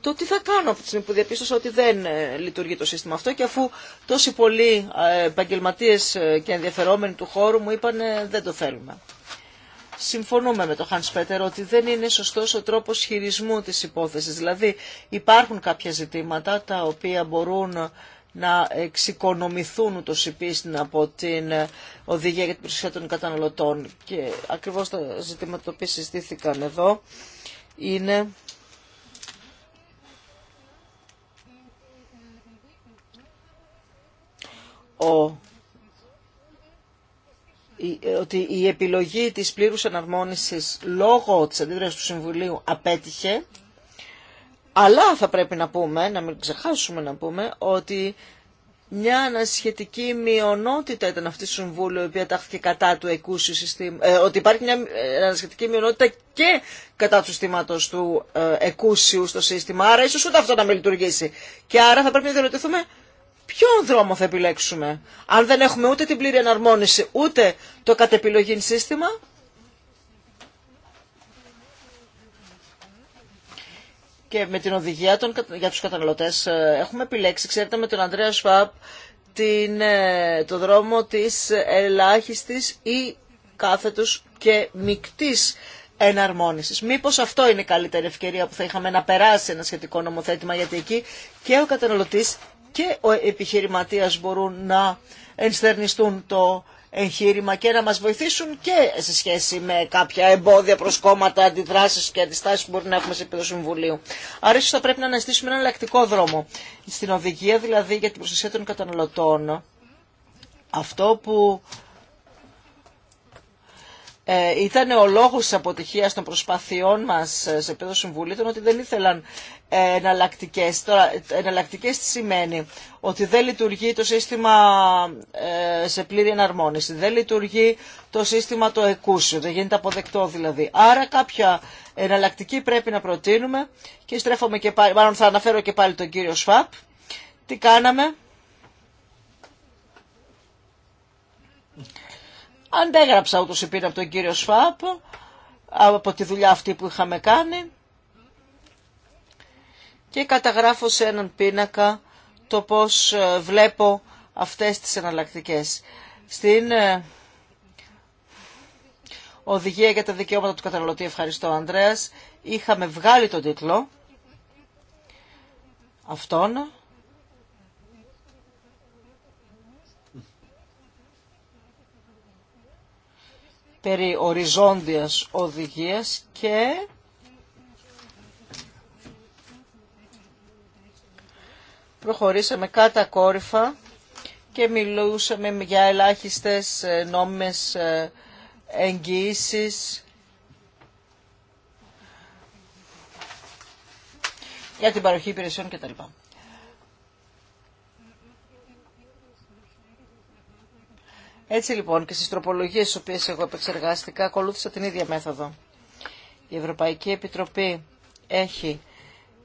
το τι θα κάνω από τη στιγμή που διαπίστωσα ότι δεν ε, λειτουργεί το σύστημα αυτό και αφού τόσοι πολλοί ε, επαγγελματίε ε, και ενδιαφερόμενοι του χώρου μου είπαν δεν το θέλουμε συμφωνούμε με τον Χάνς Πέτερ ότι δεν είναι σωστός ο τρόπος χειρισμού της υπόθεσης. Δηλαδή υπάρχουν κάποια ζητήματα τα οποία μπορούν να εξοικονομηθούν ούτως υπήσιν από την οδηγία για την προστασία των καταναλωτών. Και ακριβώς τα ζητήματα τα οποία συζητήθηκαν εδώ είναι... Ο ε, ότι η επιλογή της πλήρους εναρμόνισης λόγω της αντίδρασης του Συμβουλίου απέτυχε, αλλά θα πρέπει να πούμε, να μην ξεχάσουμε να πούμε, ότι μια ανασχετική μειονότητα ήταν αυτή του Συμβούλου, η οποία τάχθηκε κατά του εκούσιου συστήματος, ε, ότι υπάρχει μια ε, ανασχετική μειονότητα και κατά του συστήματος του εκούσιου στο σύστημα, άρα ίσως ούτε αυτό να μην λειτουργήσει. Και άρα θα πρέπει να διαρωτηθούμε ποιον δρόμο θα επιλέξουμε. Αν δεν έχουμε ούτε την πλήρη εναρμόνιση, ούτε το κατεπιλογήν σύστημα, και με την οδηγία των, για τους καταναλωτές ε, έχουμε επιλέξει, ξέρετε με τον Ανδρέα Σφάπ, την, ε, το δρόμο της ελάχιστης ή κάθετος και μικτής εναρμόνισης. Μήπως αυτό είναι η καλύτερη ευκαιρία που θα είχαμε να περάσει ένα σχετικό νομοθέτημα, γιατί εκεί και ο καταναλωτής και ο επιχειρηματίας μπορούν να ενστερνιστούν το εγχείρημα και να μας βοηθήσουν και σε σχέση με κάποια εμπόδια προς κόμματα, αντιδράσεις και αντιστάσεις που μπορεί να έχουμε σε επίπεδο Συμβουλίου. Άρα ίσως θα πρέπει να αναστήσουμε έναν ελεκτικό δρόμο. Στην οδηγία δηλαδή για την προστασία των καταναλωτών, αυτό που ε, ήταν ο λόγος της αποτυχίας των προσπαθειών μας ε, σε επίπεδο συμβουλήτων ότι δεν ήθελαν ε, εναλλακτικέ. Τώρα, ε, εναλλακτικέ τι σημαίνει, ότι δεν λειτουργεί το σύστημα σε πλήρη εναρμόνιση, δεν λειτουργεί το σύστημα το εκούσιο, δεν γίνεται αποδεκτό δηλαδή. Άρα κάποια εναλλακτική πρέπει να προτείνουμε και στρέφομαι και πάλι, μάλλον θα αναφέρω και πάλι τον κύριο Σφαπ. Τι κάναμε, Αντέγραψα ούτως ή από τον κύριο Σφάπ, από τη δουλειά αυτή που είχαμε κάνει και καταγράφω σε έναν πίνακα το πώς ε, βλέπω αυτές τις εναλλακτικέ. Στην ε, Οδηγία για τα δικαιώματα του καταναλωτή, ευχαριστώ Ανδρέας, είχαμε βγάλει τον τίτλο αυτόν περί οριζόντιας οδηγίας και προχωρήσαμε κατακόρυφα και μιλούσαμε για ελάχιστες ε, νόμιμες ε, εγγυήσεις για την παροχή υπηρεσιών κτλ. Έτσι λοιπόν και στις τροπολογίες τις οποίες εγώ επεξεργάστηκα ακολούθησα την ίδια μέθοδο. Η Ευρωπαϊκή Επιτροπή έχει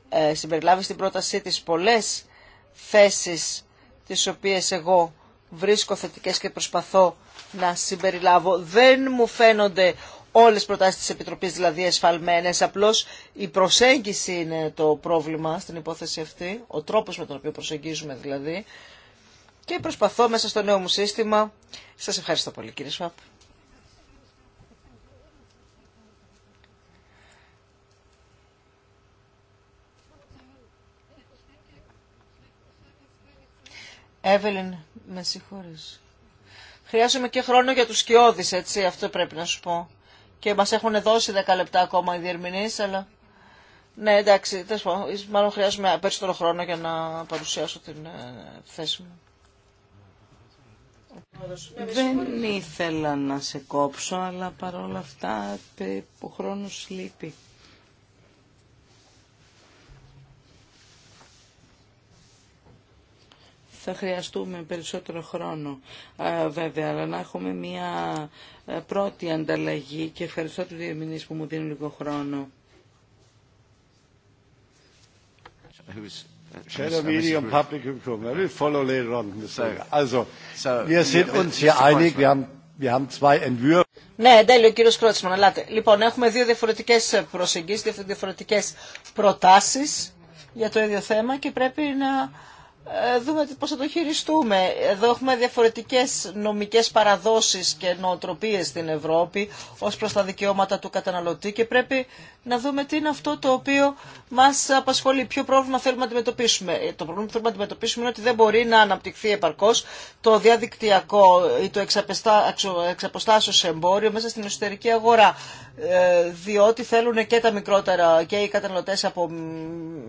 ε, συμπεριλάβει στην πρότασή της πολλές θέσεις τις οποίες εγώ βρίσκω θετικές και προσπαθώ να συμπεριλάβω. Δεν μου φαίνονται όλες οι προτάσεις της Επιτροπής δηλαδή εσφαλμένες, απλώς η προσέγγιση είναι το πρόβλημα στην υπόθεση αυτή, ο τρόπος με τον οποίο προσεγγίζουμε δηλαδή, και προσπαθώ μέσα στο νέο μου σύστημα. Σας ευχαριστώ πολύ κύριε Σουάπ. Εύελιν, με συγχωρείς. Χρειάζομαι και χρόνο για τους σκιώδεις, έτσι, αυτό πρέπει να σου πω. Και μας έχουν δώσει 10 λεπτά ακόμα οι διερμηνείς, αλλά... Ναι, εντάξει, μάλλον χρειάζομαι περισσότερο χρόνο για να παρουσιάσω την ε, θέση μου. Δεν ήθελα να σε κόψω, αλλά παρόλα αυτά ο χρόνος λείπει. θα χρειαστούμε περισσότερο χρόνο βέβαια, αλλά να έχουμε μία πρώτη ανταλλαγή και ευχαριστώ του διεμηνείς που μου δίνουν λίγο χρόνο. Shadow Medium, Public Procurement. I will follow later on, Mr. Also, wir sind uns hier einig, wir haben, wir haben zwei Entwürfe. Ναι, εντέλει ο κύριος Κρότσμαν, ελάτε. Λοιπόν, έχουμε δύο διαφορετικές προσεγγίσεις, δύο διαφορετικές προτάσεις για το ίδιο θέμα και πρέπει να ε, δούμε πώς θα το χειριστούμε. Εδώ έχουμε διαφορετικές νομικές παραδόσεις και νοοτροπίες στην Ευρώπη ως προς τα δικαιώματα του καταναλωτή και πρέπει να δούμε τι είναι αυτό το οποίο μας απασχολεί, ποιο πρόβλημα θέλουμε να αντιμετωπίσουμε. Ε, το πρόβλημα που θέλουμε να αντιμετωπίσουμε είναι ότι δεν μπορεί να αναπτυχθεί επαρκώς το διαδικτυακό ή το εξαποστάσεως εμπόριο μέσα στην εσωτερική αγορά. Ε, διότι θέλουν και τα μικρότερα και οι καταναλωτές από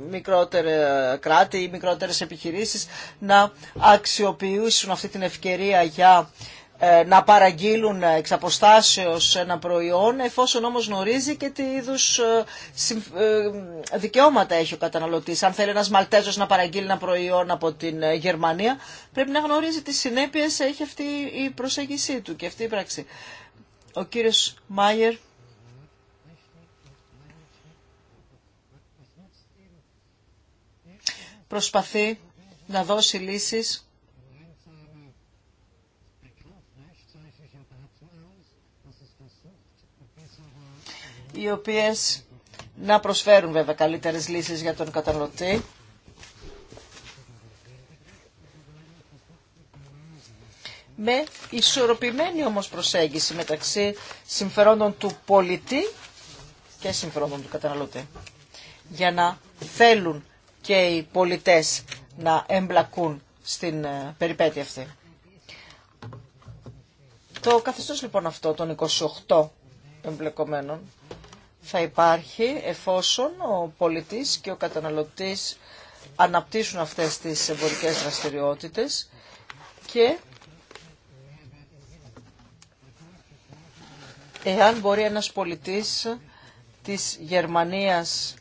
μικρότερα κράτη ή μικρότερες επιχειρήσεις να αξιοποιήσουν αυτή την ευκαιρία για ε, να παραγγείλουν εξ αποστάσεως ένα προϊόν, εφόσον όμως γνωρίζει και τι είδους ε, δικαιώματα έχει ο καταναλωτής. Αν θέλει ένας Μαλτέζος να παραγγείλει ένα προϊόν από την Γερμανία, πρέπει να γνωρίζει τι συνέπειες έχει αυτή η προσέγγιση του και αυτή η πράξη. Ο κύριος Μάιερ. προσπαθεί να δώσει λύσεις οι οποίες να προσφέρουν βέβαια καλύτερες λύσεις για τον καταναλωτή. με ισορροπημένη όμως προσέγγιση μεταξύ συμφερόντων του πολιτή και συμφερόντων του καταναλωτή. Για να θέλουν και οι πολιτές να εμπλακούν στην ε, περιπέτεια αυτή. Το καθεστώς λοιπόν αυτό των 28 εμπλεκομένων θα υπάρχει εφόσον ο πολιτής και ο καταναλωτής αναπτύσσουν αυτές τις εμπορικές δραστηριότητες και εάν μπορεί ένας πολιτής της Γερμανίας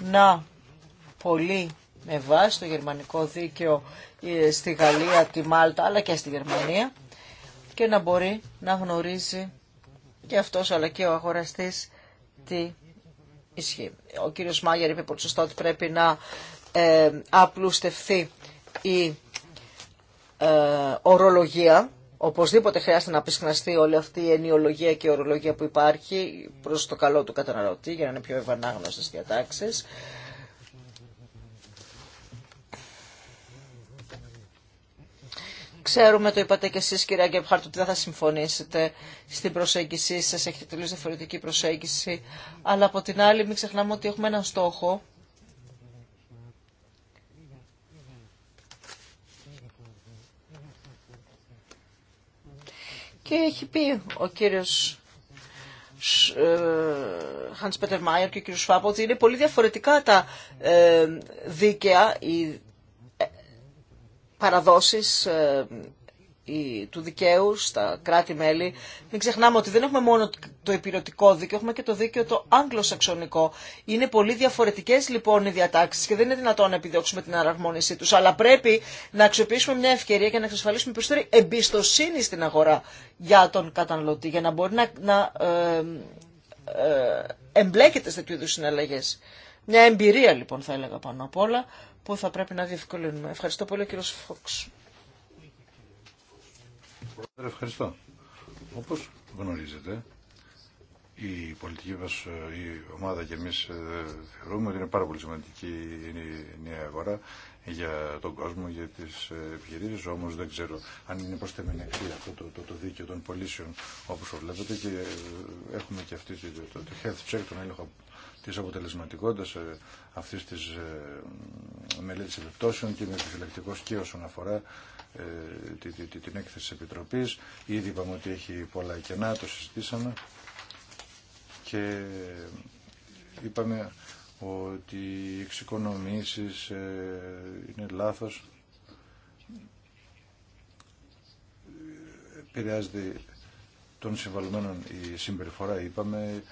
να πολύ με βάση το γερμανικό δίκαιο ε, στη Γαλλία, τη Μάλτα αλλά και στη Γερμανία και να μπορεί να γνωρίζει και αυτός αλλά και ο αγοραστής τι ισχύει. Ο κύριος Μάγερ είπε πολύ σωστά ότι πρέπει να ε, απλουστευθεί η ε, ορολογία Οπωσδήποτε χρειάζεται να πισχναστεί όλη αυτή η ενιολογία και η ορολογία που υπάρχει προς το καλό του καταναλωτή για να είναι πιο ευανάγνωστες διατάξεις. Ξέρουμε, το είπατε και εσείς κυρία Γκέμπχαρτ, ότι δεν θα συμφωνήσετε στην προσέγγιση σας, έχετε τελείως διαφορετική προσέγγιση, αλλά από την άλλη μην ξεχνάμε ότι έχουμε έναν στόχο Και έχει πει ο κύριος Χάνς Πέτερ Μάιερ και ο κύριος Σφάπο ότι είναι πολύ διαφορετικά τα ε, δίκαια, οι ε, παραδόσεις ε, του δικαίου στα κράτη-μέλη. Μην ξεχνάμε ότι δεν έχουμε μόνο το επιρωτικό δίκαιο, έχουμε και το δίκαιο το σαξονικό. Είναι πολύ διαφορετικέ λοιπόν οι διατάξει και δεν είναι δυνατόν να επιδιώξουμε την αναρμόνισή του. Αλλά πρέπει να αξιοποιήσουμε μια ευκαιρία και να εξασφαλίσουμε περισσότερη εμπιστοσύνη στην αγορά για τον καταναλωτή, για να μπορεί να, να ε, ε, εμπλέκεται σε τέτοιου είδου συναλλαγέ. Μια εμπειρία λοιπόν θα έλεγα πάνω απ' όλα που θα πρέπει να διευκολύνουμε. Ευχαριστώ πολύ κύριο Φόξ. Πρόεδρε, ευχαριστώ. Όπως γνωρίζετε, η πολιτική μας ε, η ομάδα και εμείς ε, θεωρούμε ότι είναι πάρα πολύ σημαντική η νέα αγορά για τον κόσμο, για τις ε, επιχειρήσεις, όμως δεν ξέρω αν είναι προς αυτό το, το, το δίκαιο των πωλήσεων όπως βλέπετε και έχουμε και αυτή το, το health check, τον έλεγχο της αποτελεσματικότητας αυτής της μελέτης επιπτώσεων και με επιφυλακτικό και όσον αφορά ε, την έκθεση της Επιτροπής. Ήδη είπαμε ότι έχει πολλά κενά, το συζητήσαμε και είπαμε ότι οι εξοικονομήσεις ε, είναι λάθος. Επηρεάζεται των συμβαλωμένων η συμπεριφορά, είπαμε,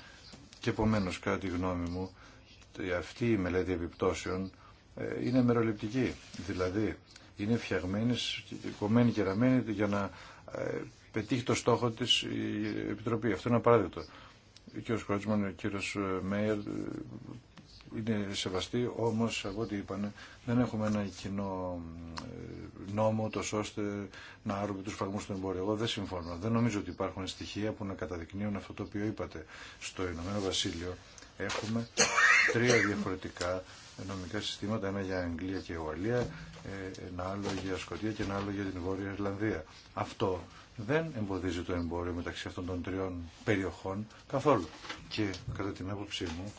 και επομένως, κατά τη γνώμη μου, αυτή η μελέτη επιπτώσεων ε, είναι μεροληπτική. Δηλαδή, είναι φτιαγμένες, κομμένοι και ραμμένοι για να ε, πετύχει το στόχο της η Επιτροπή. Αυτό είναι απαράδεκτο. Ο κύριος Κρότσμαν, ο κύριος ε, Μέιερ ε, είναι σεβαστοί, όμως από ό,τι είπανε, δεν έχουμε ένα κοινό νόμο τόσο ώστε να άρουμε τους φραγμούς του εμπόριου. Εγώ δεν συμφωνώ. Δεν νομίζω ότι υπάρχουν στοιχεία που να καταδεικνύουν αυτό το οποίο είπατε. Στο Ηνωμένο Βασίλειο έχουμε τρία διαφορετικά νομικά συστήματα, ένα για Αγγλία και Ουαλία, ένα άλλο για Σκοτία και ένα άλλο για την Βόρεια Ιρλανδία. Αυτό δεν εμποδίζει το εμπόριο μεταξύ αυτών των τριών περιοχών καθόλου. Και κατά την άποψή μου,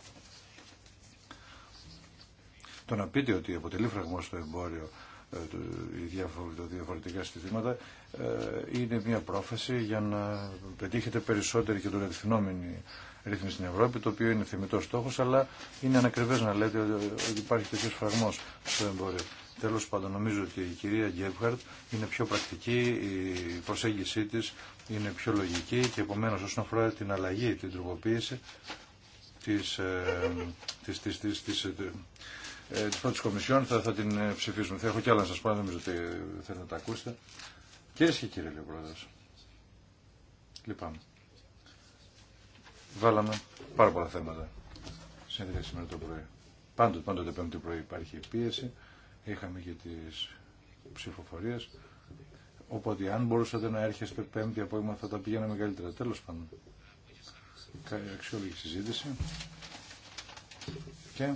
το να πείτε ότι αποτελεί φραγμό στο εμπόριο ε, τα διαφορετικά συστήματα ε, είναι μια πρόφαση για να πετύχετε περισσότερη και τον ρύθμιση στην Ευρώπη, το οποίο είναι θεμητό στόχο, αλλά είναι ανακριβέ να λέτε ότι υπάρχει τέτοιο φραγμό στο εμπόριο. Τέλος πάντων, νομίζω ότι η κυρία Γκέφχαρτ είναι πιο πρακτική, η προσέγγισή της είναι πιο λογική και επομένως όσον αφορά την αλλαγή, την τροποποίηση της, ε, της, της, της, της, της ε, ε, πρώτης κομισιόν θα, θα την ε, ψηφίσουμε. Θα έχω κι άλλα να σας πω, νομίζω ότι θέλετε να τα ακούσετε. Κυρίε και κύριοι, λέει ο Πρόεδρος. Λυπάμαι. Βάλαμε πάρα πολλά θέματα. σήμερα το πρωί. Πάντοτε, πάντοτε πέμπτη πρωί υπάρχει πίεση είχαμε και τις ψηφοφορίες. Οπότε αν μπορούσατε να έρχεστε πέμπτη απόγευμα θα τα πηγαίναμε μεγαλύτερα Τέλος πάντων. Αξιόλογη συζήτηση. Και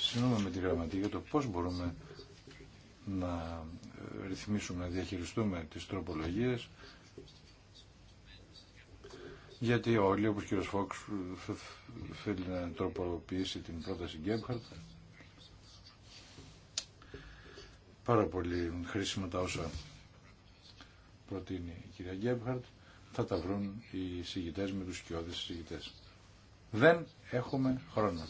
συνούμε με τη γραμματεία για το πώς μπορούμε να ρυθμίσουμε, να διαχειριστούμε τις τροπολογίες γιατί όλοι, όπως ο κ. Φόξ, θέλει να τροποποιήσει την πρόταση Γκέμπχαρτ Πάρα πολύ χρήσιμα τα όσα προτείνει η κυρία Γκέμπχαρτ. Θα τα βρουν οι συγητές με τους σκιώδες συγητές. Δεν έχουμε χρόνο.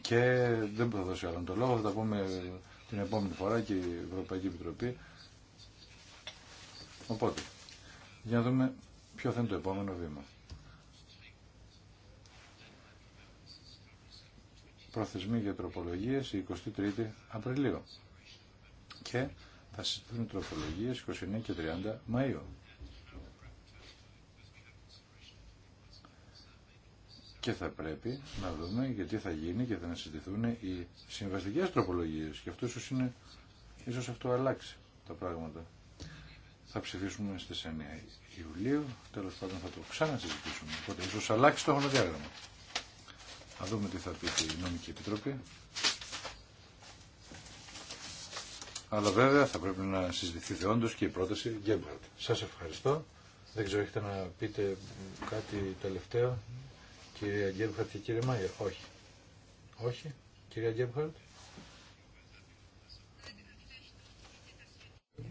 Και δεν θα δώσει άλλον το λόγο, θα τα πούμε την επόμενη φορά και η Ευρωπαϊκή Επιτροπή. Οπότε, για να δούμε ποιο θα είναι το επόμενο βήμα. προθεσμοί για τροπολογίε 23 Απριλίου και θα συζητούν τροπολογίες 29 και 30 Μαΐου. Και θα πρέπει να δούμε γιατί θα γίνει και θα συζητηθούν οι συμβαστικέ τροπολογίες και αυτό ίσω είναι, ίσως αυτό αλλάξει τα πράγματα. Θα ψηφίσουμε στι 9 Ιουλίου, τέλος πάντων θα το ξανασυζητήσουμε. Οπότε ίσως αλλάξει το χρονοδιάγραμμα. Να δούμε τι θα πει η νομική επιτροπή. Αλλά βέβαια θα πρέπει να συζητηθεί όντω και η πρόταση Γκέμπαρτ. Σας ευχαριστώ. Δεν ξέρω, έχετε να πείτε κάτι τελευταίο, κυρία Γκέμπαρτ και κύριε Μάγερ. Όχι. Όχι, κυρία Γκέμπαρτ.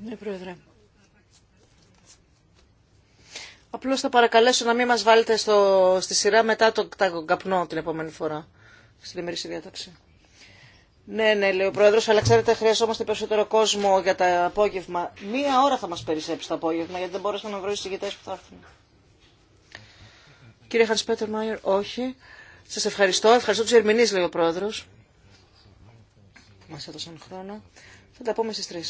Ναι, Πρόεδρε. Απλώς θα παρακαλέσω να μην μας βάλετε στο, στη σειρά μετά τον το καπνό την επόμενη φορά στην ημερήσια διάταξη. Ναι, ναι, λέει ο Πρόεδρο, αλλά ξέρετε, χρειαζόμαστε περισσότερο κόσμο για το απόγευμα. Μία ώρα θα μα περισσέψει το απόγευμα, γιατί δεν μπορούσαμε να βρούμε ηγητέ που θα έρθουν. Κύριε Πέτερ Μάιερ, όχι. Σα ευχαριστώ. Ευχαριστώ του Ερμηνεί, λέει ο Πρόεδρο, που μα έδωσαν χρόνο. Θα τα πούμε στι τρει.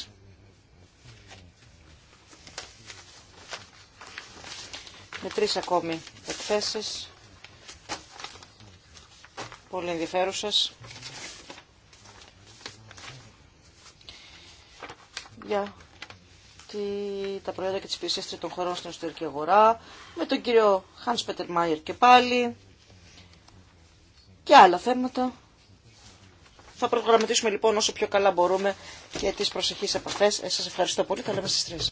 με τρεις ακόμη εκθέσεις πολύ ενδιαφέρουσες για τα προϊόντα και τις υπηρεσίες τρίτων χωρών στην εσωτερική αγορά με τον κύριο Χάνς Πέτερ Μάιερ και πάλι και άλλα θέματα. Θα προγραμματίσουμε λοιπόν όσο πιο καλά μπορούμε και τις προσεχείς επαφές. Ε, σας ευχαριστώ πολύ. Καλά μας στις